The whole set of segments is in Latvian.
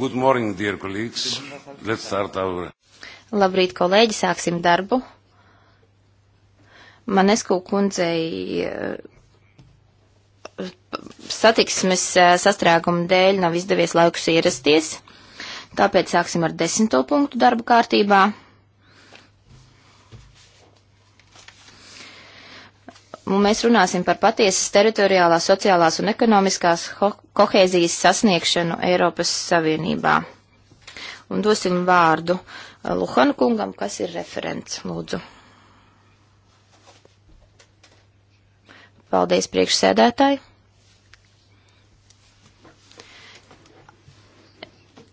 Good morning, dear colleagues. Let's start our. Labrīt, kolēģi, sāksim darbu. Manesku kundzei eh, satiksmes eh, sastrēguma dēļ nav izdevies laikus ierasties, tāpēc sāksim ar desmito punktu darba kārtībā. Nu, mēs runāsim par patiesas teritoriālās, sociālās un ekonomiskās kohēzijas sasniegšanu Eiropas Savienībā. Un dosim vārdu uh, Luhanu kungam, kas ir referents, lūdzu. Paldies priekšsēdētāji.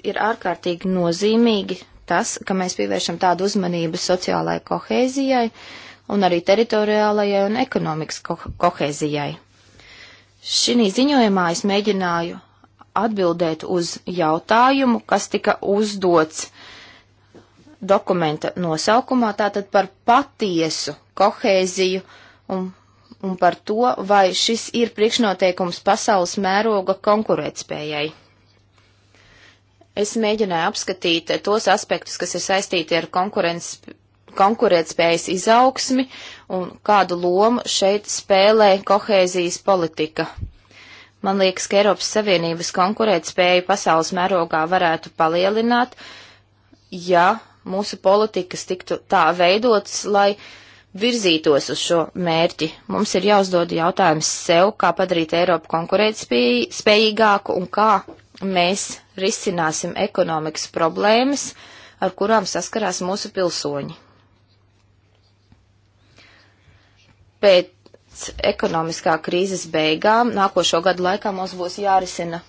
Ir ārkārtīgi nozīmīgi tas, ka mēs pievēršam tādu uzmanību sociālajai kohēzijai, uh, un arī teritoriālajai un ekonomikas ko kohēzijai. Šī ziņojumā es mēģināju atbildēt uz jautājumu, kas tika uzdots dokumenta nosaukumā, tātad par patiesu kohēziju un, un par to, vai šis ir priekšnoteikums pasaules mēroga konkurētspējai. Es mēģināju apskatīt tos aspektus, kas ir saistīti ar konkurences konkurētspējas izaugsmi un kādu lomu šeit spēlē kohēzijas politika. Man liekas, ka Eiropas Savienības konkurētspēju pasaules mērogā varētu palielināt, ja mūsu politikas tiktu tā veidotas, lai virzītos uz šo mērķi. Mums ir jāuzdod jautājums sev, kā padarīt Eiropu konkurētspējīgāku un kā mēs risināsim ekonomikas problēmas, ar kurām saskarās mūsu pilsoņi. pēc ekonomiskā krīzes beigām nākošo gadu laikā mums būs jārisina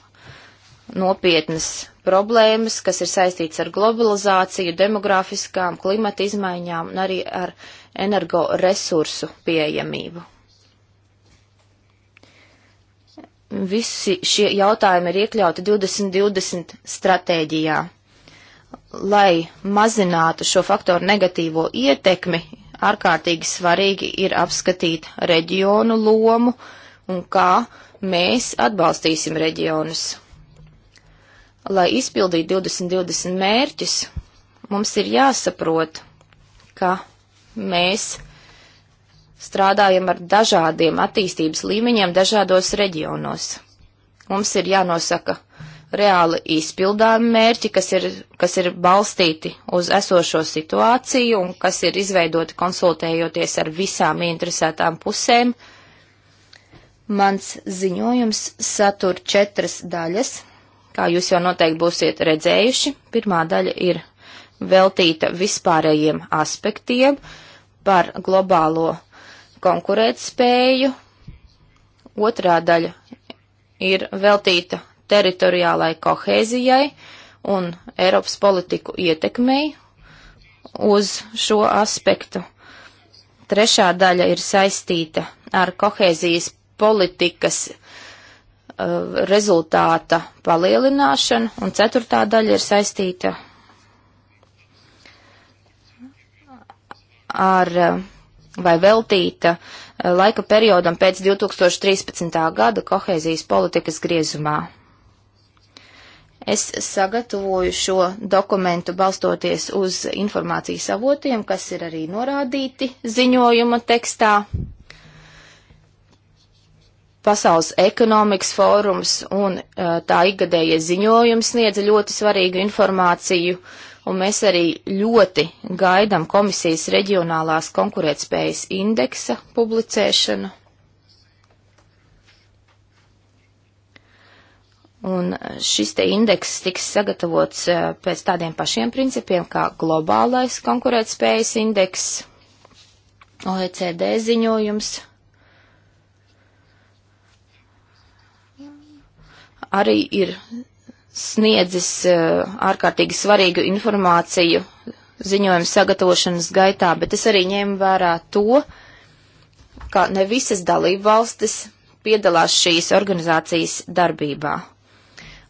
nopietnas problēmas, kas ir saistīts ar globalizāciju, demografiskām, klimata izmaiņām un arī ar energoresursu pieejamību. Visi šie jautājumi ir iekļauti 2020 stratēģijā. Lai mazinātu šo faktoru negatīvo ietekmi, ārkārtīgi svarīgi ir apskatīt reģionu lomu un kā mēs atbalstīsim reģionus. Lai izpildītu 2020 mērķus, mums ir jāsaprot, ka mēs strādājam ar dažādiem attīstības līmeņiem dažādos reģionos. Mums ir jānosaka reāli izpildāmi mērķi, kas ir, kas ir balstīti uz esošo situāciju un kas ir izveidoti konsultējoties ar visām interesētām pusēm. Mans ziņojums satur četras daļas, kā jūs jau noteikti būsiet redzējuši. Pirmā daļa ir veltīta vispārējiem aspektiem par globālo konkurētspēju. Otrā daļa ir veltīta teritoriālai kohēzijai un Eiropas politiku ietekmei uz šo aspektu. Trešā daļa ir saistīta ar kohēzijas politikas uh, rezultāta palielināšanu, un ceturtā daļa ir saistīta ar uh, vai veltīta uh, laika periodam pēc 2013. gada kohēzijas politikas griezumā. Es sagatavoju šo dokumentu balstoties uz informācijas avotiem, kas ir arī norādīti ziņojuma tekstā. Pasaules ekonomikas fórums un tā ikgadējie ziņojums sniedza ļoti svarīgu informāciju, un mēs arī ļoti gaidām komisijas reģionālās konkurētspējas indeksa publicēšanu Un šis te indeks tiks sagatavots eh, pēc tādiem pašiem principiem kā globālais konkurētspējas indeks, OECD ziņojums, arī ir sniedzis eh, ārkārtīgi svarīgu informāciju ziņojumu sagatavošanas gaitā, bet es arī ņēmu vērā to, ka ne visas dalību valstis piedalās šīs organizācijas darbībā.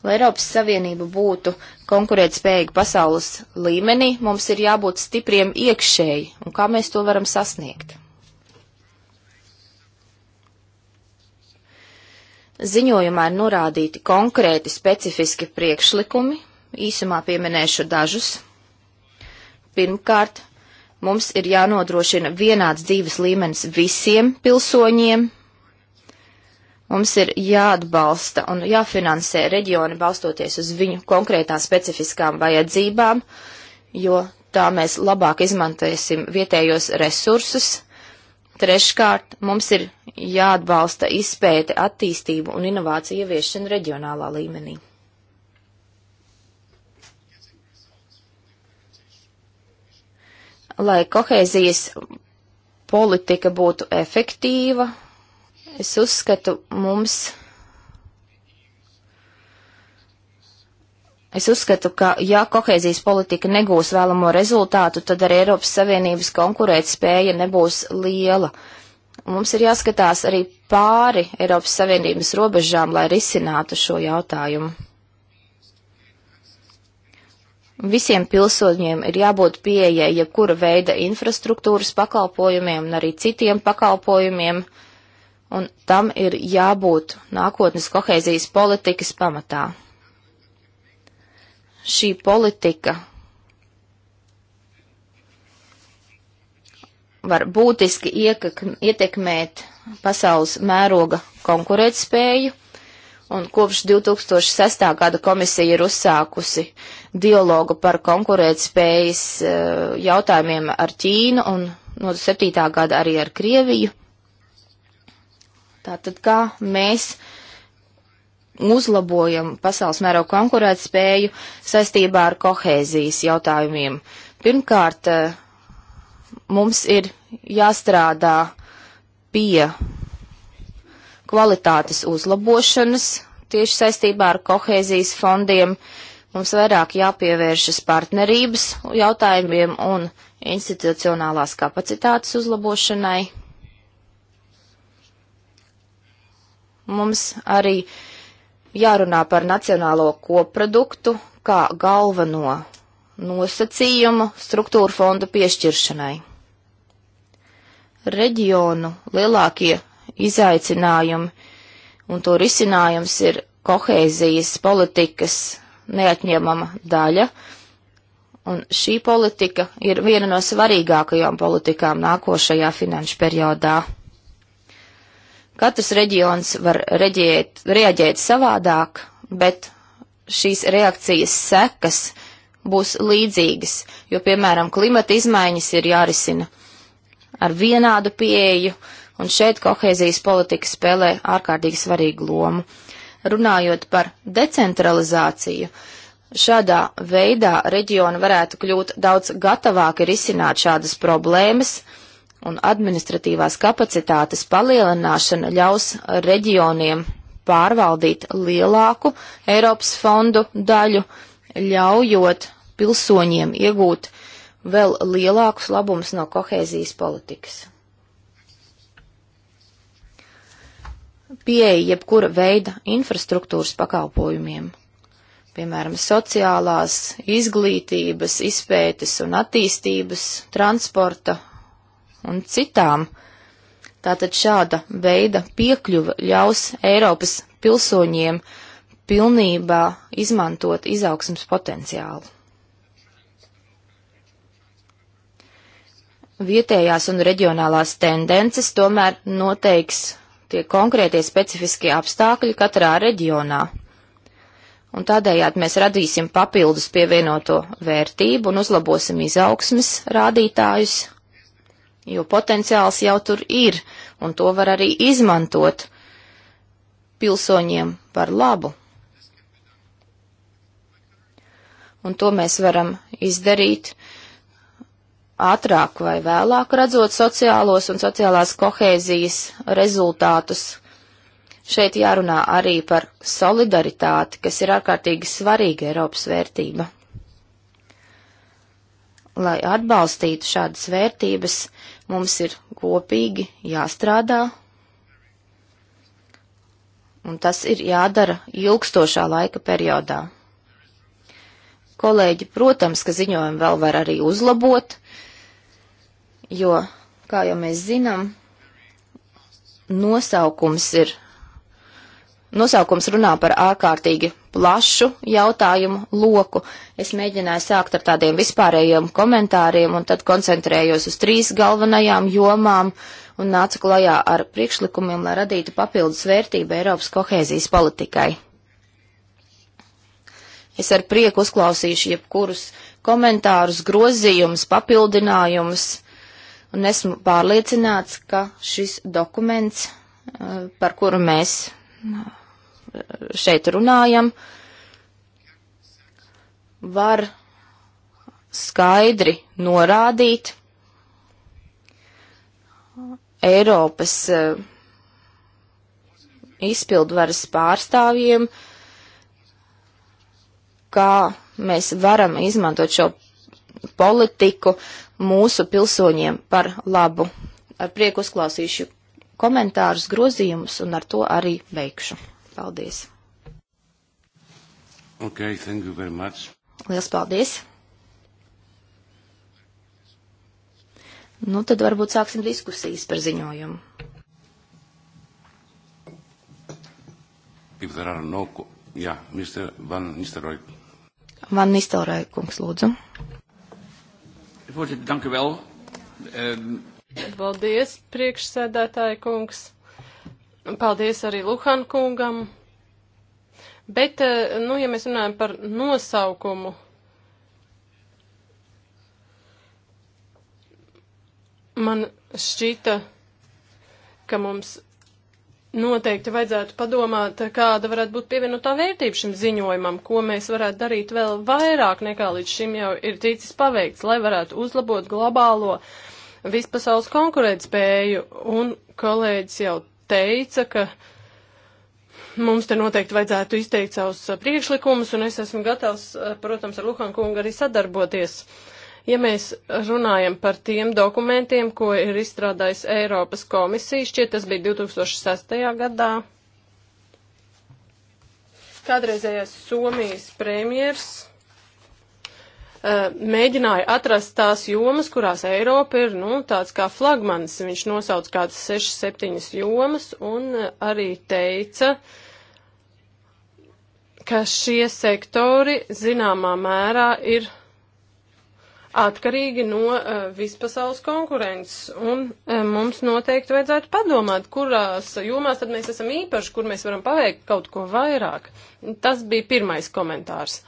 Lai Eiropas Savienība būtu konkurētspējīga pasaules līmenī, mums ir jābūt stipriem iekšēji, un kā mēs to varam sasniegt? Ziņojumā ir norādīti konkrēti specifiski priekšlikumi, īsumā pieminēšu dažus. Pirmkārt, mums ir jānodrošina vienāds dzīves līmenis visiem pilsoņiem, Mums ir jāatbalsta un jāfinansē reģioni balstoties uz viņu konkrētām specifiskām vajadzībām, jo tā mēs labāk izmantosim vietējos resursus. Treškārt, mums ir jāatbalsta izpēte, attīstību un inovāciju ieviešana reģionālā līmenī. Lai kohēzijas politika būtu efektīva, Es uzskatu, mums. Es uzskatu, ka ja kohēzijas politika negūs vēlamo rezultātu, tad arī Eiropas Savienības konkurētspēja nebūs liela. Mums ir jāskatās arī pāri Eiropas Savienības robežām, lai risinātu šo jautājumu. Visiem pilsoņiem ir jābūt pieejai jebkura veida infrastruktūras pakalpojumiem un arī citiem pakalpojumiem. Uh, un tam ir jābūt nākotnes kohēzijas politikas pamatā. Šī politika var būtiski ietekmēt pasaules mēroga konkurētspēju, un kopš 2006. gada komisija ir uzsākusi dialogu par konkurētspējas eh, jautājumiem ar Ķīnu un no 7. gada arī ar Krieviju. Tātad, kā mēs uzlabojam pasaules mērogu konkurētspēju saistībā ar kohēzijas jautājumiem. Pirmkārt, eh, mums ir jāstrādā pie kvalitātes uzlabošanas tieši saistībā ar kohēzijas fondiem. Mums vairāk jāpievēršas partnerības jautājumiem un institucionālās kapacitātes uzlabošanai. Mums arī jārunā par nacionālo koproduktu kā galveno nosacījumu struktūra fondu piešķiršanai. Reģionu lielākie izaicinājumi un to risinājums ir kohēzijas politikas neatņemama daļa, un šī politika ir viena no svarīgākajām politikām nākošajā finanšu periodā. Katrs reģions var reģiet, reaģēt savādāk, bet šīs reakcijas sekas būs līdzīgas, jo, piemēram, klimata izmaiņas ir jārisina ar vienādu pieeju, un šeit kohēzijas politika spēlē ārkārtīgi svarīgu lomu. Runājot par decentralizāciju, šādā veidā reģioni varētu kļūt daudz gatavāki risināt šādas problēmas, un administratīvās kapacitātes palielināšana ļaus reģioniem pārvaldīt lielāku Eiropas fondu daļu, ļaujot pilsoņiem iegūt vēl lielākus labumus no kohēzijas politikas. Pieeja jebkura veida infrastruktūras pakalpojumiem, piemēram, sociālās, izglītības, izpētes un attīstības, transporta, un citām. Tātad šāda veida piekļuva ļaus Eiropas pilsoņiem pilnībā izmantot izaugsmas potenciālu. Vietējās un reģionālās tendences tomēr noteiks tie konkrētie specifiskie apstākļi katrā reģionā. Un tādējādi mēs radīsim papildus pievienoto vērtību un uzlabosim izaugsmes rādītājus, jo potenciāls jau tur ir, un to var arī izmantot pilsoņiem par labu. Un to mēs varam izdarīt ātrāk vai vēlāk, redzot sociālos un sociālās kohēzijas rezultātus. Šeit jārunā arī par solidaritāti, kas ir ārkārtīgi svarīga Eiropas vērtība. Lai atbalstītu šādas vērtības, Mums ir kopīgi jāstrādā, un tas ir jādara ilgstošā laika periodā. Kolēģi, protams, ka ziņojumu vēl var arī uzlabot, jo, kā jau mēs zinām, nosaukums ir. Nosaukums runā par ārkārtīgi plašu jautājumu loku. Es mēģināju sākt ar tādiem vispārējiem komentāriem un tad koncentrējos uz trīs galvenajām jomām un nācu klajā ar priekšlikumiem, lai radītu papildus vērtību Eiropas kohēzijas politikai. Es ar prieku uzklausīšu jebkurus komentārus, grozījumus, papildinājumus, un esmu pārliecināts, ka šis dokuments, eh, par kuru mēs šeit runājam, var skaidri norādīt Eiropas eh, izpildvaras pārstāvjiem, kā mēs varam izmantot šo politiku mūsu pilsoņiem par labu. Ar prieku uzklausīšu komentārus, grozījumus un ar to arī beigšu. Paldies! Okay, thank you very much. Liels paldies! Nu, tad varbūt sāksim diskusijas par ziņojumu. If there are no, yeah, Mr. Van Nistelrooy. Van Nistelrooy, kungs, lūdzu. Voorzitter, dank u wel. Um... Paldies, priekšsēdētāja kungs. Paldies arī Luhan kungam. Bet, eh, nu, ja mēs runājam par nosaukumu, man šķita, ka mums noteikti vajadzētu padomāt, kāda varētu būt pievienotā vērtība šim ziņojumam, ko mēs varētu darīt vēl vairāk nekā līdz šim jau ir ticis paveikts, lai varētu uzlabot globālo vispasaules konkurētspēju. Un kolēģis jau teica, ka mums te noteikti vajadzētu izteikt savus uh, priekšlikumus, un es esmu gatavs, uh, protams, ar Luhan kungu arī sadarboties. Ja mēs runājam par tiem dokumentiem, ko ir izstrādājis Eiropas komisija, šķiet tas bija 2006. gadā, kādreizējais Somijas premjers Uh, mēģināja atrast tās jomas, kurās Eiropa ir, nu, tāds kā flagmanis. Viņš nosauca kādas 6-7 jomas un uh, arī teica, ka šie sektori zināmā mērā ir atkarīgi no uh, vispasaules konkurences. Un uh, mums noteikti vajadzētu padomāt, kurās jomās tad mēs esam īpaši, kur mēs varam paveikt kaut ko vairāk. Tas bija pirmais komentārs.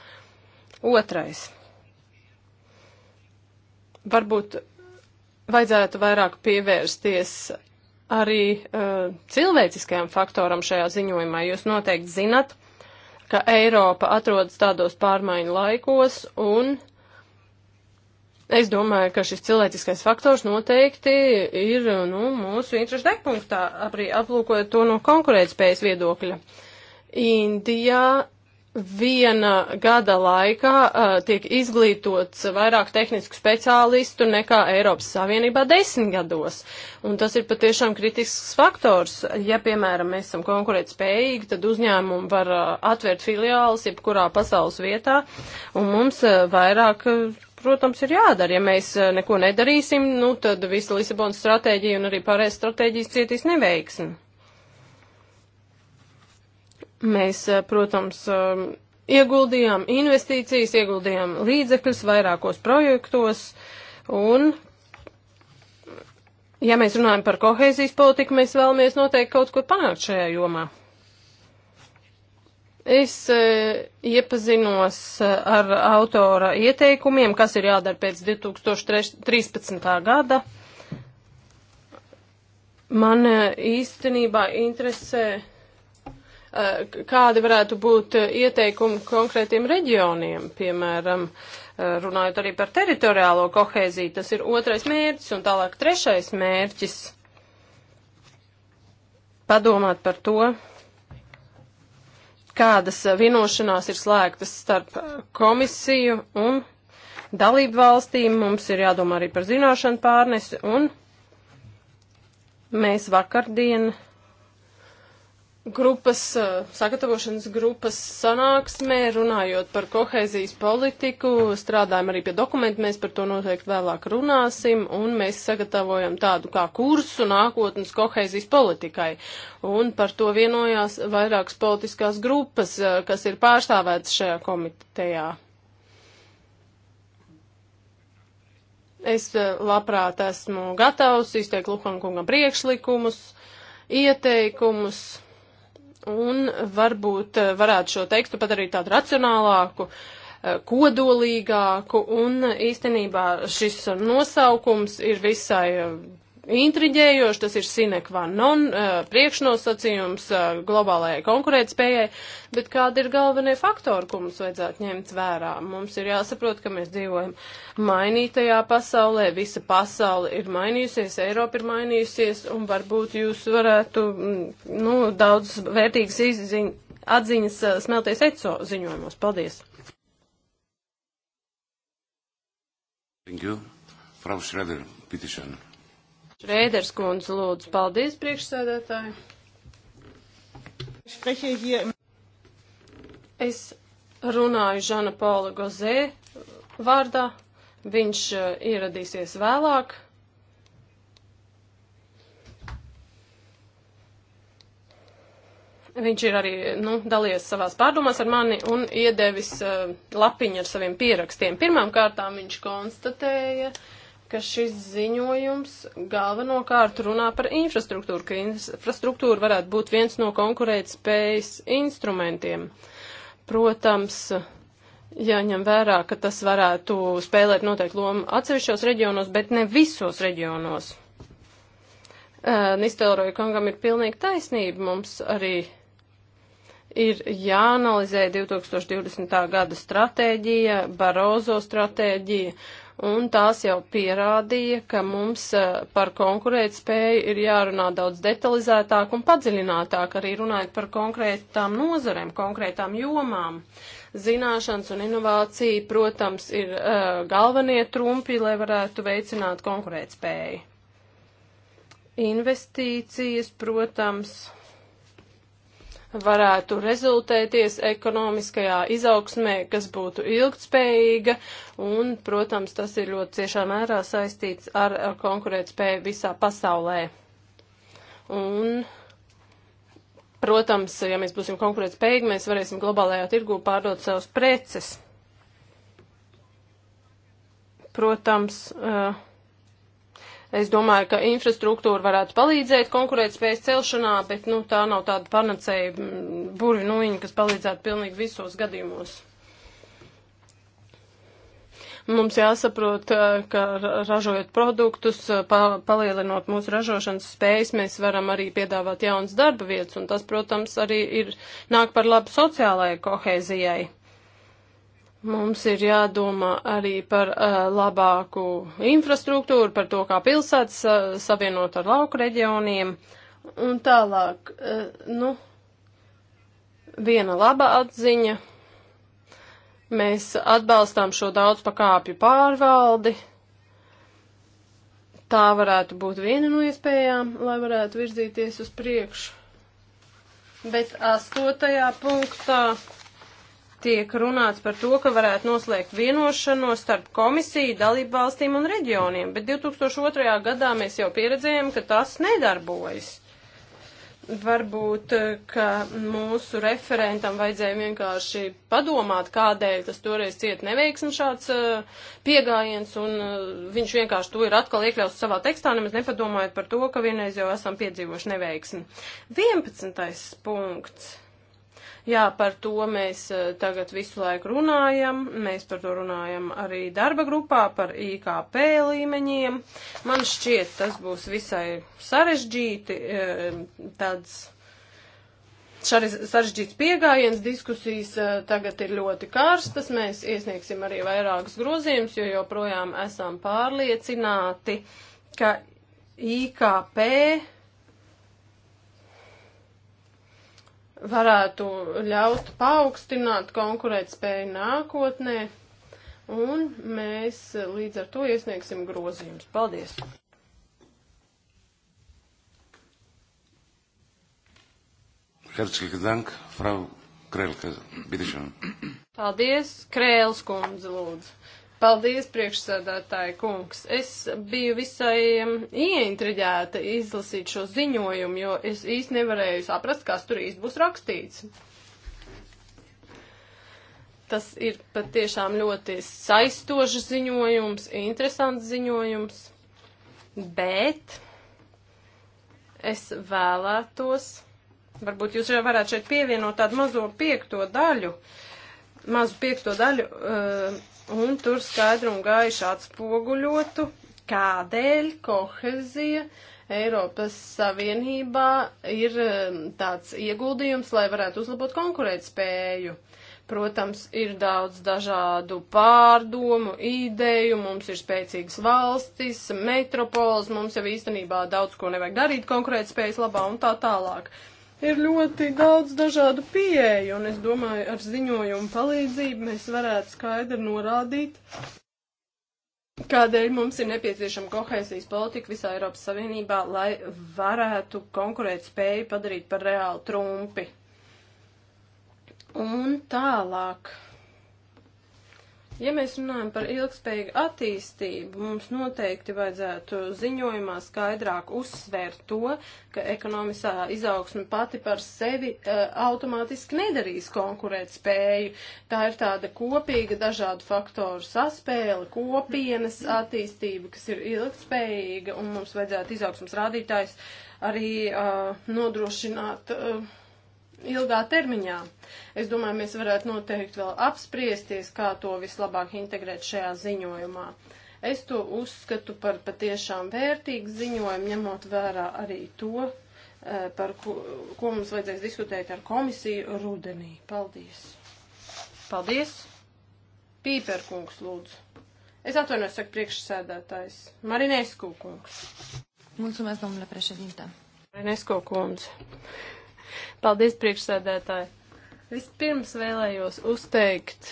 Otrais varbūt vajadzētu vairāk pievērsties arī uh, cilvēciskajam faktoram šajā ziņojumā. Jūs noteikti zinat, ka Eiropa atrodas tādos pārmaiņu laikos, un es domāju, ka šis cilvēciskais faktors noteikti ir nu, mūsu interešu degpunktā, arī aplūkojot to no konkurētspējas viedokļa. Indijā viena gada laikā uh, tiek izglītots vairāk tehnisku speciālistu nekā Eiropas Savienībā desmit gados. Un tas ir patiešām kritisks faktors. Ja, piemēram, mēs esam konkurētspējīgi, tad uzņēmumi var uh, atvērt filiālis jebkurā pasaules vietā, un mums uh, vairāk. Uh, Protams, ir jādara. Ja mēs uh, neko nedarīsim, nu, tad visa Lisabonas stratēģija un arī pārējais stratēģijas cietīs neveiksmi. Mēs, eh, protams, eh, ieguldījām investīcijas, ieguldījām līdzekļus vairākos projektos, un, ja mēs runājam par kohēzijas politiku, mēs vēlamies noteikti kaut ko panākt šajā jomā. Es e, iepazinos ar autora ieteikumiem, kas ir jādara pēc 2013. gada. Man e, īstenībā interesē Eh, kādi varētu būt eh, ieteikumi konkrētiem reģioniem, piemēram, eh, runājot arī par teritoriālo kohēziju, tas ir otrais mērķis un tālāk trešais mērķis. Padomāt par to, kādas vienošanās ir slēgtas starp komisiju un dalību valstīm. Mums ir jādomā arī par zināšanu pārnesi un mēs vakardien grupas, sagatavošanas grupas sanāksmē, runājot par kohēzijas politiku, strādājam arī pie dokumentu, mēs par to noteikti vēlāk runāsim, un mēs sagatavojam tādu kā kursu nākotnes kohēzijas politikai. Un par to vienojās vairākas politiskās grupas, kas ir pārstāvētas šajā komitejā. Es labprāt esmu gatavs izteikt Lukankungam priekšlikumus, ieteikumus un varbūt eh, varētu šo tekstu padarīt tādu racionālāku, eh, kodolīgāku, un īstenībā šis nosaukums ir visai eh, intriģējoši, tas ir sinekva non eh, priekšnosacījums eh, globālajai konkurētspējai, bet kādi ir galvenie faktori, ko mums vajadzētu ņemt vērā? Mums ir jāsaprot, ka mēs dzīvojam mainītajā pasaulē, visa pasaule ir mainījusies, Eiropa ir mainījusies, un varbūt jūs varētu mm, nu, daudz vērtīgas izziņ, atziņas eh, smelties ECO ziņojumos. Paldies! Thank you. Frau Schröder, bitteschön. Rēders kundze lūdzu. Paldies, priekšsēdētāji. Es runāju Žana Paula Gozē vārdā. Viņš uh, ieradīsies vēlāk. Viņš ir arī nu, dalījies savās pārdomās ar mani un iedevis uh, lapiņu ar saviem pierakstiem. Pirmām kārtām viņš konstatēja, uh, ka šis ziņojums galvenokārt runā par infrastruktūru, ka infrastruktūra varētu būt viens no konkurētspējas instrumentiem. Protams, jāņem vērā, ka tas varētu spēlēt noteikti lomu atsevišķos reģionos, bet ne visos reģionos. Uh, Nistelroja kungam ir pilnīgi taisnība. Mums arī ir jāanalizē 2020. gada stratēģija, Barozo stratēģija, un tās jau pierādīja, ka mums eh, par konkurētspēju ir jārunā daudz detalizētāk un padziļinātāk, arī runājot par konkrētām nozarēm, konkrētām jomām. Zināšanas un inovācija, protams, ir uh, galvenie trumpi, lai varētu veicināt konkurētspēju. Investīcijas, protams, uh, varētu rezultēties ekonomiskajā izaugsmē, kas būtu ilgtspējīga, un, protams, tas ir ļoti ciešā mērā saistīts ar konkurētspēju visā pasaulē. Un, protams, ja mēs būsim konkurētspējīgi, mēs varēsim globālajā tirgū pārdot savus preces. Protams, uh, Es domāju, ka infrastruktūra varētu palīdzēt konkurētspējas celšanā, bet nu, tā nav tāda panacēja mm, burvi nuiņa, kas palīdzētu pilnīgi visos gadījumos. Mums jāsaprot, eh, ka ražojot produktus, eh, pa, palielinot mūsu ražošanas spējas, mēs varam arī piedāvāt jaunas darba vietas, un tas, protams, arī ir, nāk par labu sociālajai kohēzijai. Mums ir jādomā arī par uh, labāku infrastruktūru, par to, kā pilsētas uh, savienot ar lauku reģioniem un tālāk. Uh, nu, viena laba atziņa. Mēs atbalstām šo daudzpakāpju pārvaldi. Tā varētu būt viena no iespējām, lai varētu virzīties uz priekšu. Bet astotajā punktā tiek runāts par to, ka varētu noslēgt vienošanos starp komisiju, dalību valstīm un reģioniem, bet 2002. gadā mēs jau pieredzējām, ka tas nedarbojas. Varbūt, ka mūsu referentam vajadzēja vienkārši padomāt, kādēļ tas toreiz ciet neveiksmi šāds uh, piegājiens, un uh, viņš vienkārši to ir atkal iekļauts savā tekstā, nemaz nepadomājot par to, ka vienreiz jau esam piedzīvojuši neveiksmi. 11. punkts Jā, par to mēs eh, tagad visu laiku runājam. Mēs par to runājam arī darba grupā par IKP līmeņiem. Man šķiet, tas būs visai sarežģīti, eh, tāds sarežģīts piegājiens, diskusijas eh, tagad ir ļoti karstas, mēs iesniegsim arī vairākus grozījumus, jo joprojām esam pārliecināti, ka IKP varētu ļaut paaugstināt konkurētspēju nākotnē, un mēs līdz ar to iesniegsim grozījumus. Paldies! Herzlichen Dank, Frau Krēlka, bitte schön. Paldies, Krēls kundze, lūdzu. Paldies, priekšsēdētāji kungs. Es biju visai um, ieintriģēta izlasīt šo ziņojumu, jo es īsti nevarēju saprast, kas tur īsti būs rakstīts. Tas ir patiešām ļoti saistošs ziņojums, interesants ziņojums, bet es vēlētos, varbūt jūs jau varētu šeit pievienot tādu mazo piekto daļu, mazu piekto daļu. Uh, Un tur skaidru un gaišu atspoguļotu, kādēļ kohezija Eiropas Savienībā ir um, tāds ieguldījums, lai varētu uzlabot konkurētspēju. Protams, ir daudz dažādu pārdomu, ideju, mums ir spēcīgas valstis, metropoles, mums jau īstenībā daudz ko nevajag darīt konkurētspējas labā un tā tālāk. Uh, ir ļoti daudz dažādu pieeju, un es domāju, ar ziņojumu palīdzību mēs varētu skaidri norādīt, kādēļ mums ir nepieciešama kohēsijas politika visā Eiropas Savienībā, lai varētu konkurēt spēju padarīt par reālu trumpi. Un tālāk. Ja mēs runājam par ilgspējīgu attīstību, mums noteikti vajadzētu ziņojumā skaidrāk uzsvērt to, ka ekonomiskā izaugsme pati par sevi uh, automātiski nedarīs konkurēt spēju. Tā ir tāda kopīga dažādu faktoru saspēle, kopienas attīstība, kas ir ilgspējīga, un mums vajadzētu izaugsmas rādītājs arī uh, nodrošināt. Uh, ilgā termiņā. Es domāju, mēs varētu noteikti vēl apspriesties, kā to vislabāk integrēt šajā ziņojumā. Es to uzskatu par patiešām vērtīgu ziņojumu, ņemot vērā arī to, eh, par ko, ko mums vajadzēs diskutēt ar komisiju rudenī. Paldies! Paldies! Pīperkungs lūdzu. Es atvainojos, saka priekšsēdētājs. Marinēsku kungs. Mulțumesc, domnule președinte. Marinēsku kungs. Paldies, priekšsēdētāji! Vispirms vēlējos uzteikt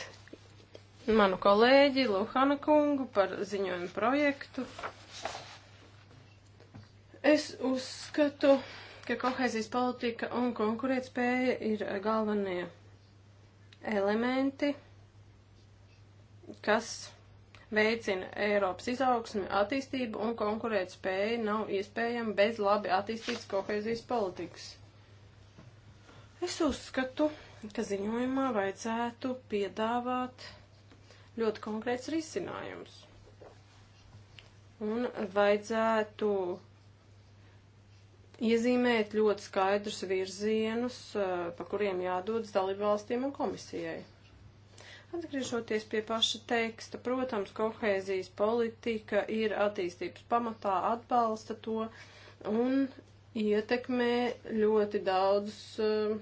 manu kolēģi Luhana kungu par ziņojumu projektu. Es uzskatu, ka kohēzijas politika un konkurētspēja ir galvenie elementi, kas veicina Eiropas izaugsmi, attīstību un konkurētspēju nav iespējama bez labi attīstītas kohēzijas politikas. Es uzskatu, ka ziņojumā vajadzētu piedāvāt ļoti konkrēts risinājums. Un vajadzētu iezīmēt ļoti skaidrus virzienus, eh, pa kuriem jādodas dalībvalstīm un komisijai. Atgriežoties pie paša teksta, protams, kohēzijas politika ir attīstības pamatā, atbalsta to, un ietekmē ļoti daudz uh, eh,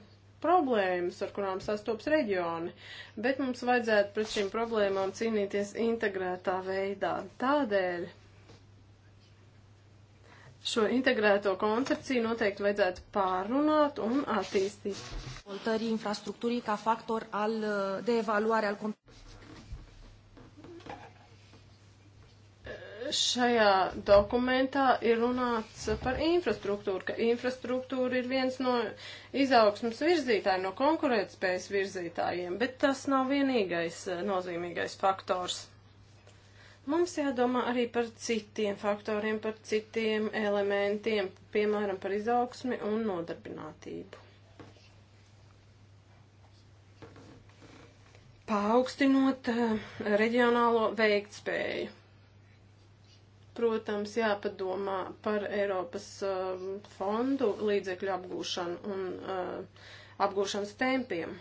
problēmas, ar kurām sastopas reģioni, bet mums vajadzētu pret šīm problēmām cīnīties integrētā veidā. Tādēļ šo integrēto koncepciju noteikti vajadzētu pārunāt un attīstīt. šajā dokumentā ir runāts par infrastruktūru, ka infrastruktūra ir viens no izaugsmas virzītājiem, no konkurētspējas virzītājiem, bet tas nav vienīgais eh, nozīmīgais faktors. Mums jādomā arī par citiem faktoriem, par citiem elementiem, piemēram, par izaugsmi un nodarbinātību. Paaugstinot eh, reģionālo veiktspēju protams, jāpadomā par Eiropas uh, fondu līdzekļu apgūšanu un uh, apgūšanas tempiem.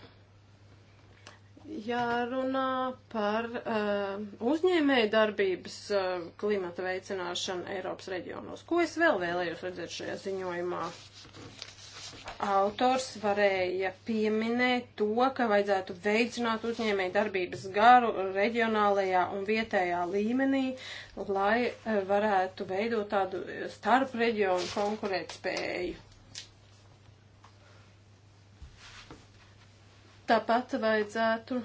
Jārunā par uh, uzņēmēju darbības uh, klimata veicināšanu Eiropas reģionos. Ko es vēl vēlējos redzēt šajā ziņojumā? Uh, autors varēja pieminēt to, ka vajadzētu veicināt uzņēmēju darbības garu reģionālajā un vietējā līmenī, lai e, varētu veidot tādu starp reģionu konkurētspēju. Tāpat vajadzētu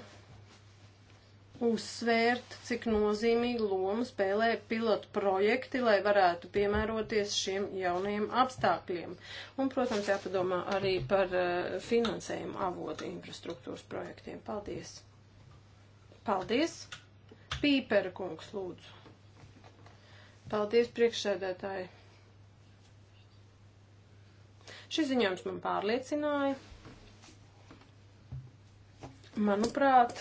uzsvērt, cik nozīmīgu lomu spēlē pilotu projekti, lai varētu piemēroties šiem jaunajiem apstākļiem. Un, protams, jāpadomā arī par uh, finansējumu avotu infrastruktūras projektiem. Paldies! Paldies! Pīpera kungs, lūdzu! Paldies, priekšsēdētāji! Šis ziņojums man pārliecināja. Manuprāt,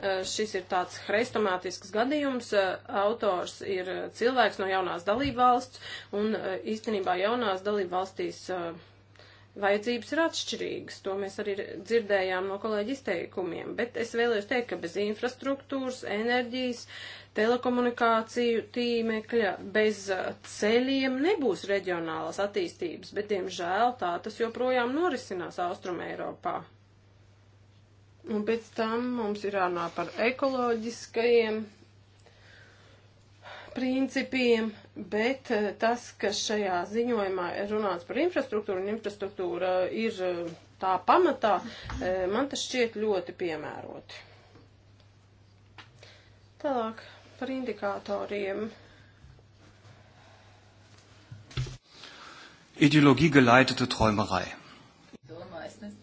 Eh, šis ir tāds hreistomātisks gadījums. Eh, autors ir eh, cilvēks no jaunās dalībvalsts, un īstenībā jaunās dalībvalstīs vajadzības ir atšķirīgas. To mēs arī dzirdējām no kolēģi izteikumiem. Bet es vēlējos teikt, ka bez infrastruktūras, enerģijas, telekomunikāciju tīmekļa, bez ceļiem nebūs reģionālas attīstības, bet, diemžēl, tā tas joprojām norisinās Austrum Eiropā. Un pēc tam mums ir jārunā par ekoloģiskajiem principiem, bet eh, tas, kas šajā ziņojumā ir runāts par infrastruktūru, un infrastruktūra ir eh, tā pamatā, eh, man tas šķiet ļoti piemēroti. Tālāk par indikatoriem. Ideologie geleitete Träumerei. Domāju, es nezinu.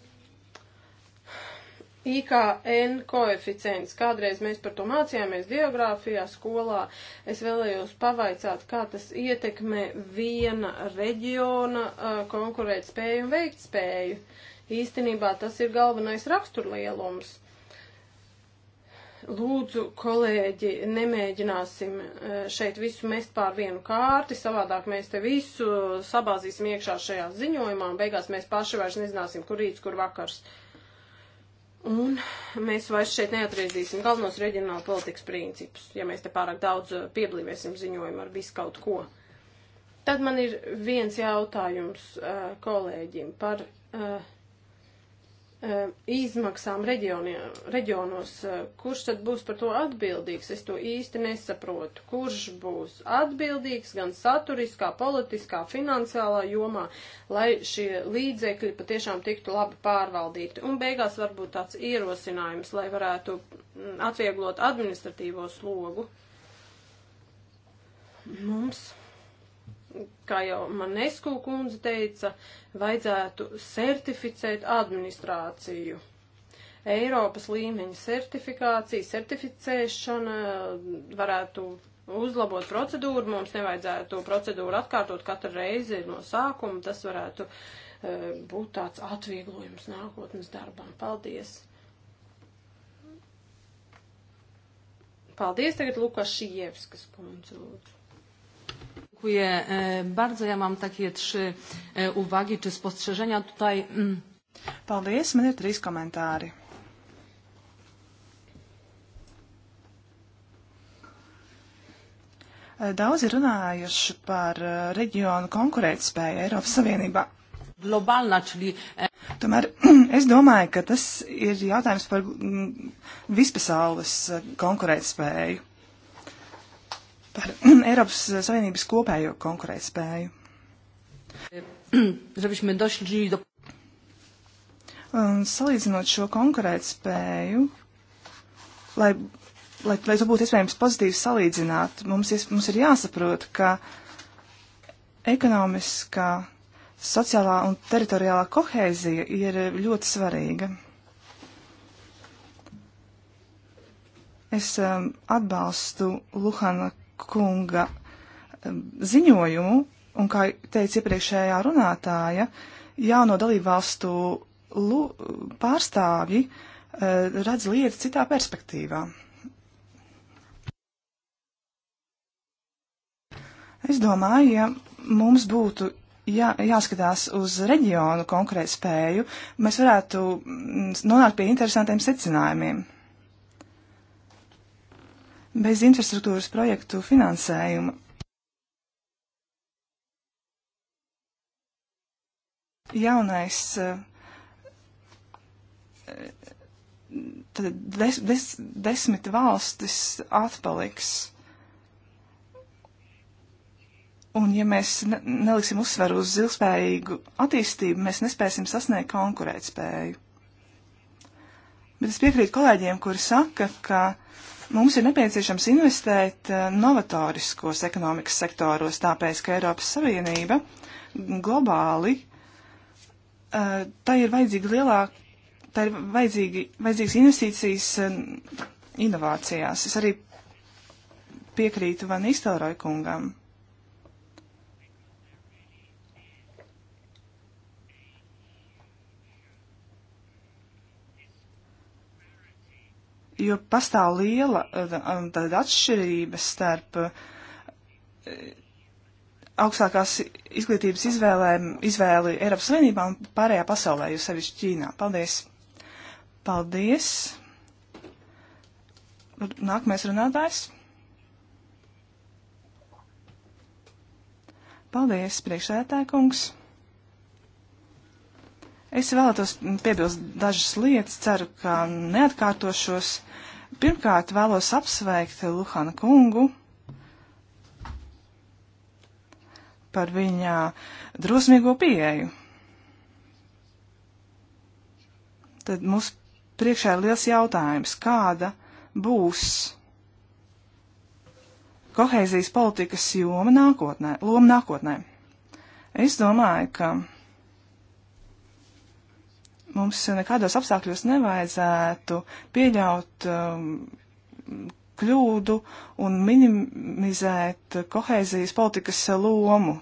IKN koeficients. Kādreiz mēs par to mācījāmies geogrāfijā, skolā. Es vēlējos pavaicāt, kā tas ietekmē viena reģiona uh, konkurēt spēju un veikt spēju. Īstenībā tas ir galvenais raksturlielums. Lūdzu, kolēģi, nemēģināsim šeit visu mest pār vienu kārti, savādāk mēs te visu sabāzīsim iekšā šajā ziņojumā, un beigās mēs paši vairs nezināsim, kur rīts, kur vakars. Uh, Un mēs vairs šeit neatriezīsim galvenos reģionāla politikas principus, ja mēs te pārāk daudz eh, pieblīvēsim ziņojumu ar visu kaut ko. Tad man ir viens jautājums uh, kolēģim par uh, Eh, izmaksām reģioni, reģionos, eh, kurš tad būs par to atbildīgs, es to īsti nesaprotu. Kurš būs atbildīgs gan saturiskā, politiskā, finansiālā jomā, lai šie līdzekļi patiešām tiktu labi pārvaldīti. Un beigās varbūt tāds ierosinājums, lai varētu mm, atvieglot administratīvo slogu. Mums kā jau man Nesku kundze teica, vajadzētu certificēt administrāciju. Eiropas līmeņa certifikācija, certificēšana varētu uzlabot procedūru, mums nevajadzētu to procedūru atkārtot katru reizi no sākuma, tas varētu uh, būt tāds atvieglojums nākotnes darbām. Paldies! Paldies tagad Lukašievskas kundze lūdzu. Dziękuję e, bardzo. Ja mam takie trzy e, uwagi czy spostrzeżenia tutaj. Mm. Paldies, man ir trīs komentāri. E, Daudz ir runājuši par reģionu konkurētspēju Eiropas Savienībā. Globālā, čili... Tomēr es domāju, ka tas ir jautājums par mm, vispasaules konkurētspēju. Eiropas Savienības kopējo konkurētspēju. Un salīdzinot šo konkurētspēju, lai, lai, lai to būtu iespējams pozitīvi salīdzināt, mums, mums ir jāsaprot, ka ekonomiskā, sociālā un teritoriālā kohēzija ir ļoti svarīga. Es um, atbalstu Luhana kunga ziņojumu, un kā teica iepriekšējā runātāja, jauno dalībvalstu pārstāvji eh, redz lietas citā perspektīvā. Es domāju, ja mums būtu jā, jāskatās uz reģionu konkrētu spēju, mēs varētu mm, nonākt pie interesantiem secinājumiem bez infrastruktūras projektu finansējuma. Jaunais eh, tad des, des, desmit valstis atpaliks. Un ja mēs ne, neliksim uzsveru uz ilgspējīgu attīstību, mēs nespēsim sasniegt konkurētspēju. Bet es piekrītu kolēģiem, kuri saka, ka uh, Mums ir nepieciešams investēt eh, novatoriskos ekonomikas sektoros, tāpēc, ka Eiropas Savienība globāli eh, tā ir vajadzīga lielāka, tā ir vajadzīgi, vajadzīgas investīcijas eh, inovācijās. Es arī piekrītu Van Istelroja kungam. jo pastāv liela eh, um, tāda atšķirība starp eh, augstākās izglītības izvēlēm, izvēli Eiropas Savienībā un pārējā pasaulē, jo sevišķi Ķīnā. Paldies! Paldies! Nākamais runātājs. Paldies, priekšsēdētāj kungs! Es vēlētos piebilst dažas lietas, ceru, ka neatkārtošos. Pirmkārt, vēlos apsveikt Luhana kungu par viņa drosmīgo pieeju. Tad mums priekšā ir liels jautājums, kāda būs kohēzijas politikas joma nākotnē, loma nākotnē. Es domāju, ka Mums nekādos apstākļos nevajadzētu pieļaut um, kļūdu un minimizēt kohēzijas politikas lomu.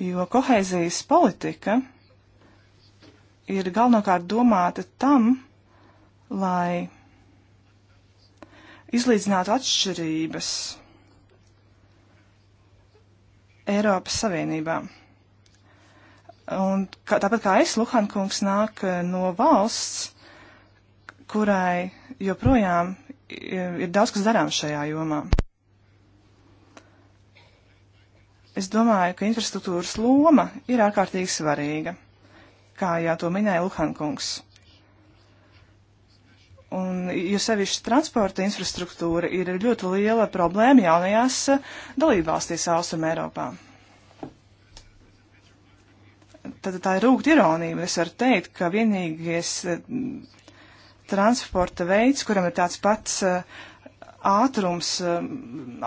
Jo kohēzijas politika ir galvenokārt domāta tam, lai izlīdzinātu atšķirības Eiropas Savienībā. Un kā, tāpat kā es, Luhankungs nāk eh, no valsts, kurai joprojām eh, ir daudz kas darāms šajā jomā. Es domāju, ka infrastruktūras loma ir ārkārtīgi svarīga, kā jau to minēja Luhankungs. Un, jo sevišķi transporta infrastruktūra ir ļoti liela problēma jaunajās eh, dalībvalstīs Austrum Eiropā tad tā ir rūgt ironija, bet es varu teikt, ka vienīgais eh, transporta veids, kuram ir tāds pats eh, ātrums eh,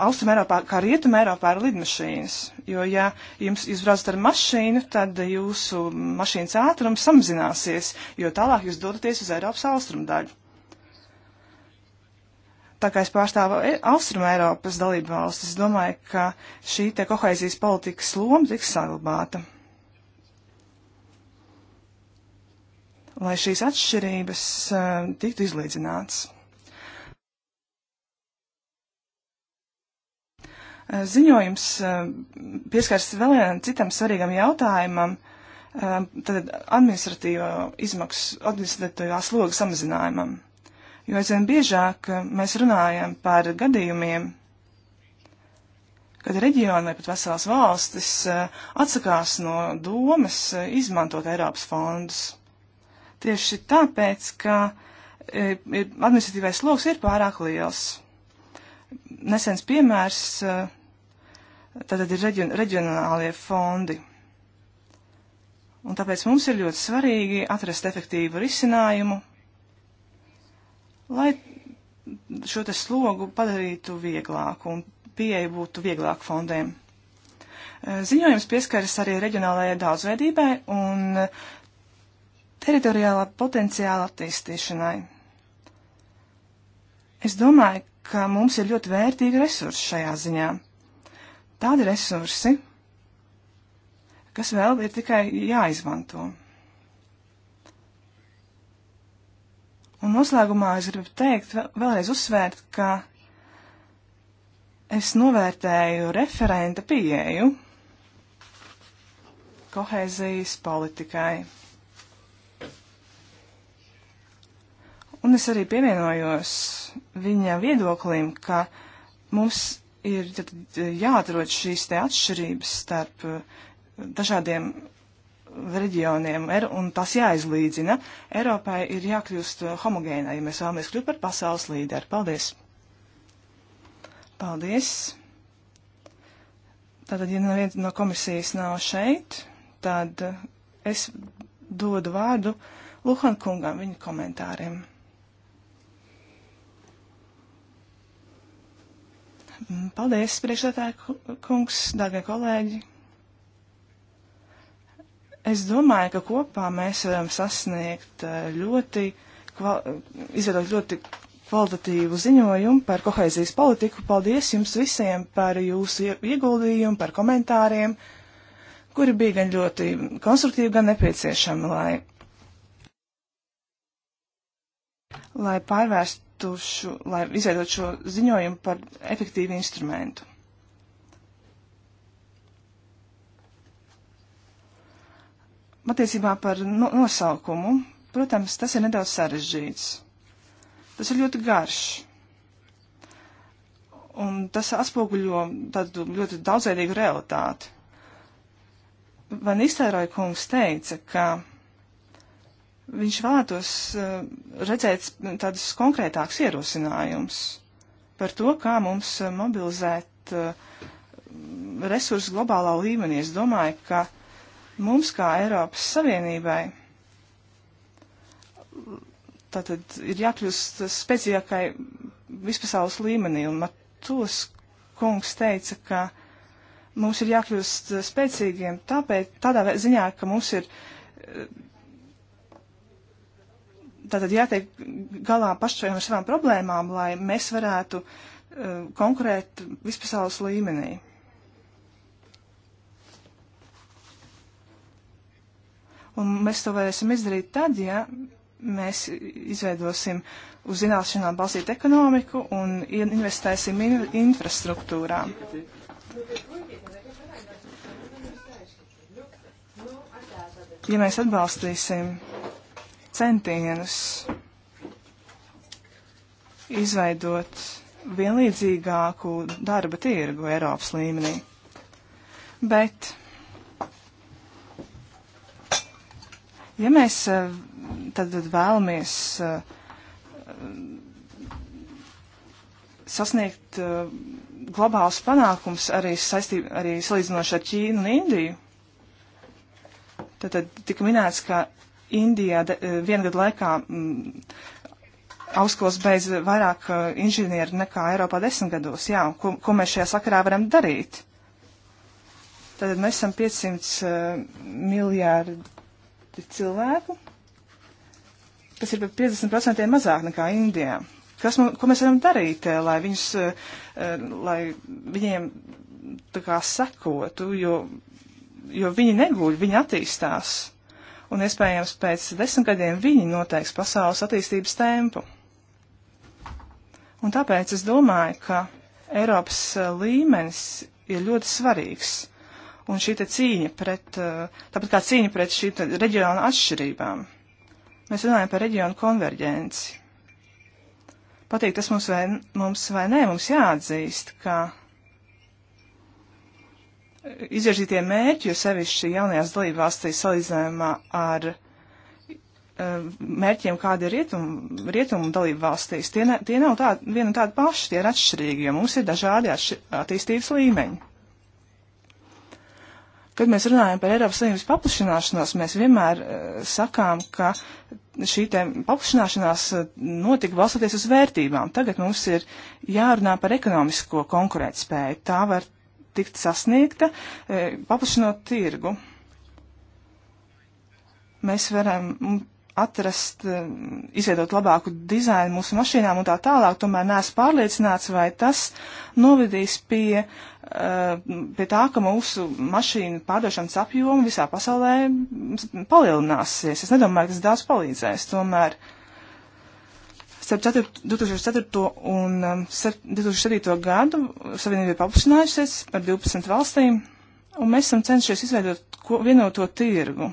Austrum Eiropā kā Rietum Eiropā ir lidmašīnas. Jo, ja jums jūs braucat ar mašīnu, tad jūsu mašīnas ātrums samazināsies, jo tālāk jūs dodaties uz Eiropas austrumu daļu. Tā kā es pārstāvu Austrum Eiropas dalību valstis, es domāju, ka šī te kohēzijas politikas loma tiks saglabāta. lai šīs atšķirības uh, tiktu izlīdzināts. Uh, ziņojums uh, eh, pieskars vēl vienam citam svarīgam jautājumam, tad administratīvo izmaksu, administratīvā sloga samazinājumam. Jo aizvien biežāk mēs runājam par gadījumiem, kad reģioni vai pat veselas valstis atsakās no domas izmantot Eiropas fondus tieši tāpēc, ka e, e, administratīvais sloks ir pārāk liels. Nesens piemērs e, tātad ir reģion, reģionālie fondi. Un tāpēc mums ir ļoti svarīgi atrast efektīvu risinājumu, lai šo te slogu padarītu vieglāku un pieeja būtu vieglāk fondiem. Ziņojums pieskaras arī reģionālajai daudzveidībai un teritoriālā potenciāla attīstīšanai. Es domāju, ka mums ir ļoti vērtīgi resursi šajā ziņā. Tādi resursi, kas vēl ir tikai jāizmanto. Un noslēgumā es gribu teikt, vēlreiz uzsvērt, ka es novērtēju referenta pieeju kohēzijas politikai. Un es arī pievienojos viņa viedoklim, ka mums ir eh, jāatrod šīs te atšķirības starp eh, dažādiem reģioniem er, un tas jāizlīdzina. Eiropai ir jākļūst eh, homogēnai, ja mēs vēlamies kļūt par pasaules līderi. Paldies! Paldies! Tātad, ja neviens no komisijas nav šeit, tad es dodu vārdu Luhan kungam viņa komentāriem. Paldies, priekšsētāja kungs, dārgie kolēģi. Es domāju, ka kopā mēs varam sasniegt eh, ļoti, izveidot ļoti kvalitatīvu ziņojumu par kohēzijas politiku. Paldies jums visiem par jūsu ieguldījumu, par komentāriem, kuri bija gan ļoti konstruktīvi, gan nepieciešami, lai, lai pārvērst šo, lai izveidot šo ziņojumu par efektīvu instrumentu. Patiesībā par no, nosaukumu, protams, tas ir nedaudz sarežģīts. Tas ir ļoti garš. Un tas atspoguļo tādu ļoti daudzveidīgu realitāti. Van Iztēroja kungs teica, ka viņš vēlētos eh, redzēt tādus konkrētākus ierosinājumus par to, kā mums eh, mobilizēt eh, resursus globālā līmenī. Es domāju, ka mums kā Eiropas Savienībai tātad ir jākļūst spēcīgākai vispasaules līmenī, un Matos kungs teica, ka mums ir jākļūst spēcīgiem tāpēc, tādā ziņā, ka mums ir tātad jātiek galā pašiem ar savām problēmām, lai mēs varētu uh, konkurēt vispasaules līmenī. Un mēs to varēsim izdarīt tad, ja mēs izveidosim uz zināšanām balstītu ekonomiku un investēsim in infrastruktūrā. Ja mēs atbalstīsim centienus izveidot vienlīdzīgāku darba tirgu Eiropas līmenī. Bet, ja mēs eh, tad vēlamies eh, sasniegt eh, globālus panākums arī, saistība, arī salīdzinoši ar Ķīnu un Indiju, tad, tad tika minēts, ka Indijā eh, vienu gadu laikā m, mm, augstskolas beidz vairāk eh, inženieru nekā Eiropā desmit gados. Jā, ko, ko mēs šajā sakarā varam darīt? Tad mēs esam 500 uh, eh, miljārdi cilvēku, kas ir par 50% mazāk nekā Indijā. Kas, mums, ko mēs varam darīt, lai, viņus, uh, lai viņiem tā kā sekotu, jo, jo viņi neguļ, viņi attīstās un iespējams pēc desmit gadiem viņi noteiks pasaules attīstības tempu. Un tāpēc es domāju, ka Eiropas eh, līmenis ir ļoti svarīgs. Un šī cīņa pret, eh, tāpat kā cīņa pret šī reģiona atšķirībām. Mēs runājam par reģionu konverģenci. Patīk tas mums vai, mums vai nē, mums jāatzīst, ka izvirzītie mērķi, jo sevišķi jaunajās dalībvalstīs salīdzinājumā ar eh, mērķiem, kādi ir rietumu, rietumu dalību valstīs, tie, ne, tie nav tādi, viena un tāda paša, tie ir atšķirīgi, jo mums ir dažādi atš, attīstības līmeņi. Kad mēs runājam par Eiropas Savienības paplašināšanos, mēs vienmēr uh, sakām, ka šī paplašināšanās eh, notika balstoties uz vērtībām. Tagad mums ir jārunā par ekonomisko konkurētspēju. Tā var tikt sasniegta, e, paplašinot tirgu. Mēs varam atrast, e, izveidot labāku dizainu mūsu mašīnām un tā tālāk, tomēr neesmu pārliecināts, vai tas novedīs pie, e, pie tā, ka mūsu mašīnu pārdošanas apjoma visā pasaulē palielināsies. Es nedomāju, ka tas daudz palīdzēs. Tomēr uh, Starp 2004. un 2007. Um, gadu savienība ir paplašinājusies par 12 valstīm, un mēs esam cenšies izveidot ko, vienoto tirgu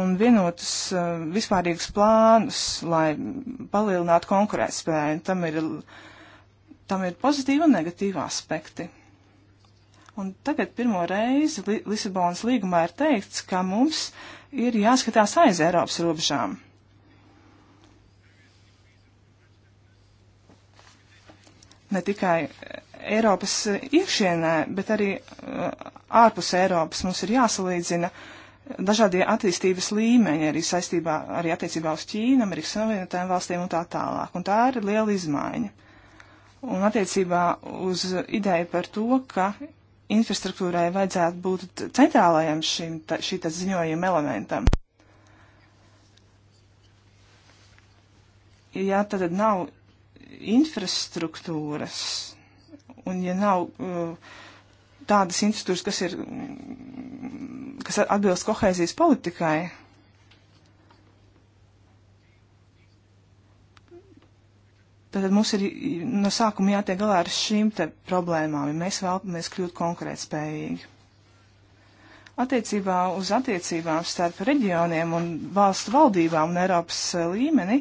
un vienotus uh, vispārīgus plānus, lai palielinātu konkurētspēju. Tam ir, tam ir pozitīvi un negatīvi aspekti. Un tagad pirmo reizi Li Lisabonas līgumā ir teikts, ka mums ir jāskatās aiz Eiropas robežām. ne tikai eh, Eiropas eh, iekšienē, bet arī eh, ārpus Eiropas mums ir jāsalīdzina dažādie attīstības līmeņi arī saistībā arī attiecībā uz Ķīnu, Amerikas Savienotajām valstīm un tā tālāk. Un tā ir liela izmaiņa. Un attiecībā uz ideju par to, ka infrastruktūrai vajadzētu būt centrālajam šim, ta, šī ziņojuma elementam. Ja tad nav infrastruktūras, un ja nav uh, tādas infrastruktūras, kas ir, mm, kas atbilst kohēzijas politikai, Tātad mums ir no sākuma jātiek galā ar šīm te problēmām, ja mēs vēlamies kļūt konkurētspējīgi. Attiecībā uz attiecībām starp reģioniem un valstu valdībām un Eiropas uh, līmeni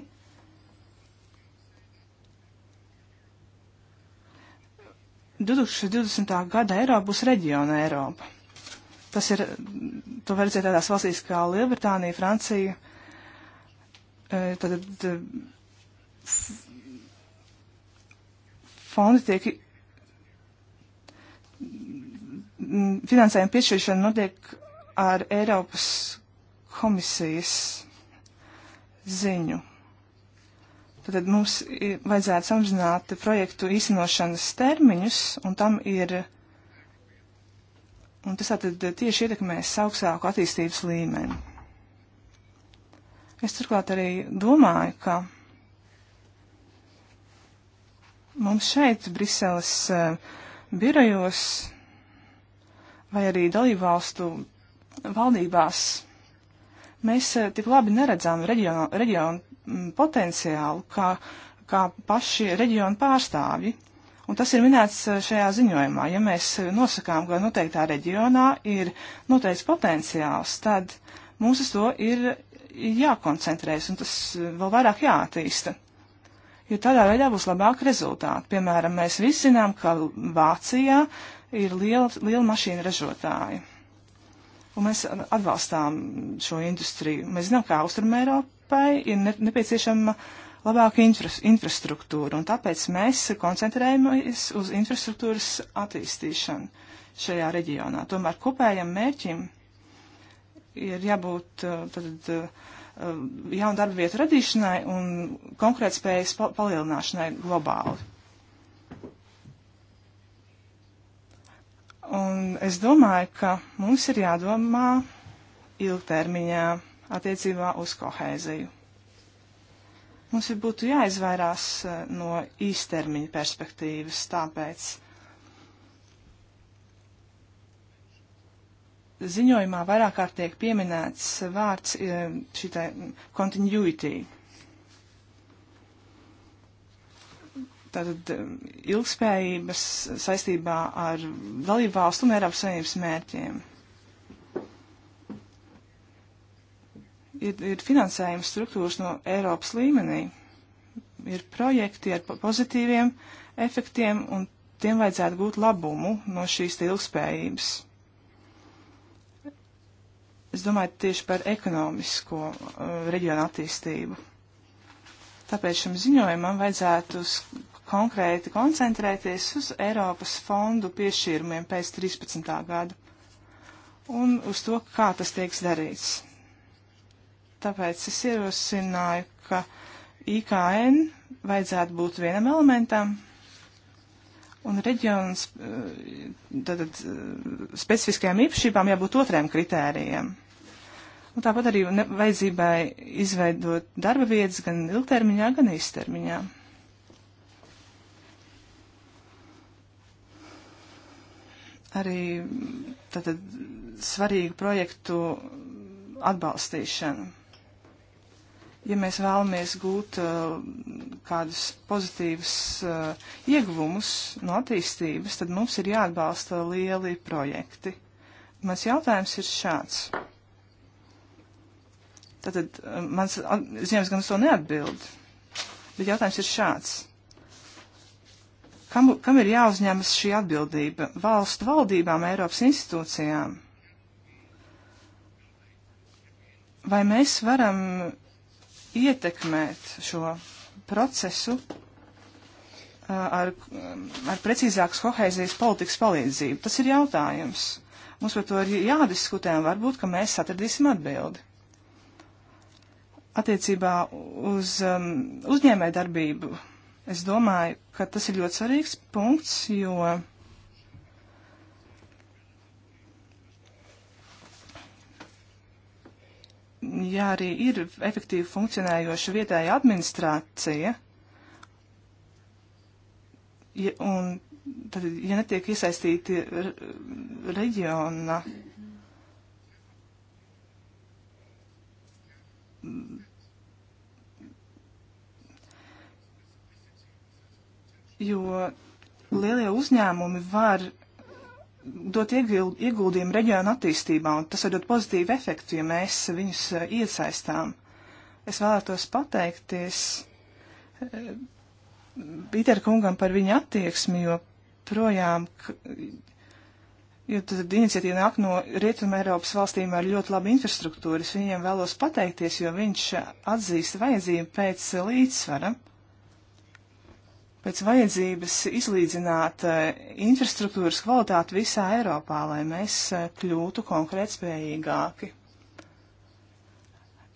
2020. gada Eiropa būs reģiona Eiropa. Tas ir, to var redzēt tādās valstīs kā Lielbritānija, Francija, e, tad fondi tiek finansējuma piešķiršana notiek ar Eiropas komisijas ziņu. Tad mums vajadzētu samazināt projektu īstenošanas termiņus, un tam ir. Un tas tātad tieši ietekmēs augstāku attīstības līmeni. Es turklāt arī domāju, ka mums šeit, Briseles uh, birojos vai arī dalībvalstu valdībās, mēs uh, tik labi neredzām reģionu, reģionu Mm, potenciālu kā, kā paši reģionu pārstāvji. Un tas ir minēts eh, šajā ziņojumā. Ja mēs nosakām, ka noteiktā reģionā ir noteikts potenciāls, tad mums uz to ir jākoncentrējas un tas eh, vēl vairāk jāattīsta. Jo tādā veidā būs labāki rezultāti. Piemēram, mēs visi zinām, ka Vācijā ir liela, liela mašīna ražotāja. Un mēs atbalstām šo industriju. Mēs zinām, kā Austrum Eiropa Eiropai ir ne nepieciešama labāka infra infrastruktūra, un tāpēc mēs koncentrējamies uz infrastruktūras attīstīšanu šajā reģionā. Tomēr kopējam mērķim ir jābūt uh, tad, uh, jaunu darba vietu radīšanai un konkrētspējas pa palielināšanai globāli. Un es domāju, ka mums ir jādomā ilgtermiņā attiecībā uz kohēziju. Mums ir būtu jāizvairās eh, no īstermiņa perspektīvas, tāpēc ziņojumā vairāk kārt tiek pieminēts vārds eh, šitai continuity. Tātad eh, ilgspējības saistībā ar dalību valstu un Eiropas Savienības mērķiem. ir, ir finansējums struktūras no Eiropas līmenī. Ir projekti ar pozitīviem efektiem, un tiem vajadzētu gūt labumu no šīs ilgspējības. Es domāju tieši par ekonomisko uh, reģionu attīstību. Tāpēc šim ziņojumam vajadzētu konkrēti koncentrēties uz Eiropas fondu piešķīrumiem pēc 13. gada un uz to, kā tas tiek darīts. Tāpēc es ierosināju, ka IKN vajadzētu būt vienam elementam, un reģions tātad eh, eh, specifiskajām īpašībām jābūt otrajam kritērijam. Un tāpat arī vajadzībai izveidot darba vietas gan ilgtermiņā, gan īstermiņā. Arī tātad svarīgu projektu atbalstīšanu ja mēs vēlamies gūt uh, kādus pozitīvus uh, ieguvumus no attīstības, tad mums ir jāatbalsta lieli projekti. Mans jautājums ir šāds. Tātad, uh, mans ziņojums gan uz to neatbild, bet jautājums ir šāds. Kam, kam ir jāuzņemas šī atbildība? Valstu valdībām, Eiropas institūcijām? Vai mēs varam ietekmēt šo procesu ar, ar precīzākas kohēzijas politikas palīdzību? Tas ir jautājums. Mums par to ir jādiskutē, un varbūt, ka mēs atradīsim atbildi. Attiecībā uz um, uzņēmē darbību, es domāju, ka tas ir ļoti svarīgs punkts, jo ja arī ir efektīvi funkcionējoša vietēja administrācija, ja, un tad, ja netiek iesaistīti reģiona jo lielie uzņēmumi var dot ieguldījumu reģionu attīstībā, un tas var dot pozitīvu efektu, ja mēs viņus eh, iesaistām. Es vēlētos pateikties eh, Pīter kungam par viņa attieksmi, jo projām, jo tad iniciatīva nāk no Rietuma Eiropas valstīm ar ļoti labu infrastruktūru. Es viņiem vēlos pateikties, jo viņš atzīst vajadzību pēc līdzsvara. Uh, pēc vajadzības izlīdzināt eh, infrastruktūras kvalitāti visā Eiropā, lai mēs eh, kļūtu konkurētspējīgāki.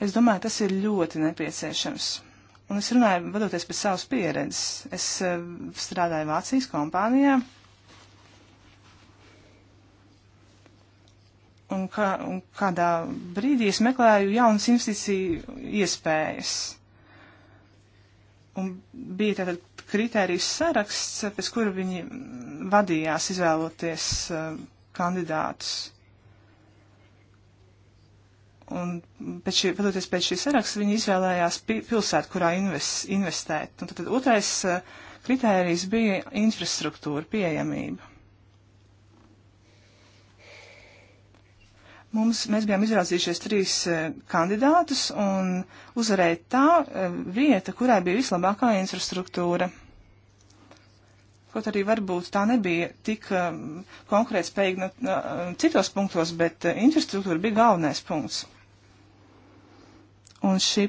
Es domāju, tas ir ļoti nepieciešams. Un es runāju, vadoties pēc savas pieredzes. Es eh, strādāju Vācijas kompānijā. Un, kā, un kādā brīdī es meklēju jaunas investīciju iespējas. Un bija tātad kritērijas saraksts, pēc kura viņi vadījās izvēloties uh, kandidātus. Un pēc šī, patoties pēc šī saraksta, viņi izvēlējās pi pilsētu, kurā invest, investēt. Un tad, tad otrais uh, kritērijs bija infrastruktūra, pieejamība. Mums, mēs bijām izraudzījušies trīs eh, kandidātus un uzvarēja tā vieta, kurai bija vislabākā infrastruktūra. Kaut arī varbūt tā nebija tik um, konkrēti spējīga no, um, citos punktos, bet uh, infrastruktūra bija galvenais punkts. Un šī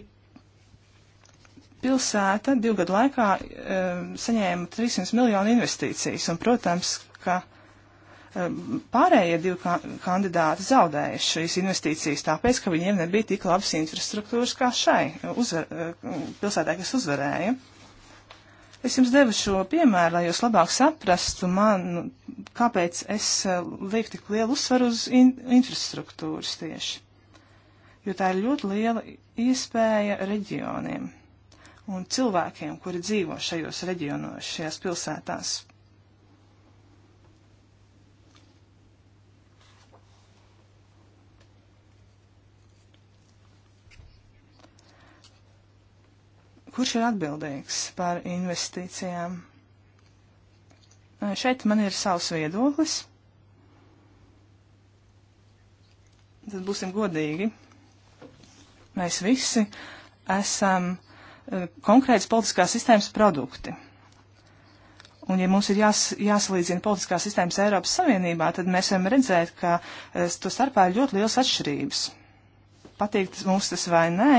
pilsēta divu gadu laikā um, saņēma 300 miljonu investīcijas, un, protams, ka um, pārējie divi ka kandidāti zaudēja šīs investīcijas, tāpēc, ka viņiem nebija tik labas infrastruktūras kā šai uzvar, uh, pilsētai, kas uzvarēja. Uh, Es jums devu šo piemēru, lai jūs labāk saprastu man, nu, kāpēc es eh, lieku tik lielu uzsvaru uz in infrastruktūras tieši. Jo tā ir ļoti liela iespēja reģioniem un cilvēkiem, kuri dzīvo šajos reģionos, šajās pilsētās. kurš ir atbildīgs par investīcijām? Šeit man ir savs viedoklis. Tad būsim godīgi. Mēs visi esam uh, e, konkrētas politiskās sistēmas produkti. Un, ja mums ir jās, jāsalīdzina politiskās sistēmas Eiropas Savienībā, tad mēs varam redzēt, ka e, to starpā ir ļoti liels atšķirības. Patīk tas mums tas vai nē,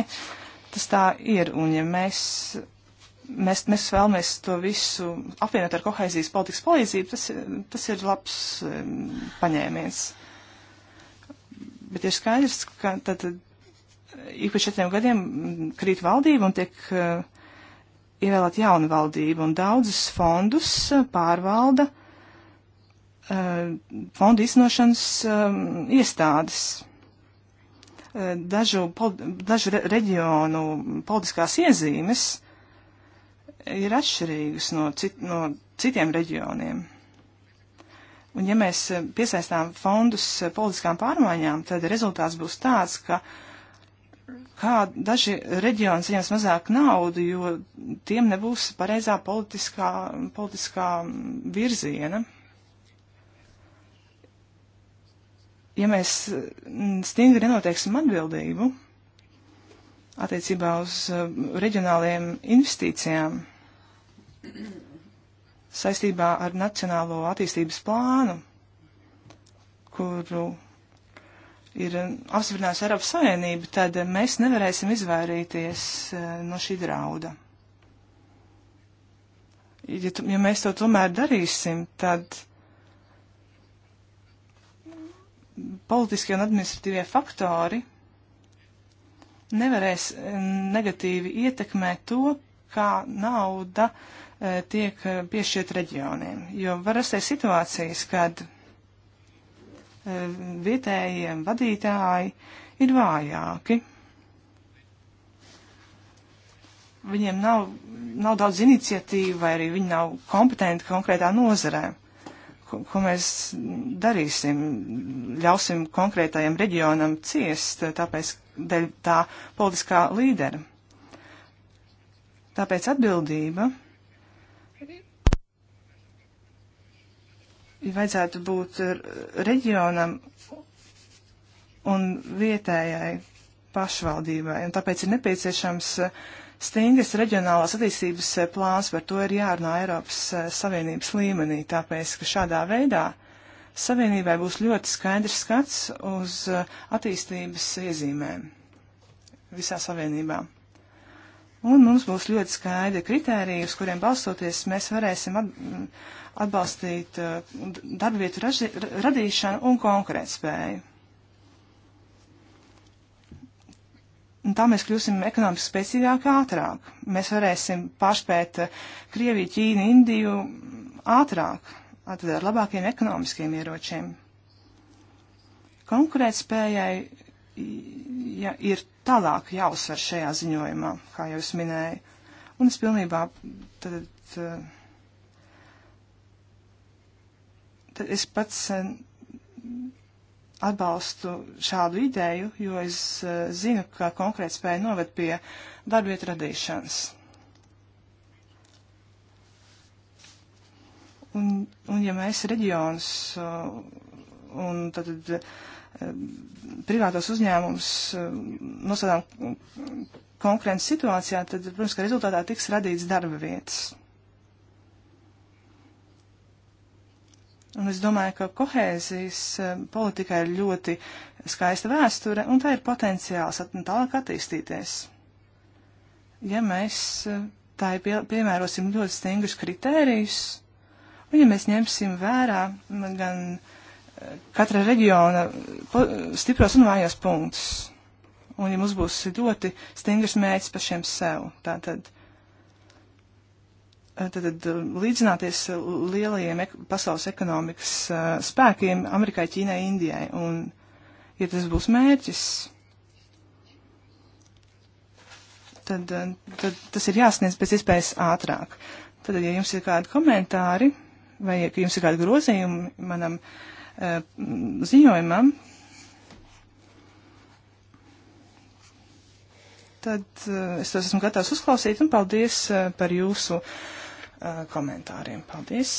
tas tā ir, un ja mēs, mēs, mēs vēlamies to visu apvienot ar kohēzijas politikas palīdzību, tas, tas ir labs um, paņēmiens. Bet ir skaidrs, ka tad ik pēc četriem gadiem krīt valdība un tiek uh, eh, ievēlēt jauna valdība, un daudzus fondus eh, pārvalda uh, fondu iznošanas um, iestādes dažu, dažu reģionu politiskās iezīmes ir atšķirīgas no, cit, no citiem reģioniem. Un ja mēs piesaistām fondus politiskām pārmaiņām, tad rezultāts būs tāds, ka kā daži reģioni saņems mazāk naudu, jo tiem nebūs pareizā politiskā, politiskā virziena. ja mēs mm, stingri nenoteiksim atbildību attiecībā uz eh, reģionāliem investīcijām saistībā ar Nacionālo attīstības plānu, kuru ir apstiprinājusi Eiropas Savienība, tad mēs nevarēsim izvairīties eh, no šī drauda. Ja, tu, ja mēs to tomēr darīsim, tad politiskie un administratīvie faktori nevarēs eh, negatīvi ietekmēt to, kā nauda e, tiek eh, piešķiet reģioniem. Jo var rasties situācijas, kad e, vietējiem vadītāji ir vājāki. Viņiem nav, nav daudz iniciatīvu vai arī viņi nav kompetenti konkrētā nozarē ko, ko mēs darīsim, ļausim konkrētajam reģionam ciest, tāpēc dēļ tā politiskā līdera. Tāpēc atbildība vajadzētu būt reģionam un vietējai pašvaldībai, un tāpēc ir nepieciešams uh, stingras reģionālās attīstības eh, plāns, par to ir jārunā Eiropas eh, Savienības līmenī, tāpēc, ka šādā veidā Savienībai būs ļoti skaidrs skats uz eh, attīstības iezīmēm visā Savienībā. Un mums būs ļoti skaidri kritēriji, uz kuriem balstoties mēs varēsim atbalstīt darbvietu radīšanu un konkurētspēju. Un tā mēs kļūsim ekonomiski spēcīgāki ātrāk. Mēs varēsim pārspēt eh, Krieviju, Ķīnu, Indiju ātrāk, tad ar labākiem ekonomiskiem ieročiem. Konkurētspējai ja, ir tālāk jāuzsver šajā ziņojumā, kā jau es minēju. Un es pilnībā tad, eh, tad es pats eh, atbalstu šādu ideju, jo es eh, zinu, ka konkrētspēja noved pie darbvietu radīšanas. Un, un ja mēs reģionus eh, un tad, tad eh, privātos uzņēmumus nosodām konkurences situācijā, tad, protams, ka rezultātā tiks radīts darba vietas. Un es domāju, ka kohēzijas eh, politikā ir ļoti skaista vēsture, un tā ir potenciāls at tālāk attīstīties. Ja mēs eh, tā ir pie, piemērosim ļoti stingrus kritērijus, un ja mēs ņemsim vērā gan eh, katra reģiona stipros un vājos punktus, un ja mums būs ļoti stingrs mērķis pašiem sev, tātad Eh, tad, eh, līdzināties eh, lielajiem ek pasaules ekonomikas uh, spēkiem Amerikai, Ķīnai, Indijai. Un, ja tas būs mērķis, tad, tad tas ir jāsniedz pēc iespējas ātrāk. Tad, ja jums ir kādi komentāri vai ja jums ir kādi grozījumi manam uh, ziņojumam, tad uh, es tos esmu gatavs uzklausīt un paldies uh, par jūsu uh, Uh, komentāriem. Paldies!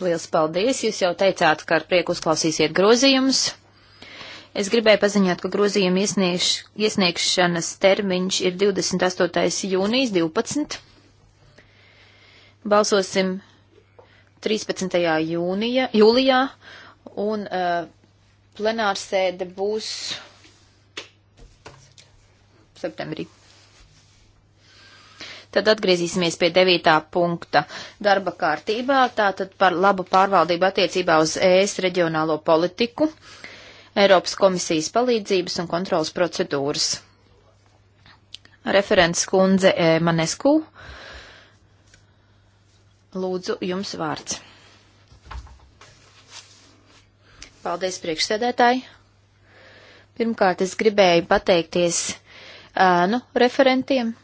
Liels paldies! Jūs jau teicāt, ka ar prieku uzklausīsiet grozījumus. Es gribēju paziņot, ka grozījuma iesniegš, iesniegšanas termiņš ir 28. jūnijas 12. Balsosim 13. Jūnija, jūlijā un uh, plenārsēde būs septembrī. Tad atgriezīsimies pie devītā punkta darba kārtībā, tātad par labu pārvaldību attiecībā uz ES reģionālo politiku, Eiropas komisijas palīdzības un kontrolas procedūras. Referents kundze eh, Manesku, lūdzu jums vārds. Paldies priekšsēdētāji. Pirmkārt, es gribēju pateikties ēnu referentiem.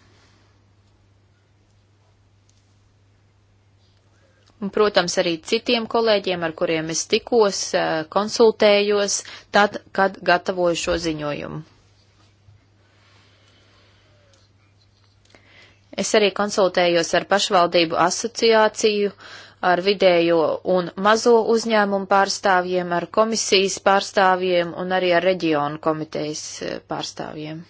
un, protams, arī citiem kolēģiem, ar kuriem es tikos, konsultējos, tad, kad gatavoju šo ziņojumu. Es arī konsultējos ar pašvaldību asociāciju, ar vidējo un mazo uzņēmumu pārstāvjiem, ar komisijas pārstāvjiem un arī ar reģionu komitejas pārstāvjiem.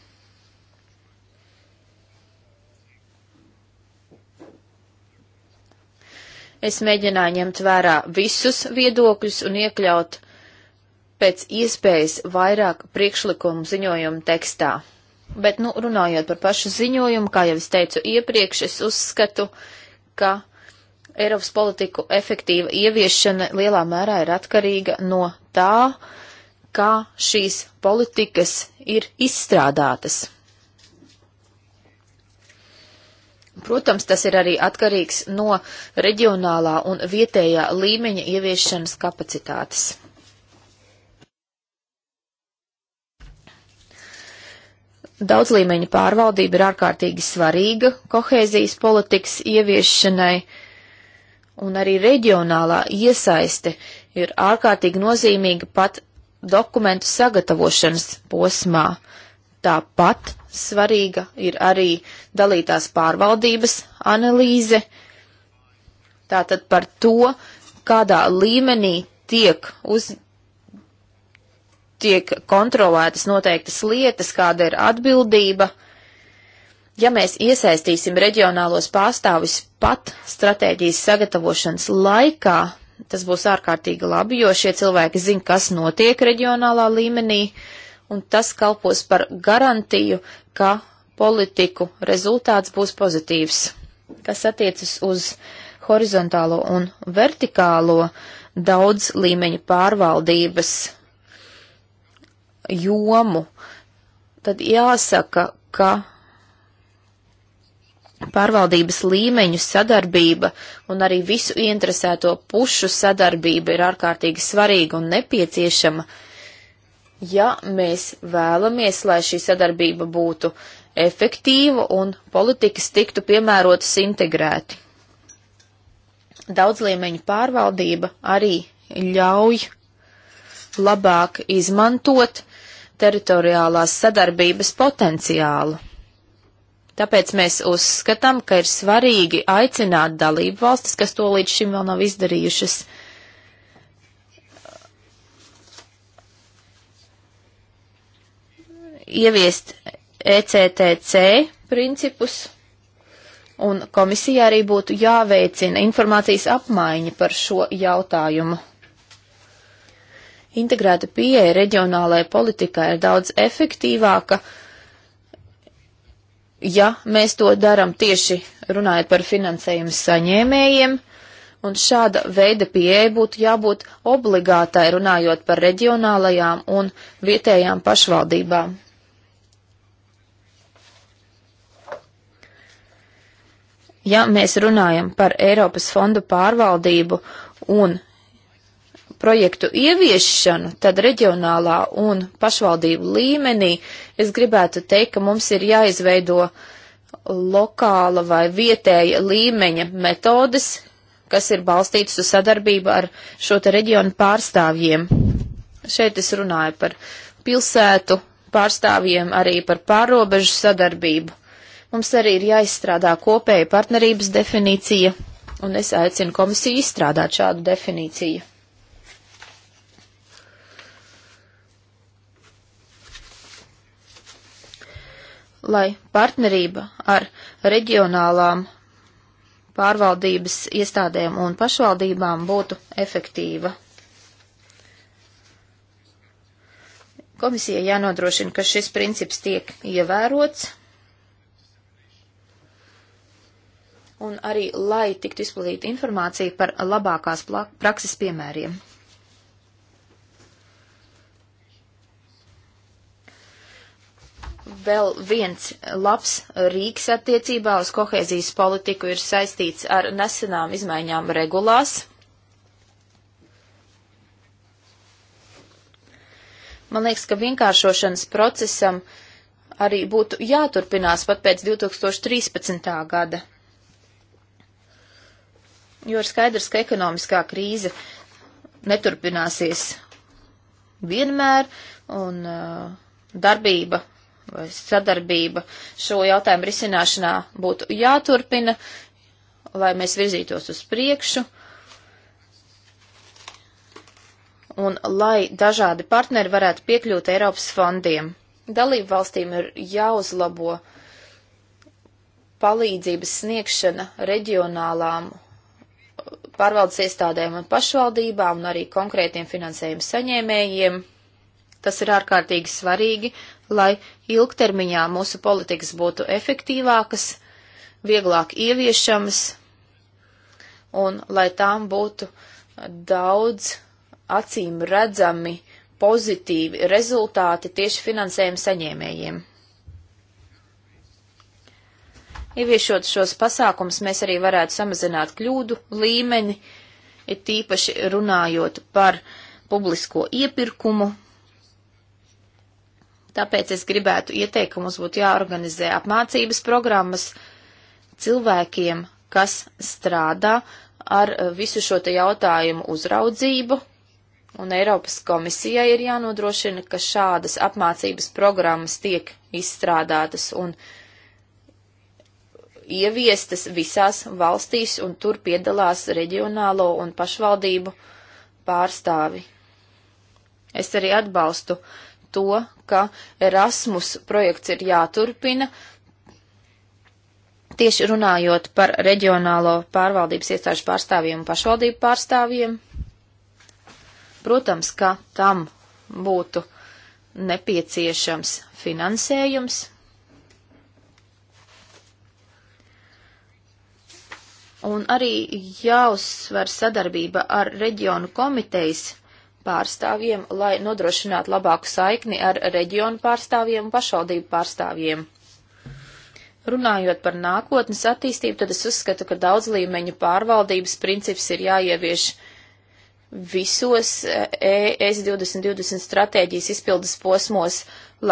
Es mēģināju ņemt vērā visus viedokļus un iekļaut pēc iespējas vairāk priekšlikumu ziņojumu tekstā. Bet, nu, runājot par pašu ziņojumu, kā jau es teicu iepriekš, es uzskatu, ka Eiropas politiku efektīva ieviešana lielā mērā ir atkarīga no tā, kā šīs politikas ir izstrādātas. Protams, tas ir arī atkarīgs no reģionālā un vietējā līmeņa ieviešanas kapacitātes. Daudzlīmeņa pārvaldība ir ārkārtīgi svarīga kohēzijas politikas ieviešanai, un arī reģionālā iesaiste ir ārkārtīgi nozīmīga pat dokumentu sagatavošanas posmā. Uh, Tāpat svarīga ir arī dalītās pārvaldības analīze, tātad par to, kādā līmenī tiek uz, tiek kontrolētas noteiktas lietas, kāda ir atbildība. Ja mēs iesaistīsim reģionālos pārstāvis pat stratēģijas sagatavošanas laikā, tas būs ārkārtīgi labi, jo šie cilvēki zina, kas notiek reģionālā līmenī, uh, un tas kalpos par garantiju, ka politiku rezultāts būs pozitīvs. Kas attiecas uz horizontālo un vertikālo daudz līmeņu pārvaldības jomu, tad jāsaka, ka pārvaldības līmeņu sadarbība un arī visu interesēto pušu sadarbība ir ārkārtīgi svarīga un nepieciešama, ja mēs vēlamies, lai šī sadarbība būtu efektīva un politikas tiktu piemērotas integrēti. Daudzliemeņu pārvaldība arī ļauj labāk izmantot teritoriālās sadarbības potenciālu. Tāpēc mēs uzskatām, ka ir svarīgi aicināt dalību valstis, kas to līdz šim vēl nav izdarījušas, uh, ieviest ECTC principus, un komisijā arī būtu jāveicina informācijas apmaiņa par šo jautājumu. Integrēta pieeja reģionālajai politikai ir daudz efektīvāka, ja mēs to daram tieši runājot par finansējumu saņēmējiem, un šāda veida pieeja būtu jābūt obligātai runājot par reģionālajām un vietējām pašvaldībām. ja mēs runājam par Eiropas fondu pārvaldību un projektu ieviešanu, tad reģionālā un pašvaldību līmenī es gribētu teikt, ka mums ir jāizveido lokāla vai vietēja līmeņa metodes, kas ir balstītas uz sadarbību ar šo te reģionu pārstāvjiem. Šeit es runāju par pilsētu pārstāvjiem, arī par pārobežu sadarbību. Mums arī ir jāizstrādā kopēja partnerības definīcija, un es aicinu komisiju izstrādāt šādu definīciju. Lai partnerība ar reģionālām pārvaldības iestādēm un pašvaldībām būtu efektīva. Komisija jānodrošina, ka šis princips tiek ievērots un arī lai tiktu izplatīta informācija par labākās prakses piemēriem. vēl viens labs rīks attiecībā uz kohēzijas politiku ir saistīts ar nesenām izmaiņām regulās. Man liekas, ka vienkāršošanas procesam arī būtu jāturpinās pat pēc 2013. gada jo ir skaidrs, ka ekonomiskā krīze neturpināsies vienmēr, un uh, darbība vai sadarbība šo jautājumu risināšanā būtu jāturpina, lai mēs virzītos uz priekšu, un lai dažādi partneri varētu piekļūt Eiropas fondiem. Dalību valstīm ir jāuzlabo palīdzības sniegšana reģionālām pārvaldes iestādēm un pašvaldībām un arī konkrētiem finansējuma saņēmējiem. Tas ir ārkārtīgi svarīgi, lai ilgtermiņā mūsu politikas būtu efektīvākas, vieglāk ieviešamas un lai tām būtu daudz acīm redzami pozitīvi rezultāti tieši finansējuma saņēmējiem. Ieviešot šos pasākumus, mēs arī varētu samazināt kļūdu līmeni, ir tīpaši runājot par publisko iepirkumu. Tāpēc es gribētu ieteikt, ka mums būtu jāorganizē apmācības programmas cilvēkiem, kas strādā ar visu šo te jautājumu uzraudzību, un Eiropas komisijai ir jānodrošina, ka šādas apmācības programmas tiek izstrādātas un izstrādātas ieviestas visās valstīs, un tur piedalās reģionālo un pašvaldību pārstāvi. Es arī atbalstu to, ka Erasmus projekts ir jāturpina, tieši runājot par reģionālo pārvaldības iestāžu pārstāvjiem un pašvaldību pārstāvjiem. Protams, ka tam būtu nepieciešams finansējums, Un arī jāuzsver sadarbība ar reģionu komitejas pārstāvjiem, lai nodrošinātu labāku saikni ar reģionu pārstāvjiem un pašvaldību pārstāvjiem. Runājot par nākotnes attīstību, tad es uzskatu, ka daudz līmeņu pārvaldības princips ir jāievieš visos e, e ES 2020 stratēģijas izpildes posmos,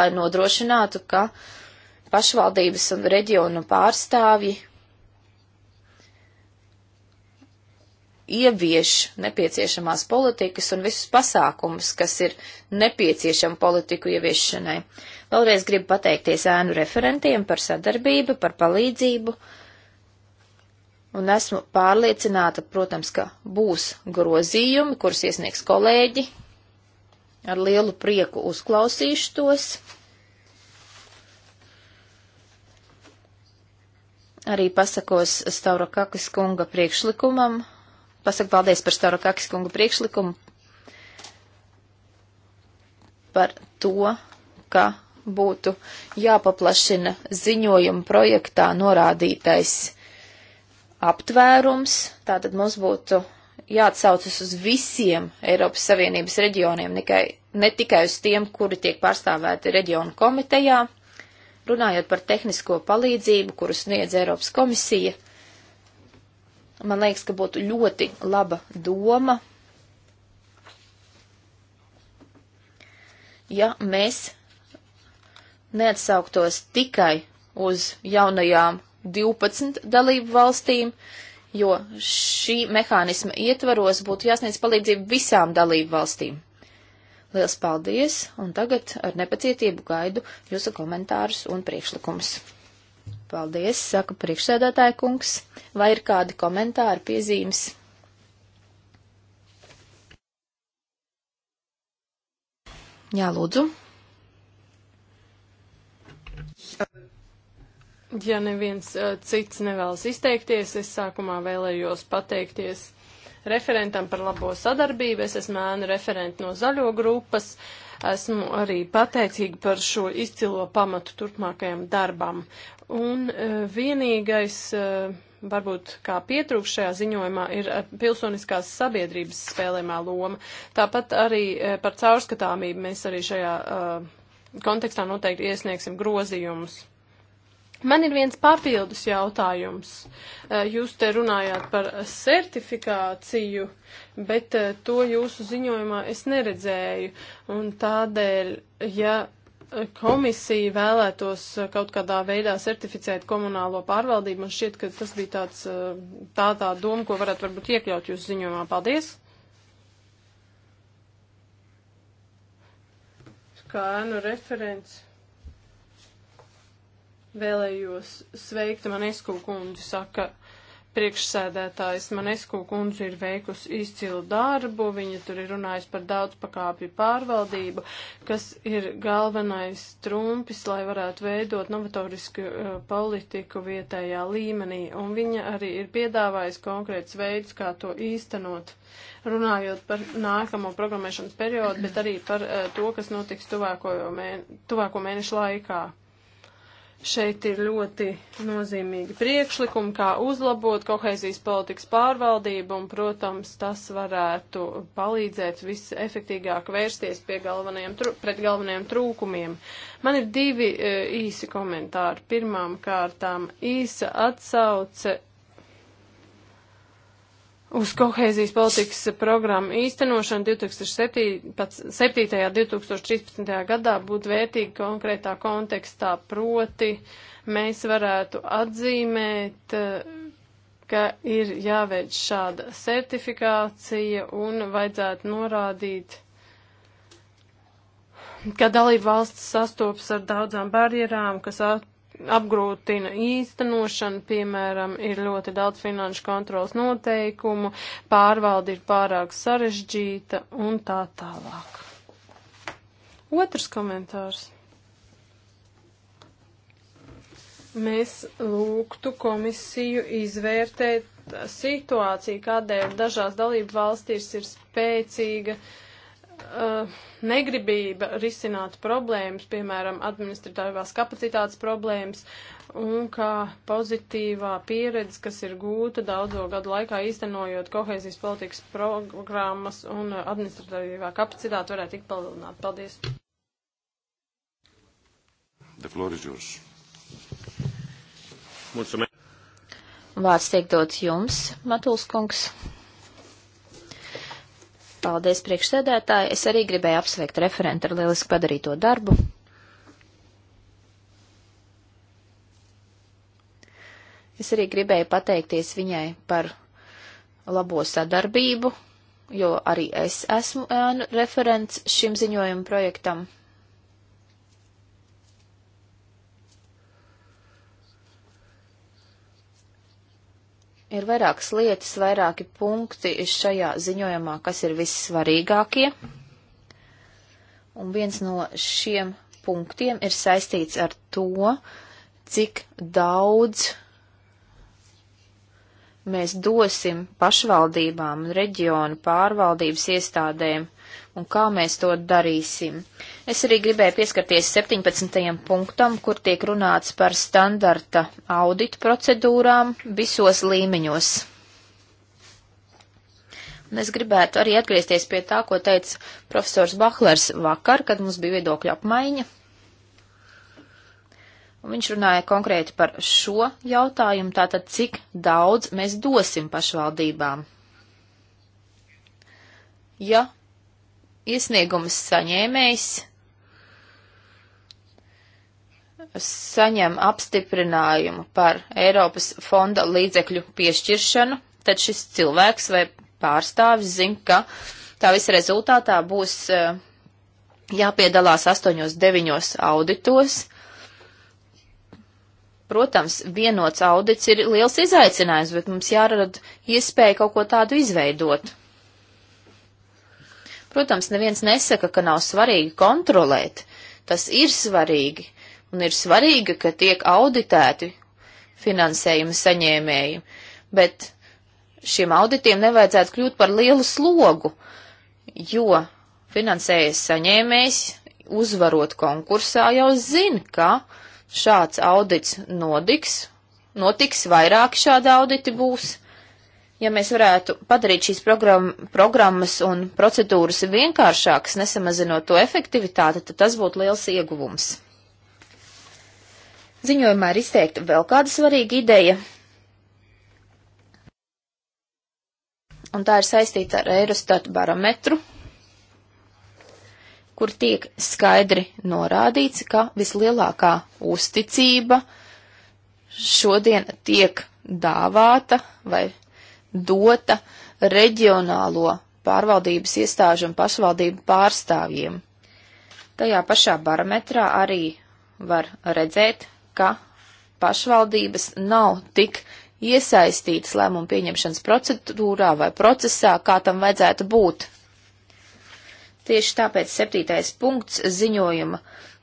lai nodrošinātu, ka pašvaldības un reģionu pārstāvji ievieš nepieciešamās politikas un visus pasākumus, kas ir nepieciešami politiku ieviešanai. Vēlreiz gribu pateikties ēnu referentiem par sadarbību, par palīdzību, un esmu pārliecināta, protams, ka būs grozījumi, kurus iesniegs kolēģi. Ar lielu prieku uzklausīšu tos. Arī pasakos Stauro Kakis kunga priekšlikumam pasaka paldies par Starokakis kunga priekšlikumu, par to, ka būtu jāpaplašina ziņojuma projektā norādītais aptvērums, tātad mums būtu jāatsaucas uz visiem Eiropas Savienības reģioniem, nekai, ne tikai uz tiem, kuri tiek pārstāvēti reģionu komitejā. Runājot par tehnisko palīdzību, kuru sniedz Eiropas komisija, Man liekas, ka būtu ļoti laba doma, ja mēs neatsauktos tikai uz jaunajām 12 dalību valstīm, jo šī mehānisma ietvaros būtu jāsniedz palīdzību visām dalību valstīm. Liels paldies, un tagad ar nepacietību gaidu jūsu komentārus un priekšlikumus. Paldies, saka priekšsēdētāja kungs. Vai ir kādi komentāri, piezīmes? Jā, lūdzu. Ja neviens uh, cits nevēlas izteikties, es sākumā vēlējos pateikties referentam par labo sadarbību. Es esmu ēnu referenti no zaļo grupas. Uh, Esmu arī pateicīga par šo izcilo pamatu turpmākajam darbam. Un e, vienīgais, e, varbūt kā pietrūks šajā ziņojumā, ir e, pilsoniskās sabiedrības spēlēmā loma. Tāpat arī par caurskatāmību mēs arī šajā kontekstā noteikti iesniegsim grozījumus. Man ir viens papildus jautājums. Eh, jūs te runājāt par certifikāciju, bet eh, to jūsu ziņojumā es neredzēju. Un tādēļ, ja komisija vēlētos kaut kādā veidā certificēt komunālo pārvaldību, man šķiet, ka tas bija tāds, eh, tā tā doma, ko varētu varbūt iekļaut jūsu ziņojumā. Paldies! Kā nu referents. Vēlējos sveikt Manesku kundzi, saka priekšsēdētājs. Manesku kundze ir veikusi izcilu darbu, viņa tur ir runājusi par daudz pakāpju pārvaldību, kas ir galvenais trumpis, lai varētu veidot novatorisku uh, politiku vietējā līmenī. Un viņa arī ir piedāvājusi konkrēts veids, kā to īstenot runājot par nākamo programmēšanas periodu, bet arī par uh, to, kas notiks tuvāko, mēne, tuvāko mēnešu laikā. Šeit ir ļoti nozīmīgi priekšlikumi, kā uzlabot kohēzijas politikas pārvaldību, un, protams, tas varētu palīdzēt visefektīgāk vērsties pie galvenajiem, pret galvenajiem trūkumiem. Man ir divi e, īsi komentāri. Pirmām kārtām īsa atsauce uz kohēzijas politikas programmu īstenošanu 2007. un 2013. gadā būtu vērtīgi konkrētā kontekstā, proti mēs varētu atzīmēt, ka ir jāveic šāda certifikācija un vajadzētu norādīt, ka dalība valsts sastopas ar daudzām barjerām, kas at apgrūtina īstenošanu, piemēram, ir ļoti daudz finanšu kontrols noteikumu, pārvalde ir pārāk sarežģīta un tā tālāk. Otrs komentārs. Mēs lūgtu komisiju izvērtēt situāciju, kādēļ dažās dalību valstīs ir spēcīga uh, uh, negribība risināt problēmas, piemēram, administratīvās kapacitātes problēmas, un kā pozitīvā pieredze, kas ir gūta daudzo gadu laikā īstenojot kohēzijas politikas programmas un administratīvā kapacitāte varētu tik palielināt. Paldies! The floor is yours. Mulțumesc. Vārds tiek dots jums, Matuls kungs. Paldies priekšsēdētāji. Es arī gribēju apsveikt referentu ar lieliski padarīto darbu. Es arī gribēju pateikties viņai par labo sadarbību, jo arī es esmu ēnu referents šim ziņojumu projektam. Ir vairākas lietas, vairāki punkti šajā ziņojumā, kas ir vissvarīgākie. Un viens no šiem punktiem ir saistīts ar to, cik daudz mēs dosim pašvaldībām un reģionu pārvaldības iestādēm un kā mēs to darīsim. Es arī gribēju pieskarties 17. punktam, kur tiek runāts par standarta auditu procedūrām visos līmeņos. Un es gribētu arī atgriezties pie tā, ko teica profesors Bahlers vakar, kad mums bija viedokļa apmaiņa. Un viņš runāja konkrēti par šo jautājumu, tātad cik daudz mēs dosim pašvaldībām. Ja iesniegumus saņēmējs saņem apstiprinājumu par Eiropas fonda līdzekļu piešķiršanu, tad šis cilvēks vai pārstāvis zina, ka tā visa rezultātā būs e, jāpiedalās 8-9 auditos. Protams, vienots audits ir liels izaicinājums, bet mums jārada iespēja kaut ko tādu izveidot. Protams, neviens nesaka, ka nav svarīgi kontrolēt. Tas ir svarīgi, un ir svarīgi, ka tiek auditēti finansējuma saņēmēji, bet šiem auditiem nevajadzētu kļūt par lielu slogu, jo finansējas saņēmējs uzvarot konkursā jau zina, ka šāds audits nodiks, notiks vairāk šādi auditi būs, Ja mēs varētu padarīt šīs program, programmas un procedūras vienkāršākas, nesamazinot to efektivitāti, tad tas būtu liels ieguvums. Ziņojumā ir izteikta vēl kāda svarīga ideja, un tā ir saistīta ar Eirostatu barometru, kur tiek skaidri norādīts, ka vislielākā uzticība šodien tiek dāvāta vai dota reģionālo pārvaldības iestāžu un pašvaldību pārstāvjiem. Tajā pašā barometrā arī var redzēt, ka pašvaldības nav tik iesaistītas lēmumu pieņemšanas procedūrā vai procesā, kā tam vajadzētu būt. Tieši tāpēc septītais punkts ziņojuma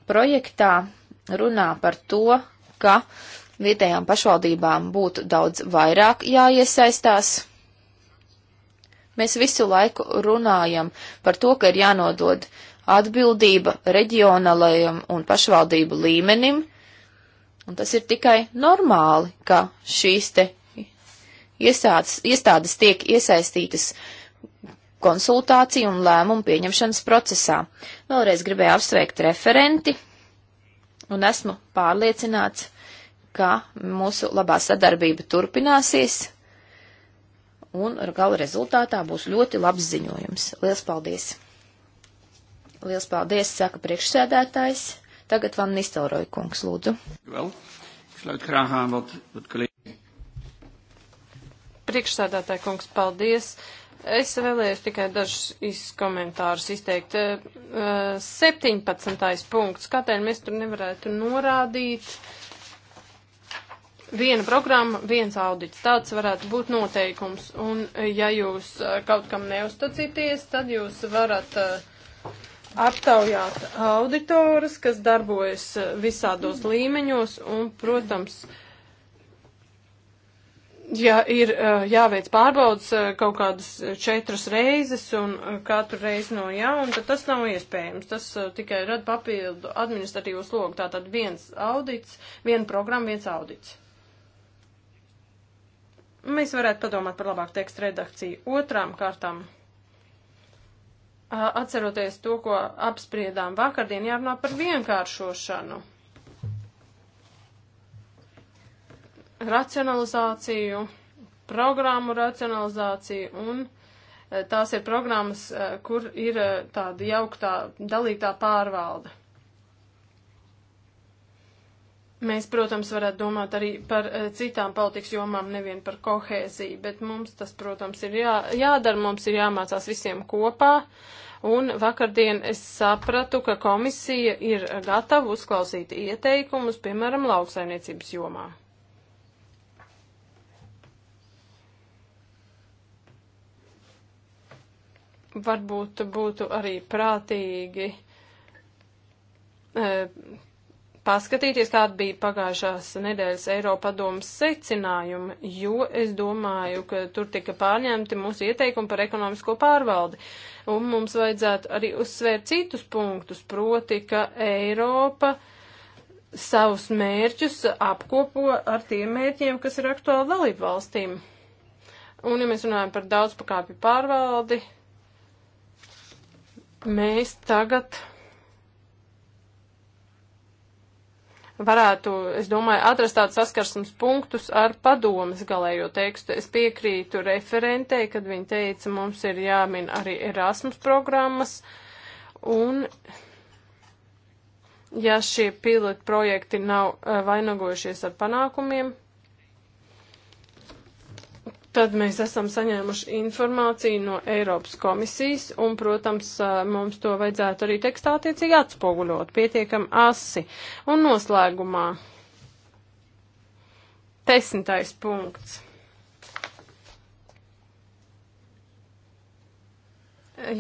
projektā runā par to, ka uh, vietējām pašvaldībām būtu daudz vairāk jāiesaistās. Mēs visu laiku runājam par to, ka ir jānodod atbildība reģionālajam un pašvaldību līmenim, un tas ir tikai normāli, ka šīs te iestādes, iestādes tiek iesaistītas konsultāciju un lēmumu pieņemšanas procesā. Vēlreiz gribēju apsveikt referenti, un esmu pārliecināts, ka mūsu labā sadarbība turpināsies un ar gala rezultātā būs ļoti labs ziņojums. Lielas paldies! Lielas paldies, saka priekšsēdētājs. Tagad Van Nistelroja kungs, lūdzu. Priekšsēdētāja kungs, paldies! Es vēlējos tikai dažus izkomentārus izteikt. 17. Eh, eh, punkts, kādēļ mēs tur nevarētu norādīt? Viena programma, viens audits. Tāds varētu būt noteikums. Un eh, ja jūs eh, kaut kam neustacaties, tad jūs varat eh, aptaujāt auditorus, kas darbojas visādos līmeņos un, protams, ja ir jāveic pārbaudas kaut kādas četras reizes un katru reizi no jauna, tad tas nav iespējams. Tas tikai rada papildu administratīvo slogu. Tātad viens audits, viena programma, viens audits. Mēs varētu padomāt par labāku tekstu redakciju. Otrām kārtām, atceroties to, ko apspriedām vakardien, jārunā par vienkāršošanu, racionalizāciju, programmu racionalizāciju un e, tās ir programmas, e, kur ir e, tāda jauktā, dalītā pārvalda. Mēs, protams, varētu domāt arī par eh, citām politikas jomām, nevien par kohēziju, bet mums tas, protams, ir jā, jādara, mums ir jāmācās visiem kopā. Un vakardien es sapratu, ka komisija ir gatava uzklausīt ieteikumus, piemēram, lauksaimniecības jomā. Varbūt būtu arī prātīgi eh, paskatīties, kāda bija pagājušās nedēļas Eiropadomas secinājumi, jo es domāju, ka tur tika pārņemti mūsu ieteikumi par ekonomisko pārvaldi. Un mums vajadzētu arī uzsvērt citus punktus, proti, ka Eiropa savus mērķus apkopo ar tiem mērķiem, kas ir aktuāli dalību valstīm. Un, ja mēs runājam par daudzpakāpju pārvaldi, mēs tagad varētu, es domāju, atrast tādus saskarsmes punktus ar padomas galējo tekstu. Es piekrītu referentei, kad viņa teica, mums ir jāmin arī Erasmus programmas, un ja šie pilotprojekti nav eh, vainagojušies ar panākumiem, Tad mēs esam saņēmuši informāciju no Eiropas komisijas, un, protams, mums to vajadzētu arī tekstā attiecīgi atspoguļot, pietiekam asi. Un noslēgumā desmitais punkts.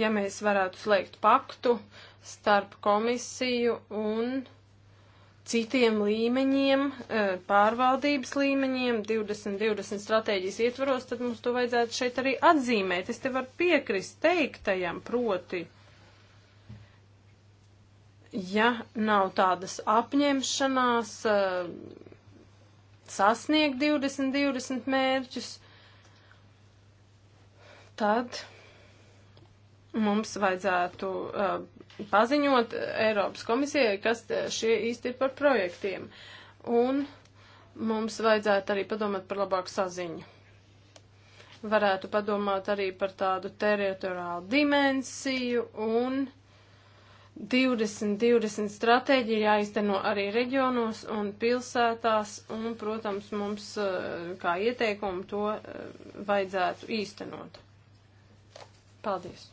Ja mēs varētu slēgt paktu starp komisiju un citiem līmeņiem, eh, pārvaldības līmeņiem, 2020 stratēģijas ietvaros, tad mums to vajadzētu šeit arī atzīmēt. Es te varu piekrist teiktajam proti. Ja nav tādas apņemšanās eh, sasniegt 2020 mērķus, tad mums vajadzētu uh, paziņot Eiropas komisijai, kas šie īsti ir par projektiem. Un mums vajadzētu arī padomāt par labāku saziņu. Varētu padomāt arī par tādu teritoriālu dimensiju un 2020 stratēģija jāizteno arī reģionos un pilsētās, un, protams, mums eh, kā ieteikumu to eh, vajadzētu īstenot. Paldies!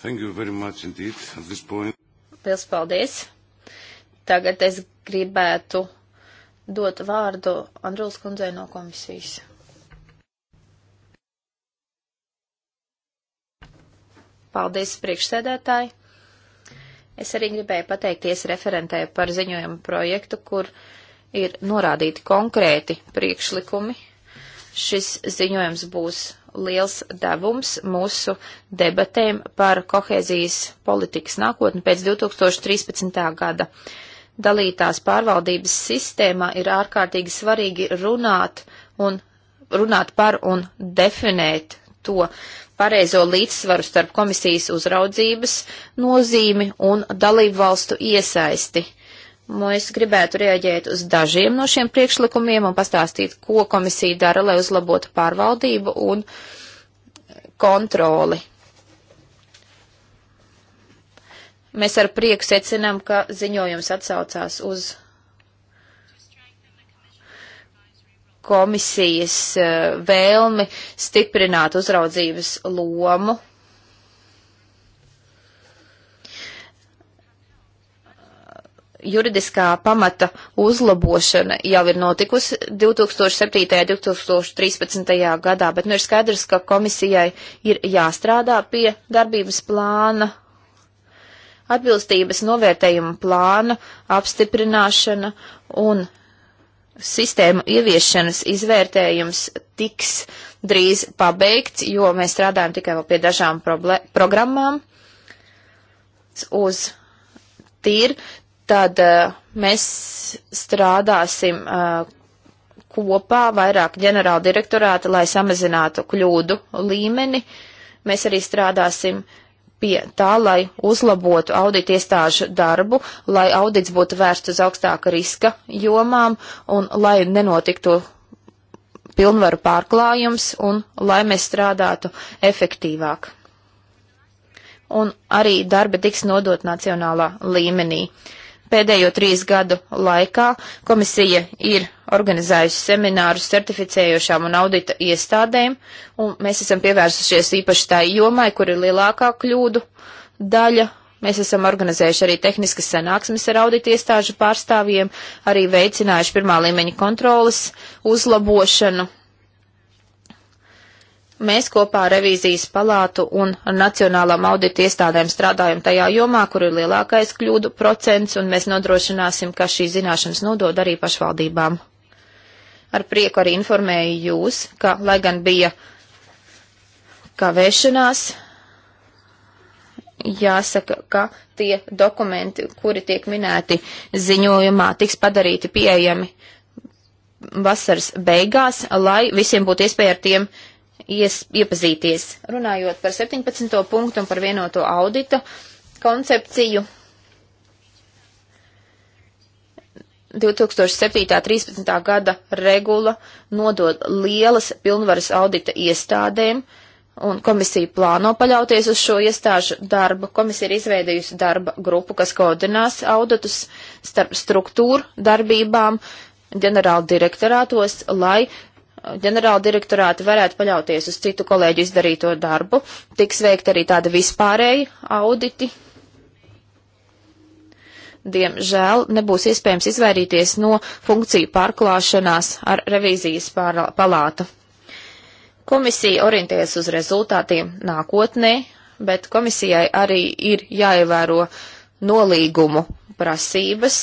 Thank you very much indeed at this point. Pils paldies. Tagad es gribētu dot vārdu Andruls kundzei no komisijas. Paldies, priekšsēdētāji. Es arī gribēju pateikties referentē par ziņojumu projektu, kur ir norādīti konkrēti priekšlikumi. Šis ziņojums būs liels devums mūsu debatēm par kohēzijas politikas nākotni pēc 2013. gada. Dalītās pārvaldības sistēmā ir ārkārtīgi svarīgi runāt, un, runāt par un definēt to pareizo līdzsvaru starp komisijas uzraudzības nozīmi un dalību valstu iesaisti Mēs gribētu reaģēt uz dažiem no šiem priekšlikumiem un pastāstīt, ko komisija dara, lai uzlabotu pārvaldību un kontroli. Mēs ar prieku secinām, ka ziņojums atsaucās uz komisijas eh, vēlmi stiprināt uzraudzības lomu juridiskā pamata uzlabošana jau ir notikusi 2007. un 2013. gadā, bet nu ir skaidrs, ka komisijai ir jāstrādā pie darbības plāna, atbilstības novērtējuma plāna, apstiprināšana un sistēmu ieviešanas izvērtējums tiks drīz pabeigts, jo mēs strādājam tikai vēl pie dažām programmām uz tīri tad uh, mēs strādāsim uh, kopā vairāk ģenerāla direktorāta, lai samazinātu kļūdu līmeni. Mēs arī strādāsim pie tā, lai uzlabotu audita iestāžu darbu, lai audits būtu vērsts uz augstāka riska jomām un lai nenotiktu pilnvaru pārklājums un lai mēs strādātu efektīvāk. Un arī darbi tiks nodot nacionālā līmenī. Uh, Pēdējo trīs gadu laikā komisija ir organizējusi seminārus certificējošām un audita iestādēm, un mēs esam pievērsušies īpaši tā jomai, kur ir lielākā kļūdu daļa. Mēs esam organizējuši arī tehniskas sanāksmes ar audita iestāžu pārstāvjiem, arī veicinājuši pirmā līmeņa kontrolas uzlabošanu Mēs kopā ar revīzijas palātu un nacionālām audita iestādēm strādājam tajā jomā, kur ir lielākais kļūdu procents, un mēs nodrošināsim, ka šī zināšanas nodod arī pašvaldībām. Ar prieku arī informēju jūs, ka, lai gan bija kavēšanās, jāsaka, ka tie dokumenti, kuri tiek minēti ziņojumā, tiks padarīti pieejami vasaras beigās, lai visiem būtu iespēja ar tiem ies, iepazīties. Runājot par 17. punktu un par vienoto auditu koncepciju, 2007.13. gada regula nodod lielas pilnvaras audita iestādēm, un komisija plāno paļauties uz šo iestāžu darbu. Komisija ir izveidējusi darba grupu, kas koordinās auditus starp struktūru darbībām ģenerāla direktorātos, lai ģenerāla direktorāti varētu paļauties uz citu kolēģu izdarīto darbu. Tiks veikt arī tādi vispārēji auditi. Diemžēl nebūs iespējams izvairīties no funkciju pārklāšanās ar revīzijas pārla, palātu. Komisija orientējas uz rezultātiem nākotnē, bet komisijai arī ir jāievēro nolīgumu prasības,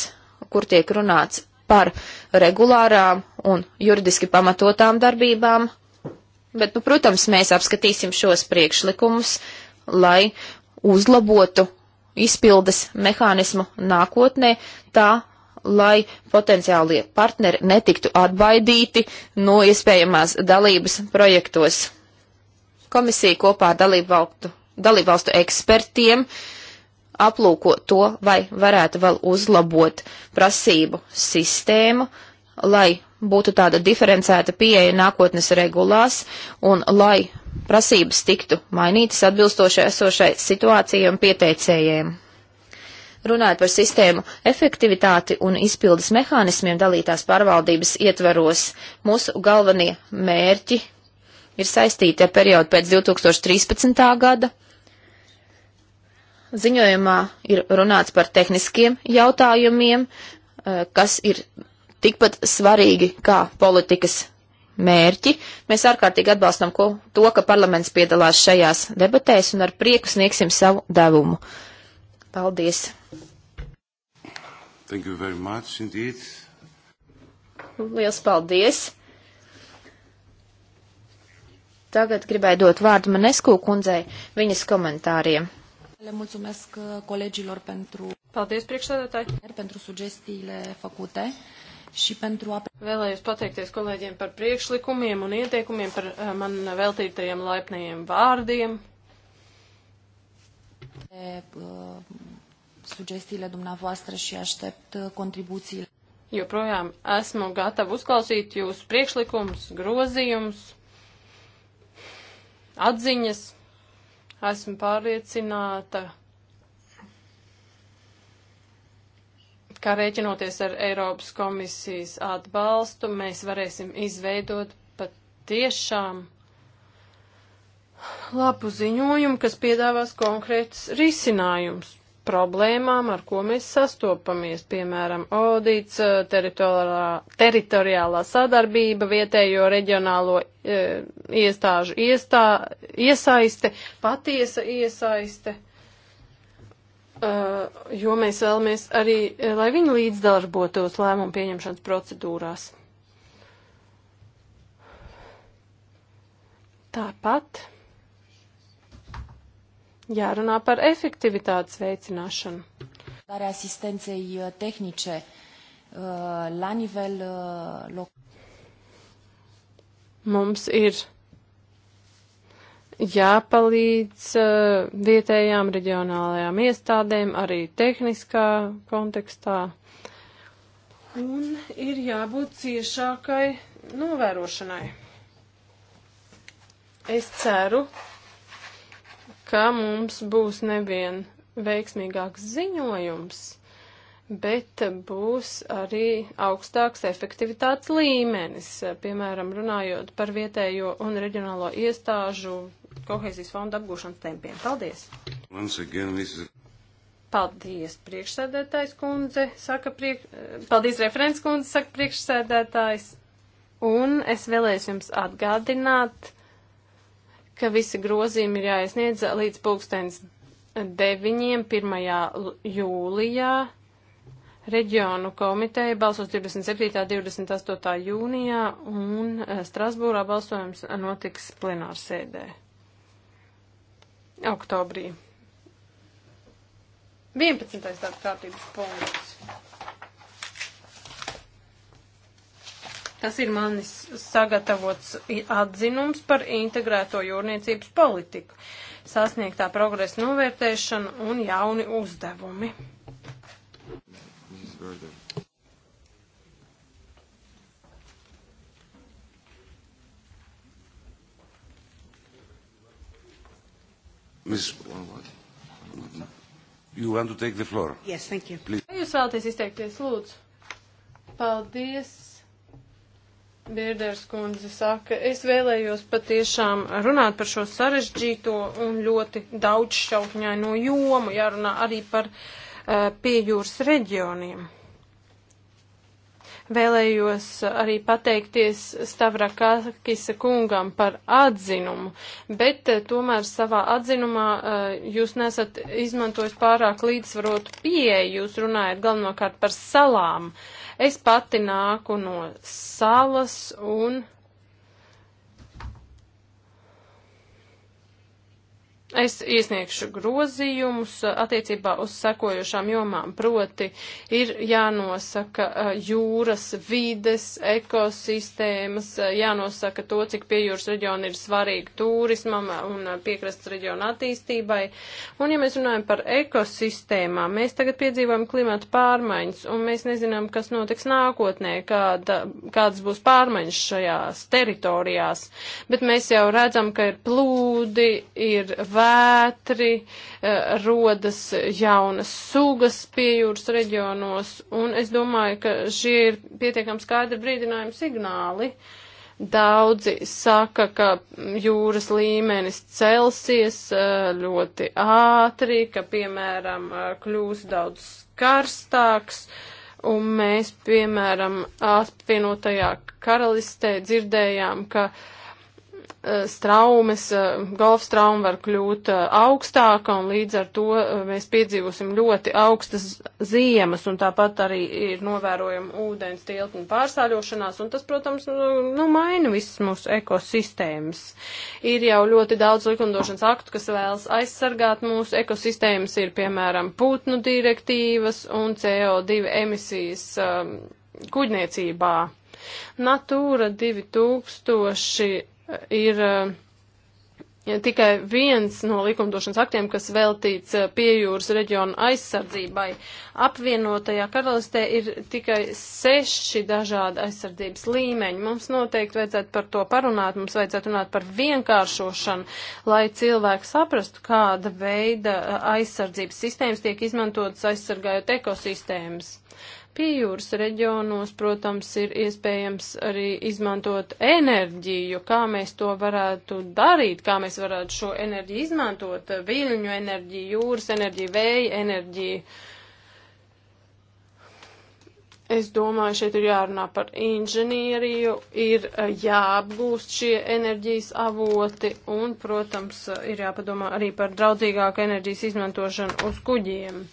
kur tiek runāts par regulārām un juridiski pamatotām darbībām, bet, nu, protams, mēs apskatīsim šos priekšlikumus, lai uzlabotu izpildes mehānismu nākotnē tā, lai potenciālie partneri netiktu atbaidīti no iespējamās dalības projektos. Komisija kopā ar dalībvalstu, dalībvalstu ekspertiem aplūko to, vai varētu vēl uzlabot prasību sistēmu, lai būtu tāda diferencēta pieeja nākotnes regulās un lai prasības tiktu mainītas atbilstoši esošai situācijai un pieteicējiem. Runājot par sistēmu efektivitāti un izpildes mehānismiem dalītās pārvaldības ietvaros, mūsu galvenie mērķi ir saistīti ar periodu pēc 2013. gada. Ziņojumā ir runāts par tehniskiem jautājumiem, eh, kas ir tikpat svarīgi kā politikas mērķi. Mēs ārkārtīgi atbalstam ko, to, ka parlaments piedalās šajās debatēs un ar prieku sniegsim savu devumu. Paldies! Thank you very much indeed. Liels paldies! Tagad gribēju dot vārdu Manesku kundzei viņas komentāriem. Le mulțumesc uh, colegilor pentru... Paldies, priekšsēdētāji! Pentru sugestiile făcute. Uh, și pentru a... Vēlējos pateikties kolēģiem par priekšlikumiem un ieteikumiem, par eh, man veltītajiem laipnajiem vārdiem. E, sugestiile dumneavoastră și aștept uh, contribuțiile. Joprojām esmu gatava uzklausīt jūsu priekšlikumus, grozījumus, atziņas. Esmu pārliecināta, kā rēķinoties ar Eiropas komisijas atbalstu, mēs varēsim izveidot pat tiešām labu ziņojumu, kas piedāvās konkrētus risinājumus problēmām, ar ko mēs sastopamies, piemēram, audīts, eh, teritoriālā sadarbība, vietējo reģionālo e, iestāžu iestā, iesaiste, patiesa iesaiste. Uh, jo mēs vēlamies arī, eh, lai viņi līdzdarbotos lēmumu pieņemšanas procedūrās. Tāpat jārunā par efektivitātes veicināšanu. Par asistencei uh, tehnice uh, la nivel lokal. Mums ir jāpalīdz uh, vietējām reģionālajām iestādēm arī tehniskā kontekstā. Un ir jābūt ciešākai novērošanai. Es ceru, ka mums būs nevien veiksmīgāks ziņojums, bet būs arī augstāks efektivitātes līmenis, piemēram, runājot par vietējo un reģionālo iestāžu kohēzijas fonda apgūšanas tempiem. Paldies! Is... Paldies, priekšsēdētājs kundze, saka priek... paldies, referents kundze, saka priekšsēdētājs. Un es vēlēšu jums atgādināt, ka visi grozījumi ir jāiesniedz līdz pulkstens 9. 1. jūlijā. Reģionu komiteja balsos 27. 28. jūnijā un eh, Strasbūrā balsojums notiks plenārsēdē. sēdē oktobrī. 11. darba kārtības punkts. Tas ir manis sagatavots atzinums par integrēto jūrniecības politiku, sasniegtā progresa novērtēšana un jauni uzdevumi. Mrs. Gordon. Mrs. You want to take the floor? Yes, thank you. Please. Jūs vēlaties izteikties, lūdzu. Paldies. Birders kundze saka, es vēlējos patiešām runāt par šo sarežģīto un ļoti daudz šautņaino jomu, jārunā arī par uh, eh, piejūras reģioniem. Vēlējos arī pateikties Stavrakakisa kungam par atzinumu, bet eh, tomēr savā atzinumā eh, jūs nesat izmantojis pārāk līdzsvarotu pieeju, jūs runājat galvenokārt par salām. Es pati nāku no salas un Es iesniegšu grozījumus uh, attiecībā uz sekojošām jomām, proti ir jānosaka uh, jūras vides, ekosistēmas, uh, jānosaka to, cik pie jūras reģiona ir svarīgi turismam un piekrastas reģiona attīstībai. Un ja mēs runājam par ekosistēmām, mēs tagad piedzīvojam klimata pārmaiņas un mēs nezinām, kas notiks nākotnē, kāda, kādas būs pārmaiņas šajās teritorijās, bet mēs jau redzam, ka ir plūdi, ir vētri, eh, rodas jaunas sugas pie jūras reģionos, un es domāju, ka šie ir pietiekami skaidri brīdinājumi signāli. Daudzi saka, ka jūras līmenis celsies eh, ļoti ātri, ka, piemēram, eh, kļūs daudz karstāks, un mēs, piemēram, apvienotajā karalistē dzirdējām, ka uh, Eh, straumes, eh, golfa strauma var kļūt eh, augstāka un līdz ar to mēs piedzīvosim ļoti augstas ziemas un tāpat arī ir novērojama ūdens tiltņu pārsāļošanās un tas, protams, nu, nu, maina visas mūsu ekosistēmas. Ir jau ļoti daudz likumdošanas aktu, kas vēlas aizsargāt mūsu ekosistēmas, ir piemēram putnu direktīvas un CO2 emisijas um, kuģniecībā. Natūra 2000 ir ja eh, tikai viens no likumdošanas aktiem, kas veltīts eh, piejūras reģionu aizsardzībai. Apvienotajā karalistē ir tikai seši dažādi aizsardzības līmeņi. Mums noteikti vajadzētu par to parunāt, mums vajadzētu runāt par vienkāršošanu, lai cilvēki saprastu, kāda veida eh, aizsardzības sistēmas tiek izmantotas aizsargājot ekosistēmas. Pījūras reģionos, protams, ir iespējams arī izmantot enerģiju, kā mēs to varētu darīt, kā mēs varētu šo enerģiju izmantot, viļņu enerģiju, jūras enerģiju, vēja enerģiju. Es domāju, šeit ir jārunā par inženieriju, ir jāapgūst šie enerģijas avoti un, protams, ir jāpadomā arī par draudzīgāku enerģijas izmantošanu uz kuģiem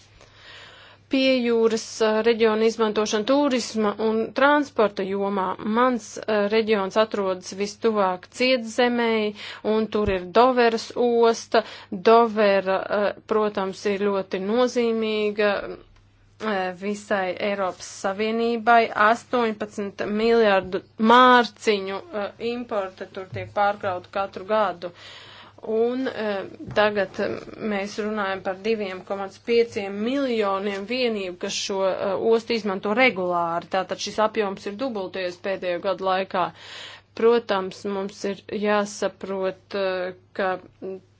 pie jūras reģiona izmantošana turisma un transporta jomā. Mans reģions atrodas vistuvāk cietzemēji, un tur ir Doveras osta. Dovera, protams, ir ļoti nozīmīga visai Eiropas Savienībai 18 miljardu mārciņu importa tur tiek pārkrauta katru gadu. Uh, un e, tagad eh, mēs runājam par 2,5 miljoniem vienību, kas šo e, ostu izmanto regulāri. Tātad šis apjoms ir dubultojies pēdējo gadu laikā. Protams, mums ir jāsaprot, e, ka,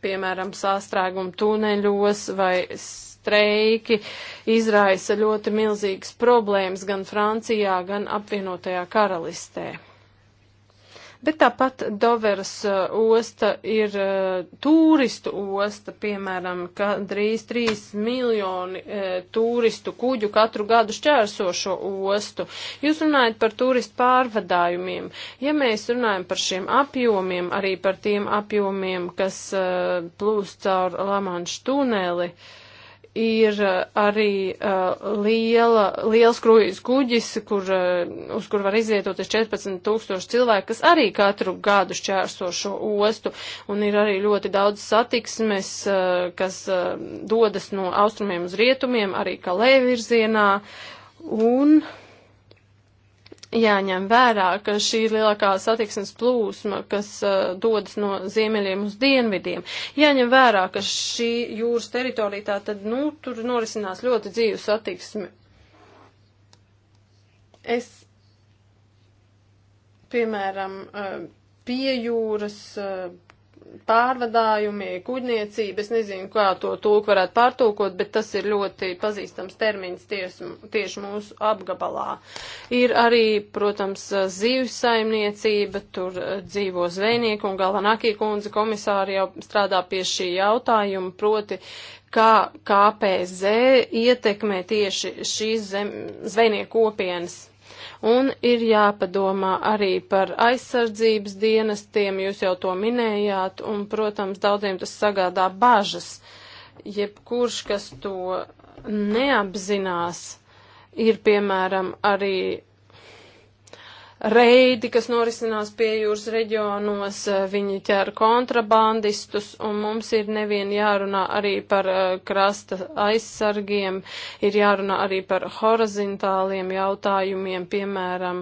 piemēram, sāstrēguma tuneļos vai streiki izraisa ļoti milzīgas problēmas gan Francijā, gan apvienotajā karalistē. Bet tāpat Doveras uh, osta ir uh, turistu osta, piemēram, ka drīz 3 miljoni e, turistu kuģu katru gadu šķērso šo ostu. Jūs runājat par turistu pārvadājumiem. Ja mēs runājam par šiem apjomiem, arī par tiem apjomiem, kas e, plūst caur Lamanšu tuneli, e, ir eh, arī uh, liela, liels kruīz kuģis, kur, uh, uz kur var izvietoties 14 tūkstoši cilvēku, kas arī katru gadu šķērso šo ostu, un ir arī ļoti daudz satiksmes, uh, kas uh, dodas no austrumiem uz rietumiem, arī kalē virzienā, un. Uh, jāņem vērā, ka šī ir lielākā satiksmes plūsma, kas uh, dodas no ziemeļiem uz dienvidiem. Jāņem vērā, ka šī jūras teritorija tā tad, nu, tur norisinās ļoti dzīvu satiksmi. Es, piemēram, uh, pie jūras. Uh, pārvadājumi, kuģniecība, es nezinu, kā to tūk varētu pārtūkot, bet tas ir ļoti pazīstams termins ties, tieši mūsu apgabalā. Ir arī, protams, zīves saimniecība, tur eh, dzīvo zvejnieku un galvenākie kundze komisāri jau strādā pie šī jautājuma, proti, kā KPZ ietekmē tieši šīs zem, zvejnieku kopienas Un ir jāpadomā arī par aizsardzības dienestiem, jūs jau to minējāt, un, protams, daudziem tas sagādā bažas. Jebkurš, kas to neapzinās, ir, piemēram, arī reidi, kas norisinās pie jūras reģionos, eh, viņi ķer kontrabandistus, un mums ir nevien jārunā arī par eh, krasta aizsargiem, ir jārunā arī par horizontāliem jautājumiem, piemēram,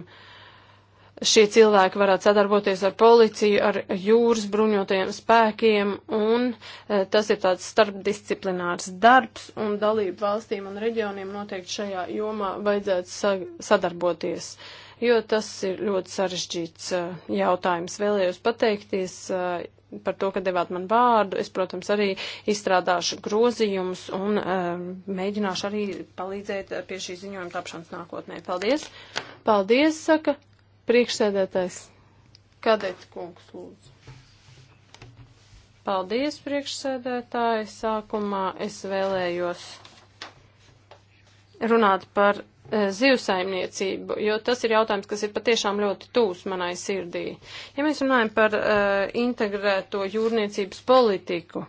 šie cilvēki varētu sadarboties ar policiju, ar jūras bruņotajiem spēkiem, un eh, tas ir tāds starpdisciplinārs darbs, un dalību valstīm un reģioniem noteikti šajā jomā vajadzētu sadarboties. Uh, jo tas ir ļoti sarežģīts eh, jautājums. Vēlējos pateikties eh, par to, ka devāt man vārdu. Es, protams, arī izstrādāšu grozījumus un um, mēģināšu arī palīdzēt pie šī ziņojuma tapšanas nākotnē. Paldies! Paldies, saka priekšsēdētājs. Kadets kungs, lūdzu. Paldies, priekšsēdētāji. Sākumā es vēlējos runāt par E, zivsaimniecību, jo tas ir jautājums, kas ir patiešām ļoti tūs manai sirdī. Ja mēs runājam par uh, integrēto jūrniecības politiku,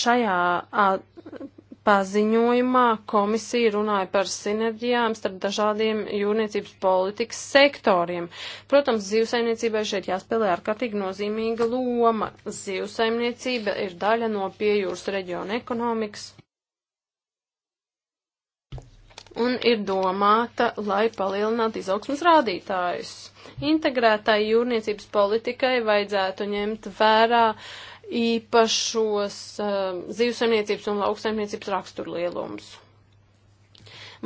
šajā uh, paziņojumā komisija runāja par sinerģijām starp dažādiem jūrniecības politikas sektoriem. Protams, zivsaimniecībai šeit jāspēlē ārkārtīgi nozīmīga loma. Zivsaimniecība ir daļa no piejūras reģiona ekonomikas un ir domāta, lai palielinātu izaugsmas rādītājus. Integrētai jūrniecības politikai vajadzētu ņemt vērā īpašos uh, zivsaimniecības un lauksaimniecības raksturlielumus.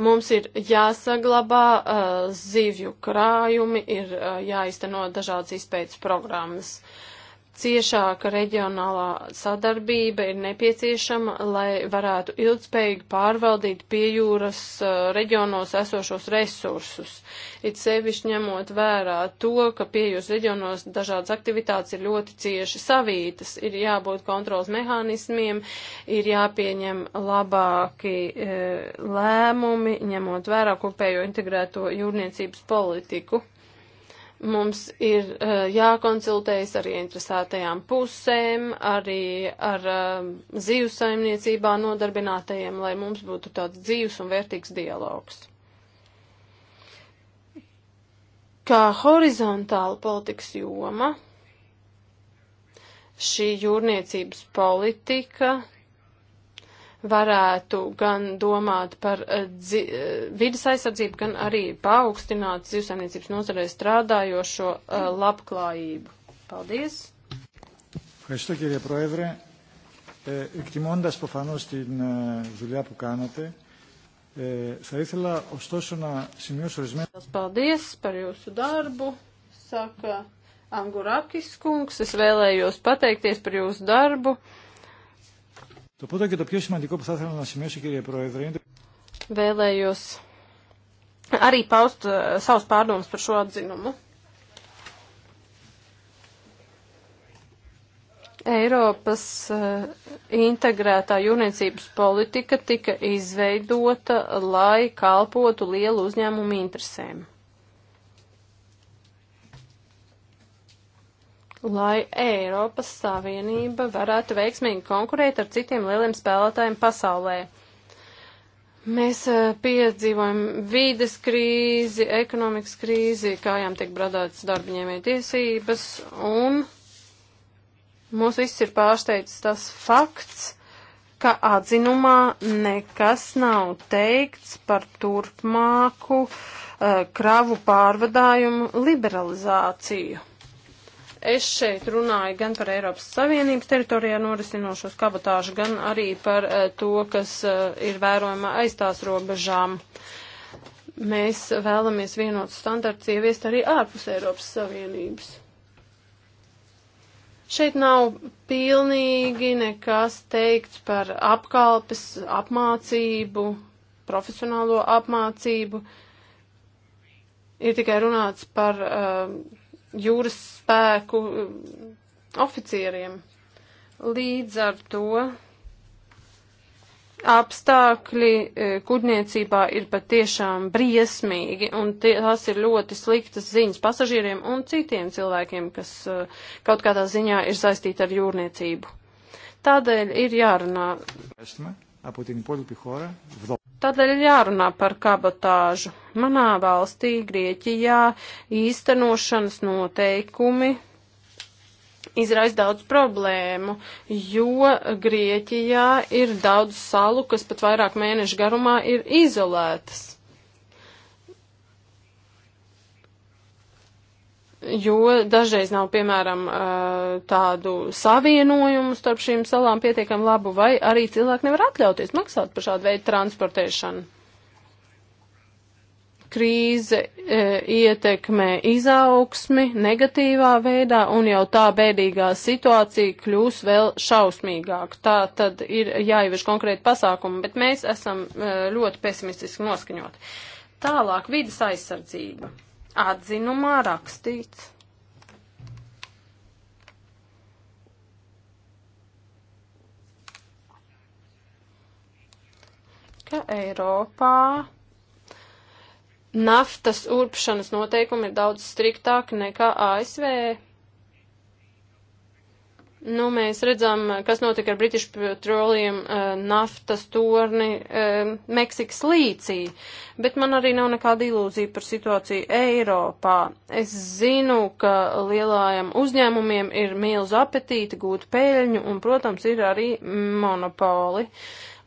Mums ir jāsaglabā uh, zivju krājumi, ir uh, jāizteno dažādas izpētes programmas. Uh, Ciešāka reģionālā sadarbība ir nepieciešama, lai varētu ilgspējīgi pārvaldīt piejūras uh, reģionos esošos resursus. It sevišķi ņemot vērā to, ka piejūras reģionos dažādas aktivitātes ir ļoti cieši savītas, ir jābūt kontrols mehānismiem, ir jāpieņem labāki uh, lēmumi, ņemot vērā kopējo integrēto jūrniecības politiku. Mums ir uh, jākonsultējas ar ieinteresētajām pusēm, arī ar uh, eh, dzīvesaimniecībā nodarbinātajiem, lai mums būtu tāds dzīves un vērtīgs dialogs. Kā horizontāla politikas joma, šī jūrniecības politika varētu gan domāt par eh, dzi, eh, vidas aizsardzību, gan arī paaugstināt zivsaimniecības nozarē strādājošo eh, labklājību. Paldies! Ευχαριστώ κύριε Πρόεδρε. Ε, εκτιμώντας προφανώς την ε, δουλειά που κάνατε, ε, θα ήθελα ωστόσο να σημειώσω ορισμένα... Σας παλδίες par jūsu darbu, saka Angurakis kungs. Es vēlējos pateikties par jūsu darbu. Το πρώτο και το πιο σημαντικό που θα ήθελα να σημειώσω, κύριε Πρόεδρε, είναι... Vēlējos arī paust uh, savus pārdomus par šo atzinumu. Eiropas uh, integrētā jūrniecības politika tika izveidota, lai kalpotu lielu uzņēmumu interesēm. lai Eiropas Savienība varētu veiksmīgi konkurēt ar citiem lieliem spēlētājiem pasaulē. Mēs eh, piedzīvojam vīdes krīzi, ekonomikas krīzi, kājām tiek bradātas darbiņēmēja tiesības, un mūs viss ir pārsteidzis tas fakts, ka atzinumā nekas nav teikts par turpmāku uh, kravu pārvadājumu liberalizāciju. Es šeit runāju gan par Eiropas Savienības teritorijā norisinošos kabatāžu, gan arī par eh, to, kas eh, ir vērojama aiz tās robežām. Mēs vēlamies vienotus standarts ieviest arī ārpus Eiropas Savienības. Šeit nav pilnīgi nekas teikts par apkalpes, apmācību, profesionālo apmācību. Ir tikai runāts par uh, jūras spēku eh, oficieriem. Līdz ar to apstākļi eh, kuģniecībā ir patiešām briesmīgi, un tie, tas ir ļoti sliktas ziņas pasažieriem un citiem cilvēkiem, kas eh, kaut kādā ziņā ir saistīti ar jūrniecību. Tādēļ ir jārunā. Esmu από την υπόλοιπη χώρα. Tādēļ jārunā par kabatāžu. Manā valstī, Grieķijā, īstenošanas noteikumi izraisa daudz problēmu, jo Grieķijā ir daudz salu, kas pat vairāk mēnešu garumā ir izolētas. jo dažreiz nav, piemēram, tādu savienojumu starp šīm salām pietiekami labu, vai arī cilvēki nevar atļauties maksāt par šādu veidu transportēšanu. Krīze e, ietekmē izaugsmi negatīvā veidā, un jau tā bēdīgā situācija kļūs vēl šausmīgāk. Tā tad ir jāievieš konkrēti pasākumi, bet mēs esam e, ļoti pesimistiski noskaņoti. Tālāk vidas aizsardzība atzinumā rakstīts. ka Eiropā naftas urpšanas noteikumi ir daudz striktāki nekā ASV. Nu, mēs redzam, kas notika ar British Petroleum uh, naftas torni uh, Meksikas līcī, bet man arī nav nekāda ilūzija par situāciju Eiropā. Es zinu, ka lielājiem uzņēmumiem ir milzu apetīti gūt peļņu un, protams, ir arī monopoli.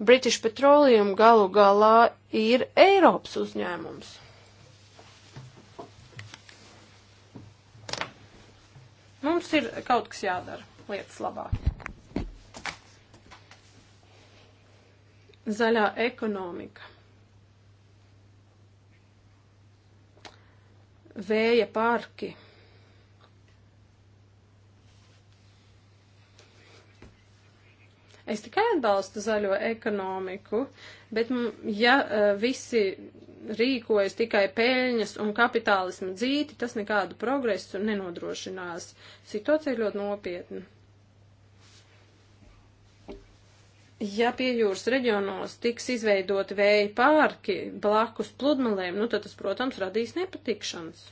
British Petroleum galu galā ir Eiropas uzņēmums. Mums ir kaut kas jādara lietas labāk. Zaļā ekonomika. Vēja parki. Es tikai atbalstu zaļo ekonomiku, bet mm, ja e, visi rīkojas tikai peļņas un kapitālismu dzīti, tas nekādu progresu nenodrošinās. Situācija ir ļoti nopietna. ja pie jūras reģionos tiks izveidoti vēja pārki blakus pludmalēm, nu tad tas, protams, radīs nepatikšanas.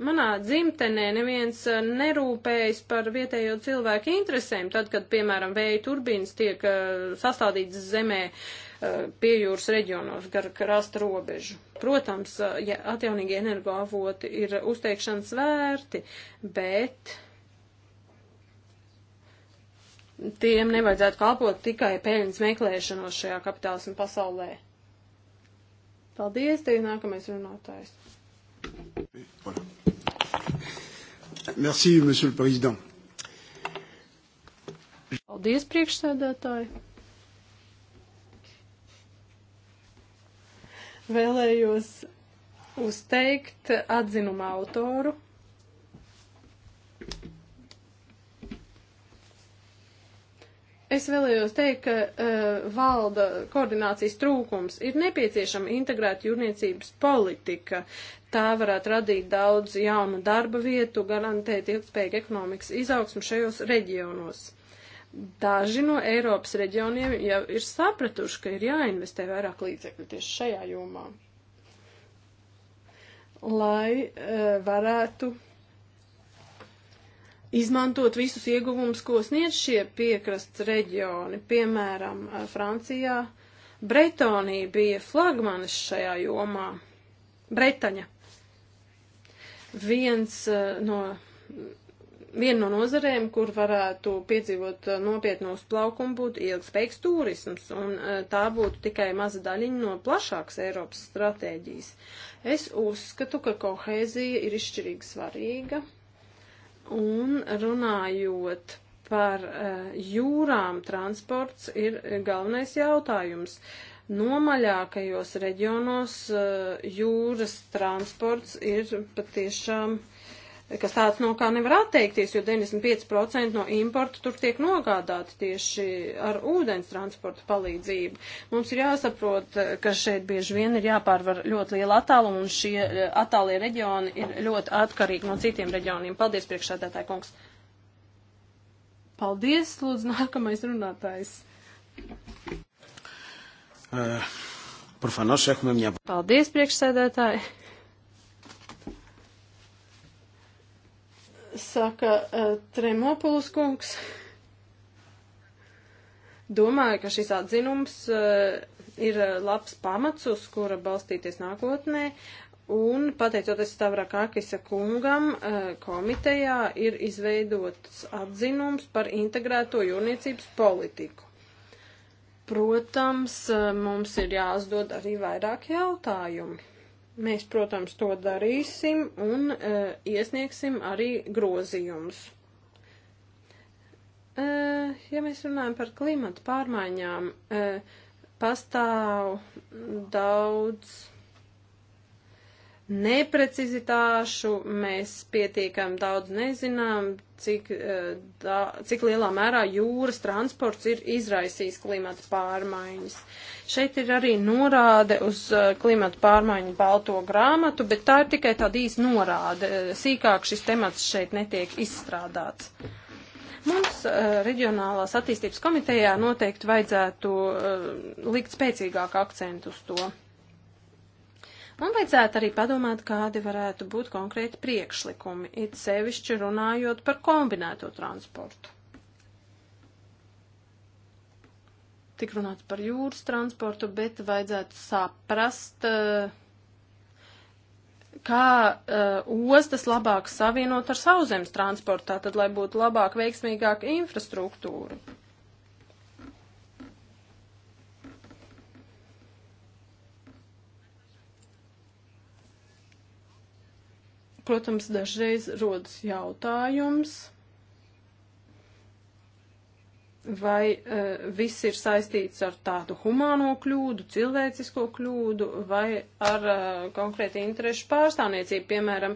manā dzimtenē neviens eh, nerūpējas par vietējo cilvēku interesēm, tad, kad, piemēram, vēja turbīnas tiek uh, sastādītas zemē uh, pie jūras reģionos gar krasta robežu. Protams, uh, ja atjaunīgi energoavoti ir uzteikšanas vērti, bet tiem nevajadzētu kalpot tikai peļņas meklēšanos šajā kapitālismu pasaulē. Paldies, tev nākamais runātājs. Voilà. Merci, monsieur le président. Paldies, priekšsēdētāji! Vēlējos uzteikt atzinumu autoru. Es vēlējos teikt, ka uh, valda koordinācijas trūkums. Ir nepieciešama integrēta jūrniecības politika. Tā varētu radīt daudz jaunu darba vietu, garantēt ilgspējīgu ekonomikas izaugsmu šajos reģionos. Daži no Eiropas reģioniem jau ir sapratuši, ka ir jāinvestē vairāk līdzekļu tieši šajā jomā, lai uh, varētu izmantot visus ieguvumus, ko sniedz šie piekrasts reģioni. Piemēram, eh, Francijā Bretonija bija flagmanis šajā jomā. Bretaņa. Viens eh, no, viena no nozarēm, kur varētu piedzīvot eh, nopietnu uzplaukumu, būtu ilgspējīgs turisms, un tā būtu tikai maza daļiņa no plašākas Eiropas stratēģijas. Es uzskatu, ka kohēzija ir izšķirīgi svarīga Un runājot par eh, jūrām, transports ir galvenais jautājums. Nomaļākajos reģionos eh, jūras transports ir patiešām uh, kas tāds no kā nevar atteikties, jo 95% no importa tur tiek nogādāti tieši ar ūdens transporta palīdzību. Mums ir jāsaprot, ka šeit bieži vien ir jāpārvar ļoti liela attāluma, un šie eh, attālie reģioni ir ļoti atkarīgi no citiem reģioniem. Paldies, priekšsēdētāji kungs! Paldies, lūdzu, nākamais runātājs. Uh, Paldies, priekšsēdētāji. saka uh, eh, Tremopuls kungs. Domāju, ka šis atzinums uh, ir eh, labs pamats, uz kura balstīties nākotnē, Un pateicoties Stavrakakisa kungam, komitejā ir izveidots atzinums par integrēto jūrniecības politiku. Protams, mums ir jāuzdod arī vairāk jautājumi. Mēs, protams, to darīsim un e, iesniegsim arī grozījumus. E, ja mēs runājam par klimatu pārmaiņām, e, pastāv daudz neprecizitāšu, mēs pietiekam daudz nezinām, cik, eh, da, cik lielā mērā jūras transports ir izraisījis klimata pārmaiņas. Šeit ir arī norāde uz eh, klimata pārmaiņu balto grāmatu, bet tā ir tikai tāda īsa norāde. Eh, sīkāk šis temats šeit netiek izstrādāts. Mums reģionālās attīstības komitejā noteikti vajadzētu likt spēcīgāku akcentu uz to. Un vajadzētu arī padomāt, kādi varētu būt konkrēti priekšlikumi, it sevišķi runājot par kombinēto transportu. Tik runāts par jūras transportu, bet vajadzētu saprast, eh, kā eh, ostas labāk savienot ar sauzemes transportu, tātad, lai būtu labāk, veiksmīgāk infrastruktūra. Protams, dažreiz rodas jautājums, vai e, viss ir saistīts ar tādu humāno kļūdu, cilvēcisko kļūdu, vai ar e, konkrēti interešu pārstāvniecību. Piemēram,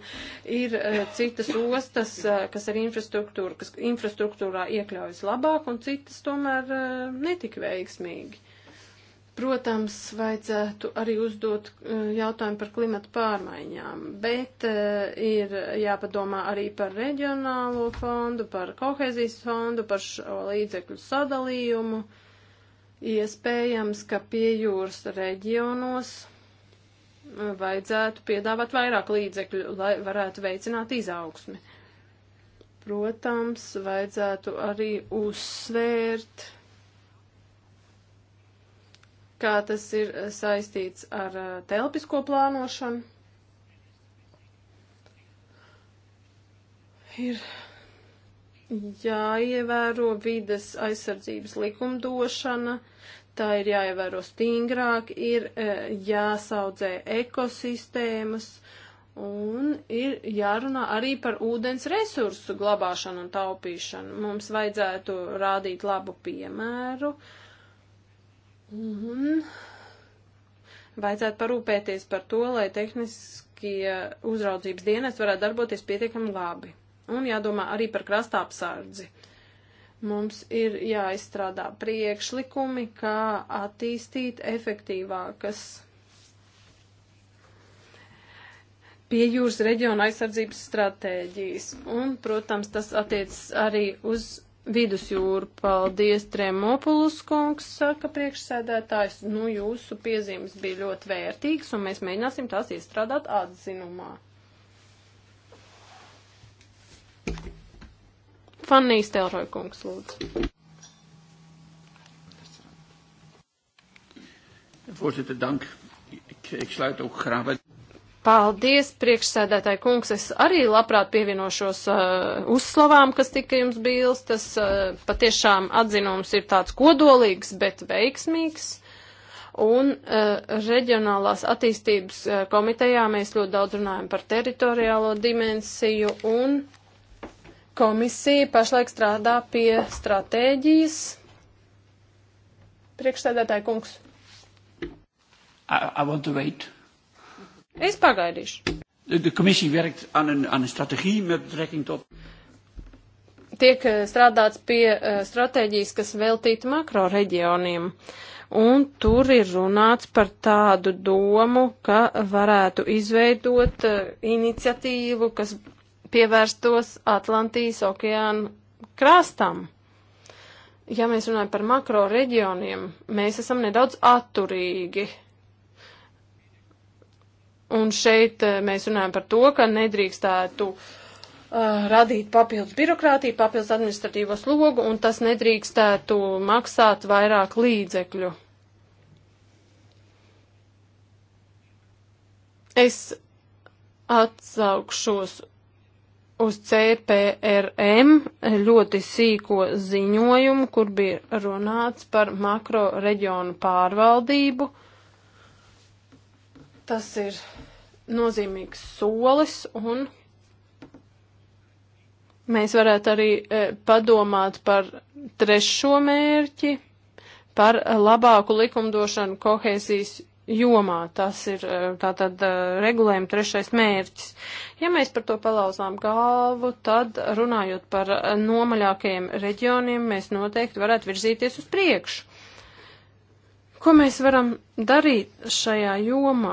ir e, citas ostas, e, kas ar infrastruktūru, kas infrastruktūrā iekļaujas labāk, un citas tomēr e, netik veiksmīgi. Protams, vajadzētu arī uzdot e, jautājumu par klimatu pārmaiņām, bet e, ir jāpadomā arī par reģionālo fondu, par kohezijas fondu, par šo līdzekļu sadalījumu. Iespējams, ka pie jūras reģionos e, vajadzētu piedāvāt vairāk līdzekļu, lai varētu veicināt izaugsmi. Protams, vajadzētu arī uzsvērt kā tas ir saistīts ar eh, telpisko plānošanu. Ir jāievēro vides aizsardzības likumdošana, tā ir jāievēro stingrāk, ir eh, jāsaudzē ekosistēmas un ir jārunā arī par ūdens resursu glabāšanu un taupīšanu. Mums vajadzētu rādīt labu piemēru. Uh, Un mhm. vajadzētu parūpēties par to, lai tehniskie uzraudzības dienas varētu darboties pietiekami labi. Un jādomā arī par krastā apsardzi. Mums ir jāizstrādā priekšlikumi, kā attīstīt efektīvākas pie jūras reģiona aizsardzības stratēģijas. Un, protams, tas attiecas arī uz vidusjūru. Paldies, Tremopulus kungs, saka priekšsēdētājs. Nu, jūsu piezīmes bija ļoti vērtīgas, un mēs mēģināsim tās iestrādāt atzinumā. Fannijas Telroja kungs, lūdzu. Voorzitter, dank. Ik, ik sluit ook graag bij. Paldies, priekšsēdētāji kungs. Es arī labprāt pievienošos uh, uzslavām, kas tika jums bīls. Tas uh, patiešām atzinums ir tāds kodolīgs, bet veiksmīgs. Un uh, reģionālās attīstības uh, komitejā mēs ļoti daudz runājam par teritoriālo dimensiju un komisija pašlaik strādā pie stratēģijas. Priekšsēdētāji kungs. I, I want to wait. Es pagaidīšu. De komisija werkt aan een, aan een strategie met betrekking tot. Tiek eh, strādāts pie eh, stratēģijas, kas veltīta makro reģioniem. Un tur ir runāts par tādu domu, ka varētu izveidot eh, iniciatīvu, kas pievērstos Atlantijas okeāna krastam. Ja mēs runājam par makro reģioniem, mēs esam nedaudz atturīgi Un šeit eh, mēs runājam par to, ka nedrīkstētu uh, radīt papildus birokrātiju, papildus administratīvo slogu, un tas nedrīkstētu maksāt vairāk līdzekļu. Es atsaukšos uz CPRM ļoti sīko ziņojumu, kur bija runāts par makro reģionu pārvaldību. Uh, Tas ir nozīmīgs solis un mēs varētu arī e, padomāt par trešo mērķi, par labāku likumdošanu kohēzijas jomā. Tas ir e, tātad e, regulējuma trešais mērķis. Ja mēs par to palauzām galvu, tad runājot par nomaļākajiem reģioniem, mēs noteikti varētu virzīties uz priekšu. Ko mēs varam darīt šajā jomā?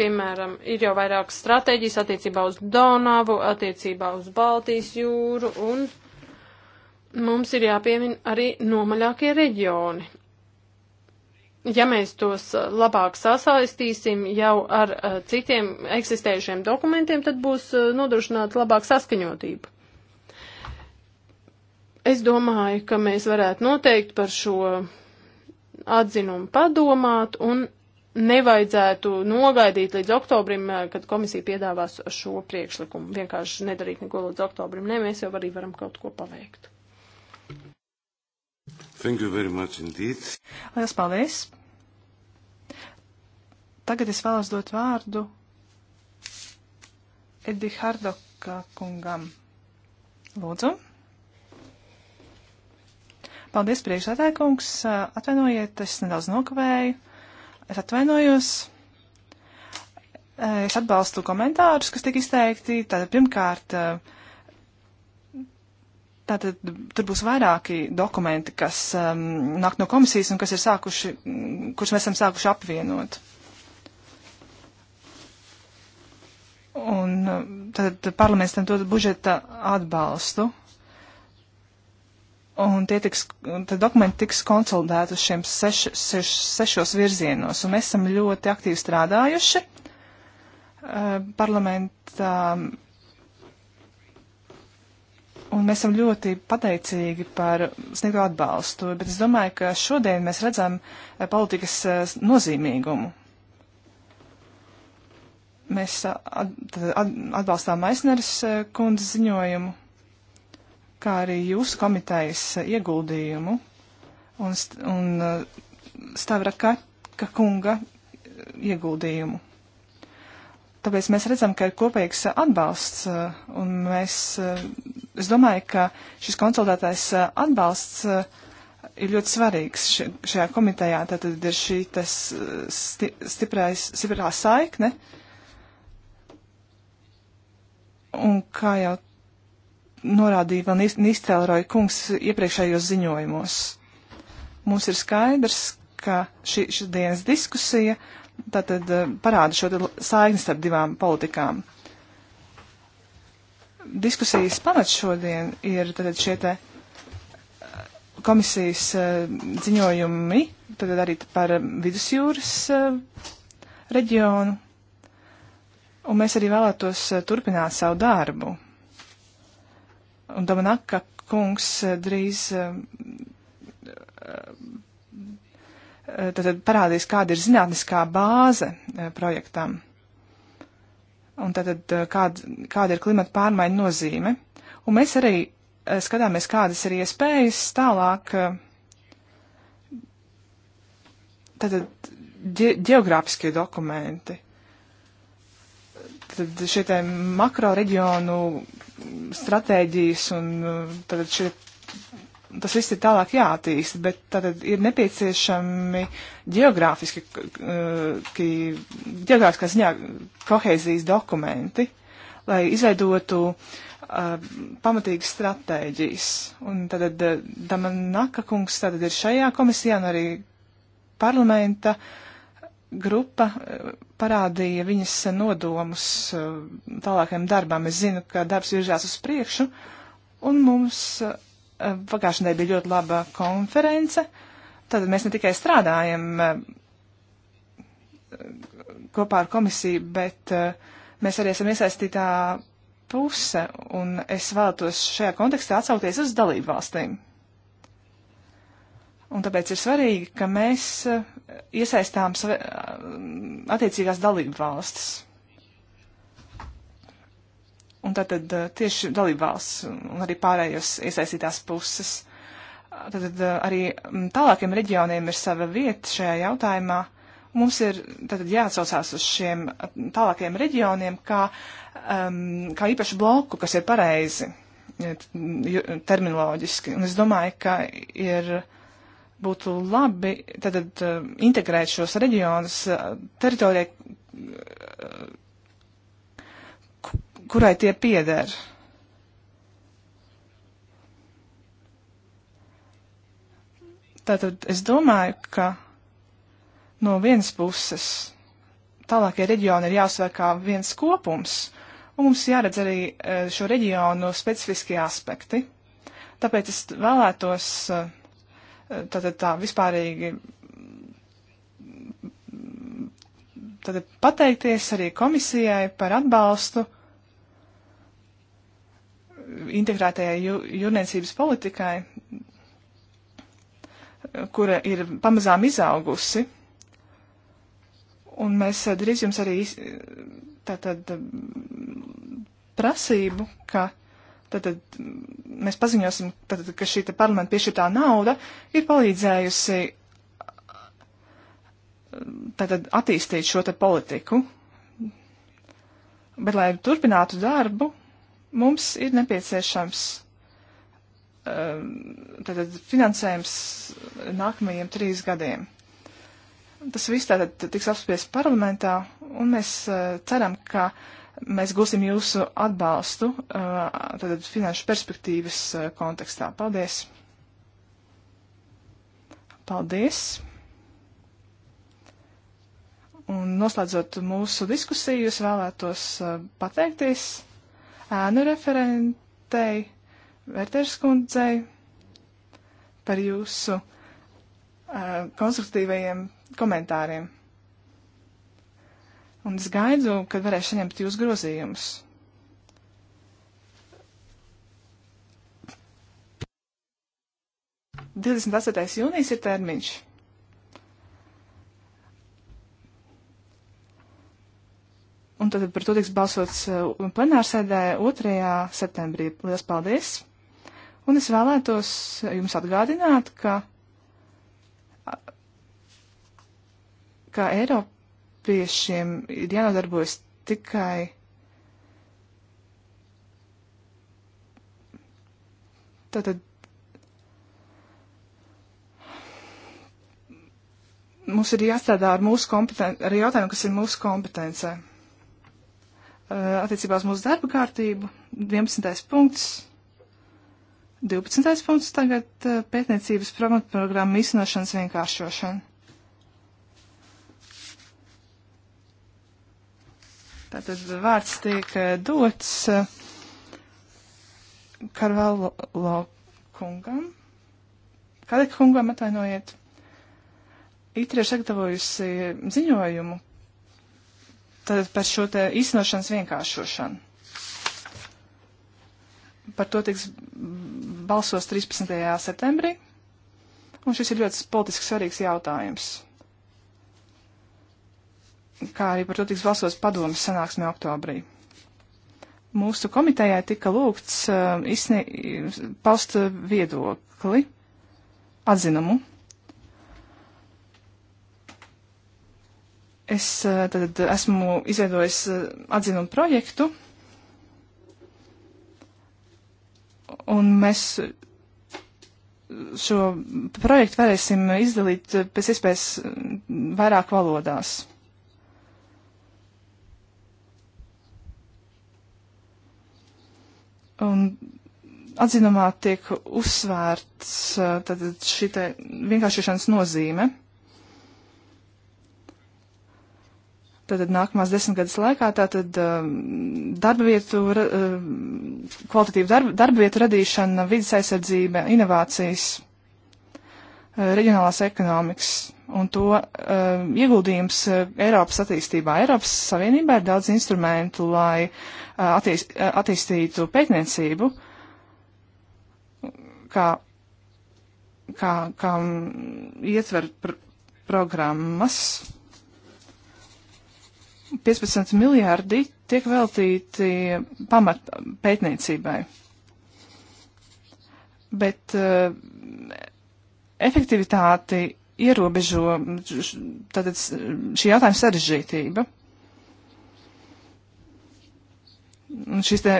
piemēram, ir jau vairākas stratēģijas attiecībā uz Donavu, attiecībā uz Baltijas jūru, un mums ir jāpiemina arī nomaļākie reģioni. Ja mēs tos uh, labāk sasaistīsim jau ar uh, citiem eksistējušiem dokumentiem, tad būs uh, nodrošināta labāka saskaņotība. Es domāju, ka mēs varētu noteikti par šo atzinumu padomāt un nevajadzētu nogaidīt līdz oktobrim, eh, kad komisija piedāvās šo priekšlikumu. Vienkārši nedarīt neko līdz oktobrim. Nē, mēs jau arī varam kaut ko paveikt. Thank you very much indeed. Lielas paldies. Tagad es vēlos dot vārdu Edi Hardoka kungam. Lūdzu. Paldies, priekšsēdētājkungs. Atvainojiet, es nedaudz nokavēju. Es atvainojos. Es atbalstu komentārus, kas tika izteikti. Tātad, pirmkārt, tātad, tur būs vairāki dokumenti, kas um, nāk no komisijas un kas ir sākuši, kurus mēs esam sākuši apvienot. Un tad parlaments tam dod budžeta atbalstu. Un tie tiks, dokumenti tiks konsolidēti uz šiem seš, seš, sešos virzienos, un mēs esam ļoti aktīvi strādājuši eh, parlamentā. Un mēs esam ļoti pateicīgi par sniegto atbalstu, bet es domāju, ka šodien mēs redzam eh, politikas eh, nozīmīgumu. Mēs atbalstām Aisneres kundzes ziņojumu kā arī jūsu komitejas ieguldījumu un, st un uh, Stavra Kaka kunga ieguldījumu. Tāpēc mēs redzam, ka ir kopīgs atbalsts, uh, un mēs, uh, es domāju, ka šis konsultētais atbalsts ir ļoti svarīgs šajā komitejā. Tātad ir šī tas sti stiprais, stiprā saikne. Un kā jau norādīja vēl Nīstrēlroja kungs iepriekšējos ziņojumos. Mums ir skaidrs, ka šī, šī dienas diskusija tātad eh, parāda šo saikni starp divām politikām. Diskusijas pamats šodien ir tātad šie te eh, komisijas eh, ziņojumi, tad arī par vidusjūras reģionu. Un mēs arī vēlētos turpināt savu darbu un Damanaka kungs eh, drīz eh, eh, tad parādīs, kāda ir zinātniskā bāze projektam. Un tad kāda, kāda ir klimata pārmaiņa nozīme. Un mēs arī skatāmies, kādas ir iespējas tālāk tātad ģe, geogrāfiskie dokumenti. Tad šie te makro reģionu stratēģijas un uh, tad šie tas viss ir tālāk jātīst, bet tad ir nepieciešami geogrāfiski, uh, geogrāfiskā ziņā kohēzijas dokumenti, lai izveidotu uh, pamatīgas stratēģijas. Un tad uh, Damanaka kungs tad ir šajā komisijā un arī parlamenta uh, grupa eh, parādīja viņas nodomus eh, tālākajam darbam. Es zinu, ka darbs virzās uz priekšu, un mums eh, pagājušajā nedēļā bija ļoti laba konference. Tad mēs ne tikai strādājam kopā ar komisiju, bet mēs arī esam iesaistītā puse, un es vēlētos šajā kontekstā atsaukties uz dalību valstīm. Un tāpēc ir svarīgi, ka mēs eh, iesaistām eh, attiecīgās dalību valstis. Un tātad eh, tieši dalību valsts un arī pārējos iesaistītās puses. Tātad arī mm, tālākiem reģioniem ir sava vieta šajā jautājumā. Mums ir tātad jāatsaucās uz šiem tālākiem reģioniem kā, um, kā īpašu bloku, kas ir pareizi terminoloģiski. Un es domāju, ka ir būtu labi tad eh, integrēt šos reģionus eh, teritorijai, eh, kurai tie pieder. Tātad es domāju, ka no vienas puses tālākie reģioni ir jāuzsver kā viens kopums, un mums jāredz arī šo reģionu specifiskie aspekti. Tāpēc es vēlētos uh, tātad tā vispārīgi tātad pateikties arī komisijai par atbalstu integrētajai jūrniecības politikai, kura ir pamazām izaugusi. Un mēs drīz jums arī tātad prasību, ka uh, tad mēs paziņosim, tad, ka šī parlamenta piešķirtā nauda ir palīdzējusi tad, attīstīt šo te politiku. Bet, lai turpinātu darbu, mums ir nepieciešams tātad, um, finansējums nākamajiem trīs gadiem. Tas viss tātad tiks apspriests parlamentā, un mēs uh, ceram, ka uh, mēs gūsim jūsu atbalstu tātad uh, finanšu perspektīvas uh, kontekstā. Paldies! Paldies! Un noslēdzot mūsu diskusiju, es vēlētos uh, pateikties ēnu referentei, vērtērskundzei par jūsu konstruktīvajiem komentāriem. Un es gaidu, kad varēšu saņemt jūs grozījumus. Divdesmit astotais jūnijas ir termiņš. Un tad par to tiks balsots uh, plenārsēdē 2. septembrī. Lielas paldies! Un es vēlētos uh, jums atgādināt, ka, uh, ka Eiropa Eiropiešiem ir jānodarbojas tikai tātad mums ir jāstrādā ar, mūsu kompeten... ar jautājumu, kas ir mūsu kompetencē. Uh, attiecībā uz mūsu darba kārtību 11. punkts, 12. punkts tagad uh, pētniecības programmu programmu iznošanas vienkāršošana. Tātad vārds tiek eh, dots eh, Karvalo kungam. Kādēļ kungam atvainojiet? Itri ir sagatavojusi ziņojumu tātad par šo te īstenošanas vienkāršošanu. Par to tiks balsos 13. septembrī. Un šis ir ļoti politiski svarīgs jautājums kā arī par to tiks balsots padomas sanāksmē oktobrī. Mūsu komitejai tika lūgts uh, izsnie, paust viedokli, atzinumu. Es uh, tad esmu izveidojis uh, atzinumu projektu, un mēs šo projektu varēsim izdalīt uh, pēc iespējas uh, vairāk valodās. Un atzinumā tiek uzsvērts tad šī te vienkāršošanas nozīme. Tātad nākamās desmitgades laikā tātad darba vietu, kvalitatīvu darba, darba vietu radīšana, vidas aizsardzība, inovācijas reģionālās ekonomikas un to uh, ieguldījums uh, Eiropas attīstībā. Eiropas Savienībā ir daudz instrumentu, lai uh, attīst, uh, attīstītu pētniecību, kā, kā, kā ietver pr programmas. 15 miljārdi tiek veltīti pamat pētniecībai. Bet uh, efektivitāti ierobežo tātad, šī jautājuma sarežģītība. Šis te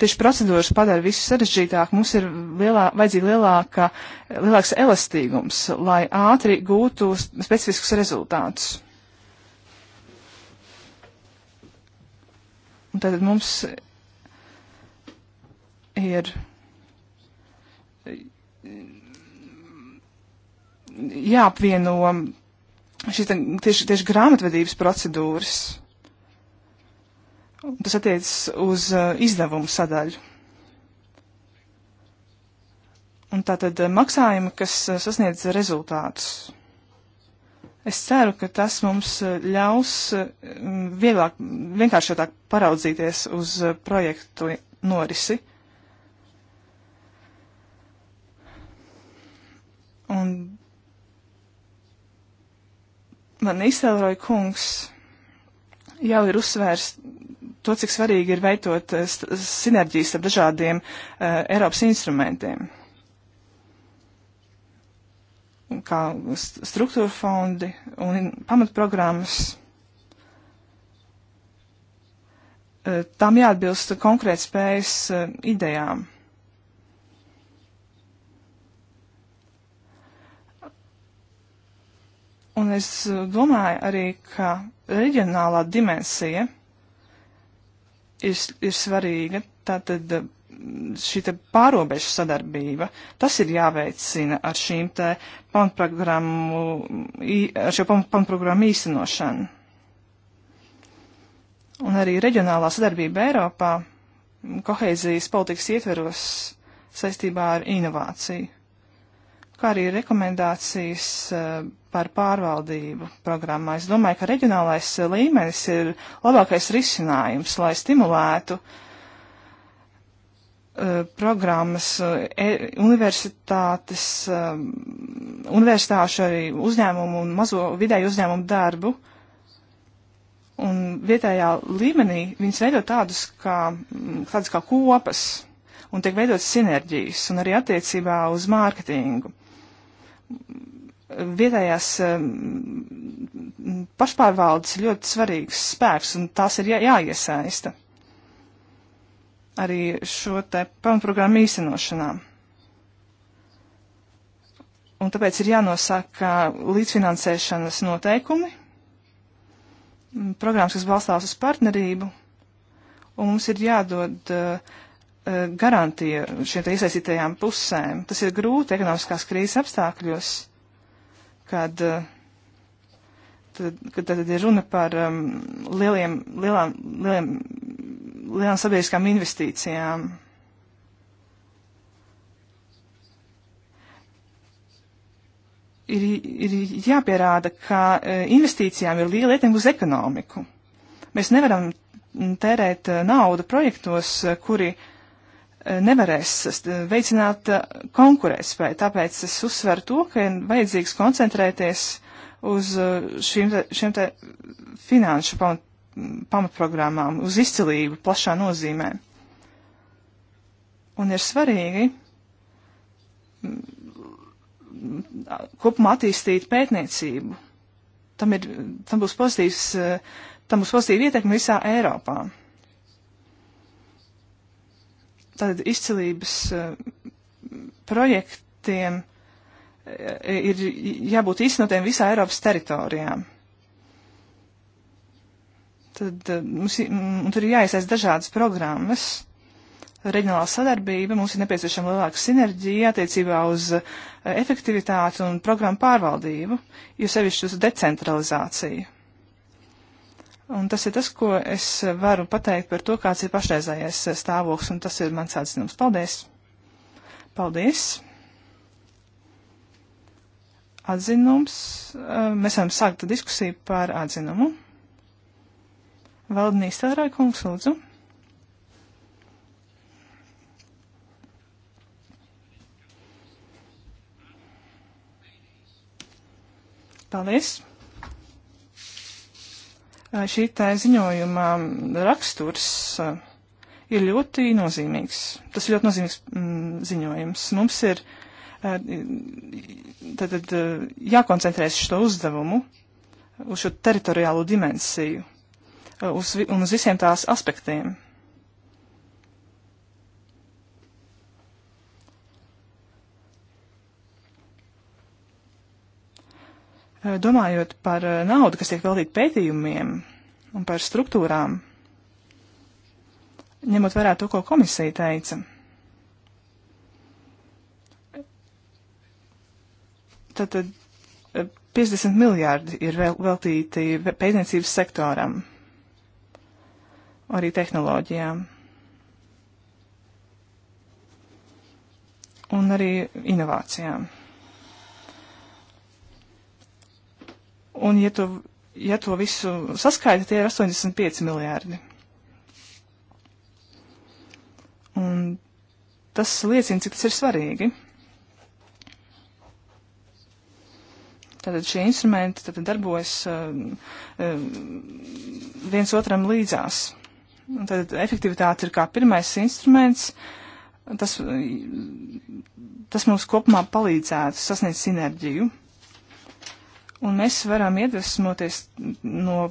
tieši procedūras padara visu sarežģītāk. Mums ir lielā, vajadzīga lielāka, lielāks elastīgums, lai ātri gūtu specifiskus rezultātus. Un tad mums ir jāapvieno šīs tieši, tieši grāmatvedības procedūras. Tas attiecas uz uh, izdevumu sadaļu. Un tātad uh, maksājumi, kas uh, sasniedz rezultātus. Es ceru, ka tas mums ļaus vieglāk, vienkāršotāk paraudzīties uz projektu norisi. Un man izsēloja kungs jau ir uzsvērs to, cik svarīgi ir veidot eh, sinerģijas ar dažādiem uh, Eiropas instrumentiem. Kā st struktūra fondi un pamatprogrammas. Uh, eh, tam jāatbilst konkrēt spējas uh, idejām. Un es eh, domāju arī, ka reģionālā dimensija ir, ir svarīga. Tātad eh, šī pārobežu sadarbība, tas ir jāveicina ar šīm te pamatprogrammu, ar šo pamatprogrammu īstenošanu. Un arī reģionālā sadarbība Eiropā, koheizijas politikas ietveros saistībā ar inovāciju kā arī rekomendācijas eh, par pārvaldību programmā. Es domāju, ka reģionālais eh, līmenis ir labākais risinājums, lai stimulētu eh, programmas e, universitātes, universitāšu arī uzņēmumu un mazo vidēju uzņēmumu darbu. Un vietējā līmenī viņas veido tādus kā, mm, tādus kā kopas un tiek veidotas sinerģijas un arī attiecībā uz mārketingu vietējās um, pašpārvaldes ļoti svarīgs spēks, un tās ir jā, jāiesaista arī šo te pamatprogrammu īstenošanā. Un tāpēc ir jānosaka līdzfinansēšanas noteikumi, programmas, kas balstās uz partnerību, un mums ir jādod uh, E, garantija šiem iesaistītajām pusēm. Tas ir grūti ekonomiskās krīzes apstākļos, kad, e, tad, kad tad ir runa par um, lieliem, lielām, lieliem, lielām sabiedriskām investīcijām. Ir, ir jāpierāda, ka e, investīcijām ir liela ietekme uz ekonomiku. Mēs nevaram tērēt naudu projektos, kuri uh, nevarēs veicināt eh, konkurētspēju. Tāpēc es uzsveru to, ka ir vajadzīgs koncentrēties uz eh, šiem te, šiem te finanšu pamat, pamatprogrammām, uz izcilību plašā nozīmē. Un ir svarīgi mm, kopumā attīstīt pētniecību. Tam, ir, tam būs pozitīvs, eh, tam būs pozitīva ietekme visā Eiropā tātad izcilības eh, projektiem eh, ir jābūt īstenotiem visā Eiropas teritorijā. Tad eh, mums un tur ir jāiesaist dažādas programmas, reģionālā sadarbība, mums ir nepieciešama lielāka sinerģija attiecībā uz efektivitāti un programmu pārvaldību, jo sevišķi uz decentralizāciju. Un tas ir tas, ko es varu pateikt par to, kāds ir pašreizējais stāvoklis, un tas ir mans atzinums. Paldies! Paldies! Atzinums. Eh, mēs varam sākt diskusiju par atzinumu. Valdnīs Tārāj kungs, lūdzu. Paldies! šī tā ziņojuma raksturs ir ļoti nozīmīgs. Tas ir ļoti nozīmīgs mm, ziņojums. Mums ir tātad jākoncentrēs šo uzdevumu, uz šo teritoriālo dimensiju, uz, un uz visiem tās aspektiem. Eh, domājot par eh, naudu, kas tiek veltīta pētījumiem un par struktūrām, ņemot vērā to, ko komisija teica, tad 50 eh, miljārdi ir vēl, veltīti pētniecības sektoram, arī tehnoloģijām. un arī inovācijām. Un, ja to, ja to visu saskaita, tie ir 85 miljārdi. Un tas liecina, cik tas ir svarīgi. Tātad šie instrumenti tātad darbojas uh, uh, viens otram līdzās. Un tātad efektivitāte ir kā pirmais instruments, tas, tas mums kopumā palīdzētu sasniegt sinerģiju. Un mēs varam iedvesmoties no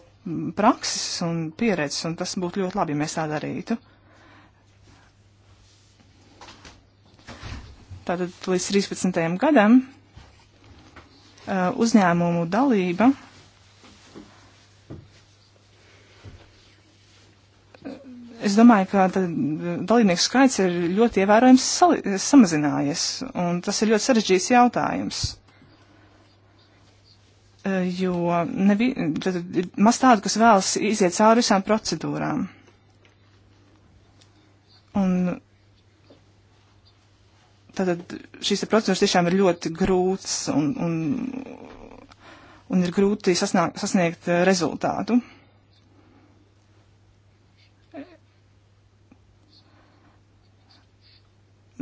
prakses un pieredzes, un tas būtu ļoti labi, ja mēs tā darītu. Tātad līdz 13. gadam uzņēmumu dalība es domāju, ka dalībnieku skaits ir ļoti ievērojams samazinājies, un tas ir ļoti sarežģīts jautājums. Eh, jo nevi, tad ir maz tādu, kas vēlas iziet cauri visām procedūrām. Un tātad šīs procedūras tiešām ir ļoti grūtas un, un, un ir grūti sasniegt, sasniegt eh, rezultātu.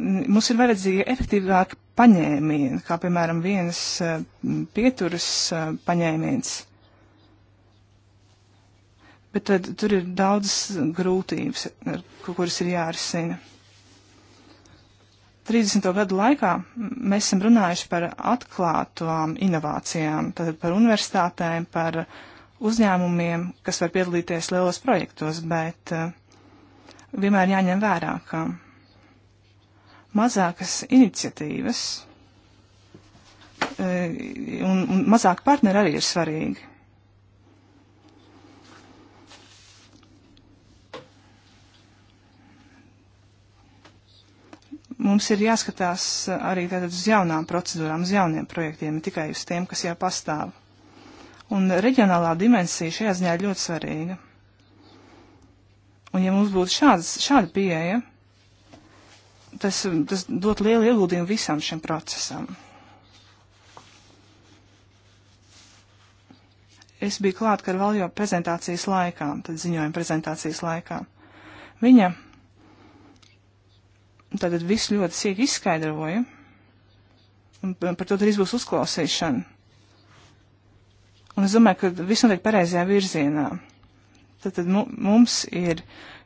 Mums ir vajadzīga efektīvāka paņēmienu, kā piemēram vienas eh, pieturas eh, paņēmiens. Bet tad tur ir daudz grūtības, kuras ir jārisina. 30. gadu laikā mēs esam runājuši par atklātām inovācijām, tātad par universitātēm, par uzņēmumiem, kas var piedalīties lielos projektos, bet eh, vienmēr jāņem vērā, ka mazākas iniciatīvas eh, un, un mazāk partneri arī ir svarīgi. Mums ir jāskatās arī tātad uz jaunām procedūrām, uz jauniem projektiem, ne tikai uz tiem, kas jau pastāv. Un reģionālā dimensija šajā ziņā ir ļoti svarīga. Un ja mums būtu šāds, šāda pieeja, tas, tas dot lielu ieguldījumu visam šim procesam. Es biju klāt Karvaljo prezentācijas laikā, tad ziņojuma prezentācijas laikā. Viņa tātad visu ļoti sīki izskaidroja, un par to drīz būs uzklausīšana. Un es domāju, ka viss notiek pareizajā virzienā. Tad, tad mums ir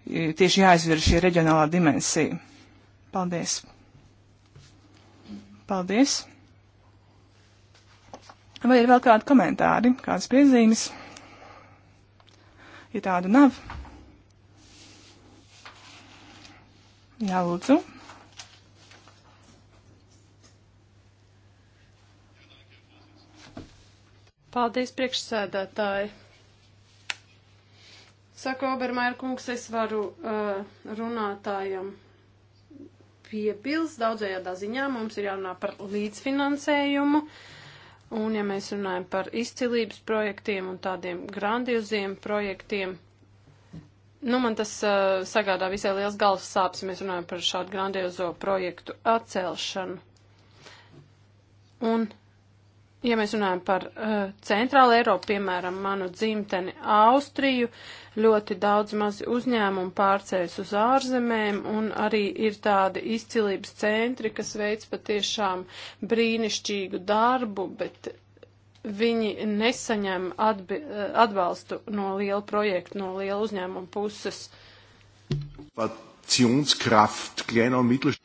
tieši jāizvir šī reģionālā dimensija. Paldies! Paldies! Vai ir vēl kādi komentāri, kādas piezīmes? Ja tādu nav, jā, lūdzu. Paldies, priekšsēdētāji. Saka Obermair kungs, es varu uh, runātājam piebilst. Daudzajādā ziņā mums ir jārunā par līdzfinansējumu. Un ja mēs runājam par izcilības projektiem un tādiem grandioziem projektiem, nu man tas uh, sagādā visai liels galvas sāpes, ja mēs runājam par šādu grandiozo projektu atcelšanu. Un ja mēs runājam par uh, centrālu Eiropu, piemēram, manu dzimteni Austriju, ļoti daudz mazi uzņēmumi pārcēs uz ārzemēm, un arī ir tādi izcilības centri, kas veic patiešām brīnišķīgu darbu, bet viņi nesaņem atbi, uh, atbalstu no liela projekta, no liela uzņēmuma puses. Pat Innovationskraft kleiner und mittelständischer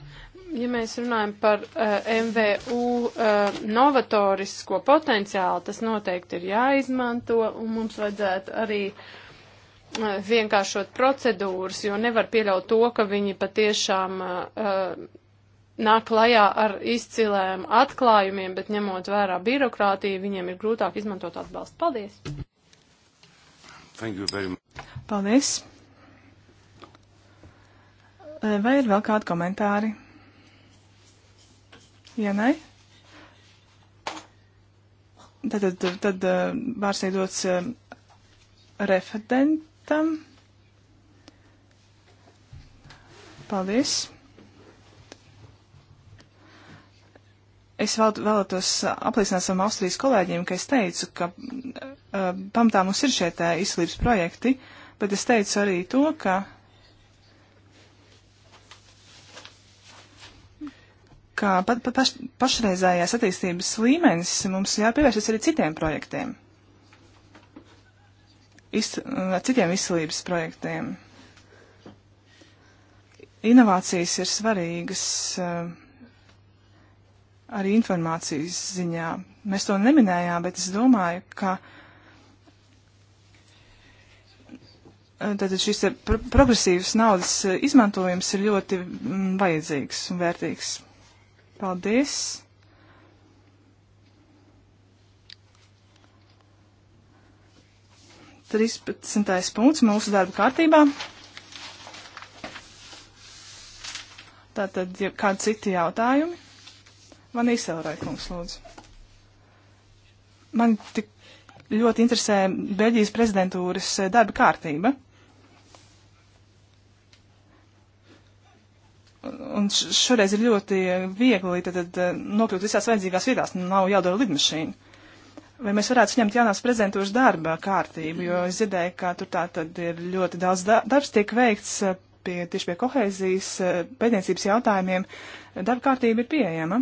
Ja mēs runājam par uh, eh, MVU uh, eh, novatorisko potenciālu, tas noteikti ir jāizmanto, un mums vajadzētu arī uh, vienkāršot procedūras, jo nevar pieļaut to, ka viņi patiešām uh, nāk klajā ar izcilēm atklājumiem, bet ņemot vērā birokrātiju, viņiem ir grūtāk izmantot atbalstu. Paldies! Paldies! Vai ir vēl kādi komentāri? Ja nē, tad, tad, tad eh, vārds tiek dots eh, referentam. Paldies. Es vēl, vēlētos apliecināt savam Austrijas kolēģiem, ka es teicu, ka uh, pamatā mums ir šie tā izslības projekti, bet es teicu arī to, ka ka pa, pa, paš, pašreizējās attīstības līmenis mums jāpievēršas arī citiem projektiem, Iz, mm, citiem izcelības projektiem. Inovācijas ir svarīgas eh, arī informācijas ziņā. Mēs to neminējām, bet es domāju, ka tātad eh, šis progresīvs naudas eh, izmantojums ir ļoti mm, vajadzīgs un vērtīgs. Paldies! Trīspadsmitais punkts mūsu darba kārtībā. Tātad, ja kādi citi jautājumi? Man īsaurai, kungs, lūdzu. Man tik ļoti interesē Beļģijas prezidentūras darba kārtība. Un šoreiz ir ļoti viegli tad, tad, eh, nokļūt visās vajadzīgās vietās, nav jādara lidmašīna. Vai mēs varētu saņemt jaunās prezentūras darba kārtību, jo es dzirdēju, ka tur tā tad ir ļoti daudz da darbs tiek veikts eh, pie, tieši pie kohēzijas eh, pēdniecības jautājumiem. Darba kārtība ir pieejama.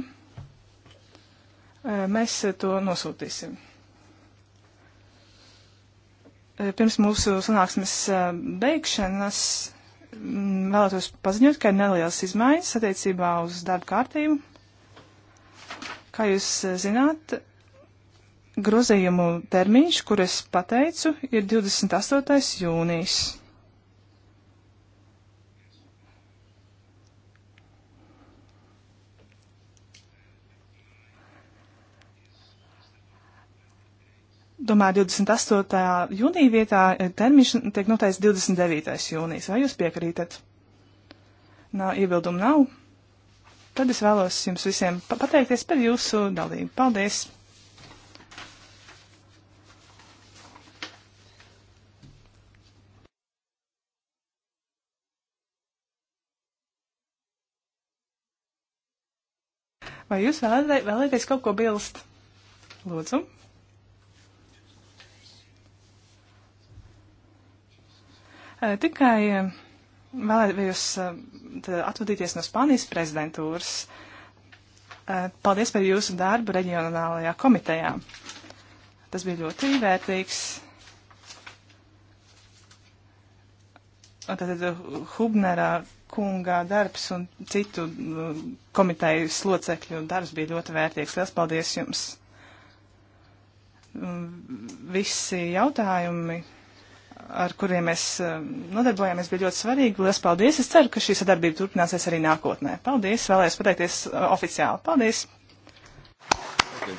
Mēs to nosūtīsim. Pirms mūsu sanāksmes beigšanas Mm, vēlētos paziņot, ka ir nelielas izmaiņas attiecībā uz darba kārtību. Kā jūs eh, zināt, grozījumu termiņš, kur es pateicu, ir 28. jūnijas. Domāju, 28. jūnija vietā e, termiņš tiek noteikts 29. jūnijas. Vai jūs piekrītat? Nā, iebildumu nav. Tad es vēlos jums visiem pateikties par jūsu dalību. Paldies! Vai jūs vēlēties kaut ko bilst? Lūdzu! Eh, tikai eh, vēlējos eh, atvadīties no Spānijas prezidentūras. Paldies par jūsu darbu reģionālajā komitejā. Tas bija ļoti vērtīgs. Tātad Hubnerā kunga darbs un citu komitejas locekļu darbs bija ļoti vērtīgs. Lielas paldies jums! Mm, visi jautājumi ar kuriem mēs eh, nodarbojamies, bija ļoti svarīgi. Lielas paldies! Es ceru, ka šī sadarbība turpināsies arī nākotnē. Paldies! Vēlējos pateikties eh, oficiāli. Paldies! Okay.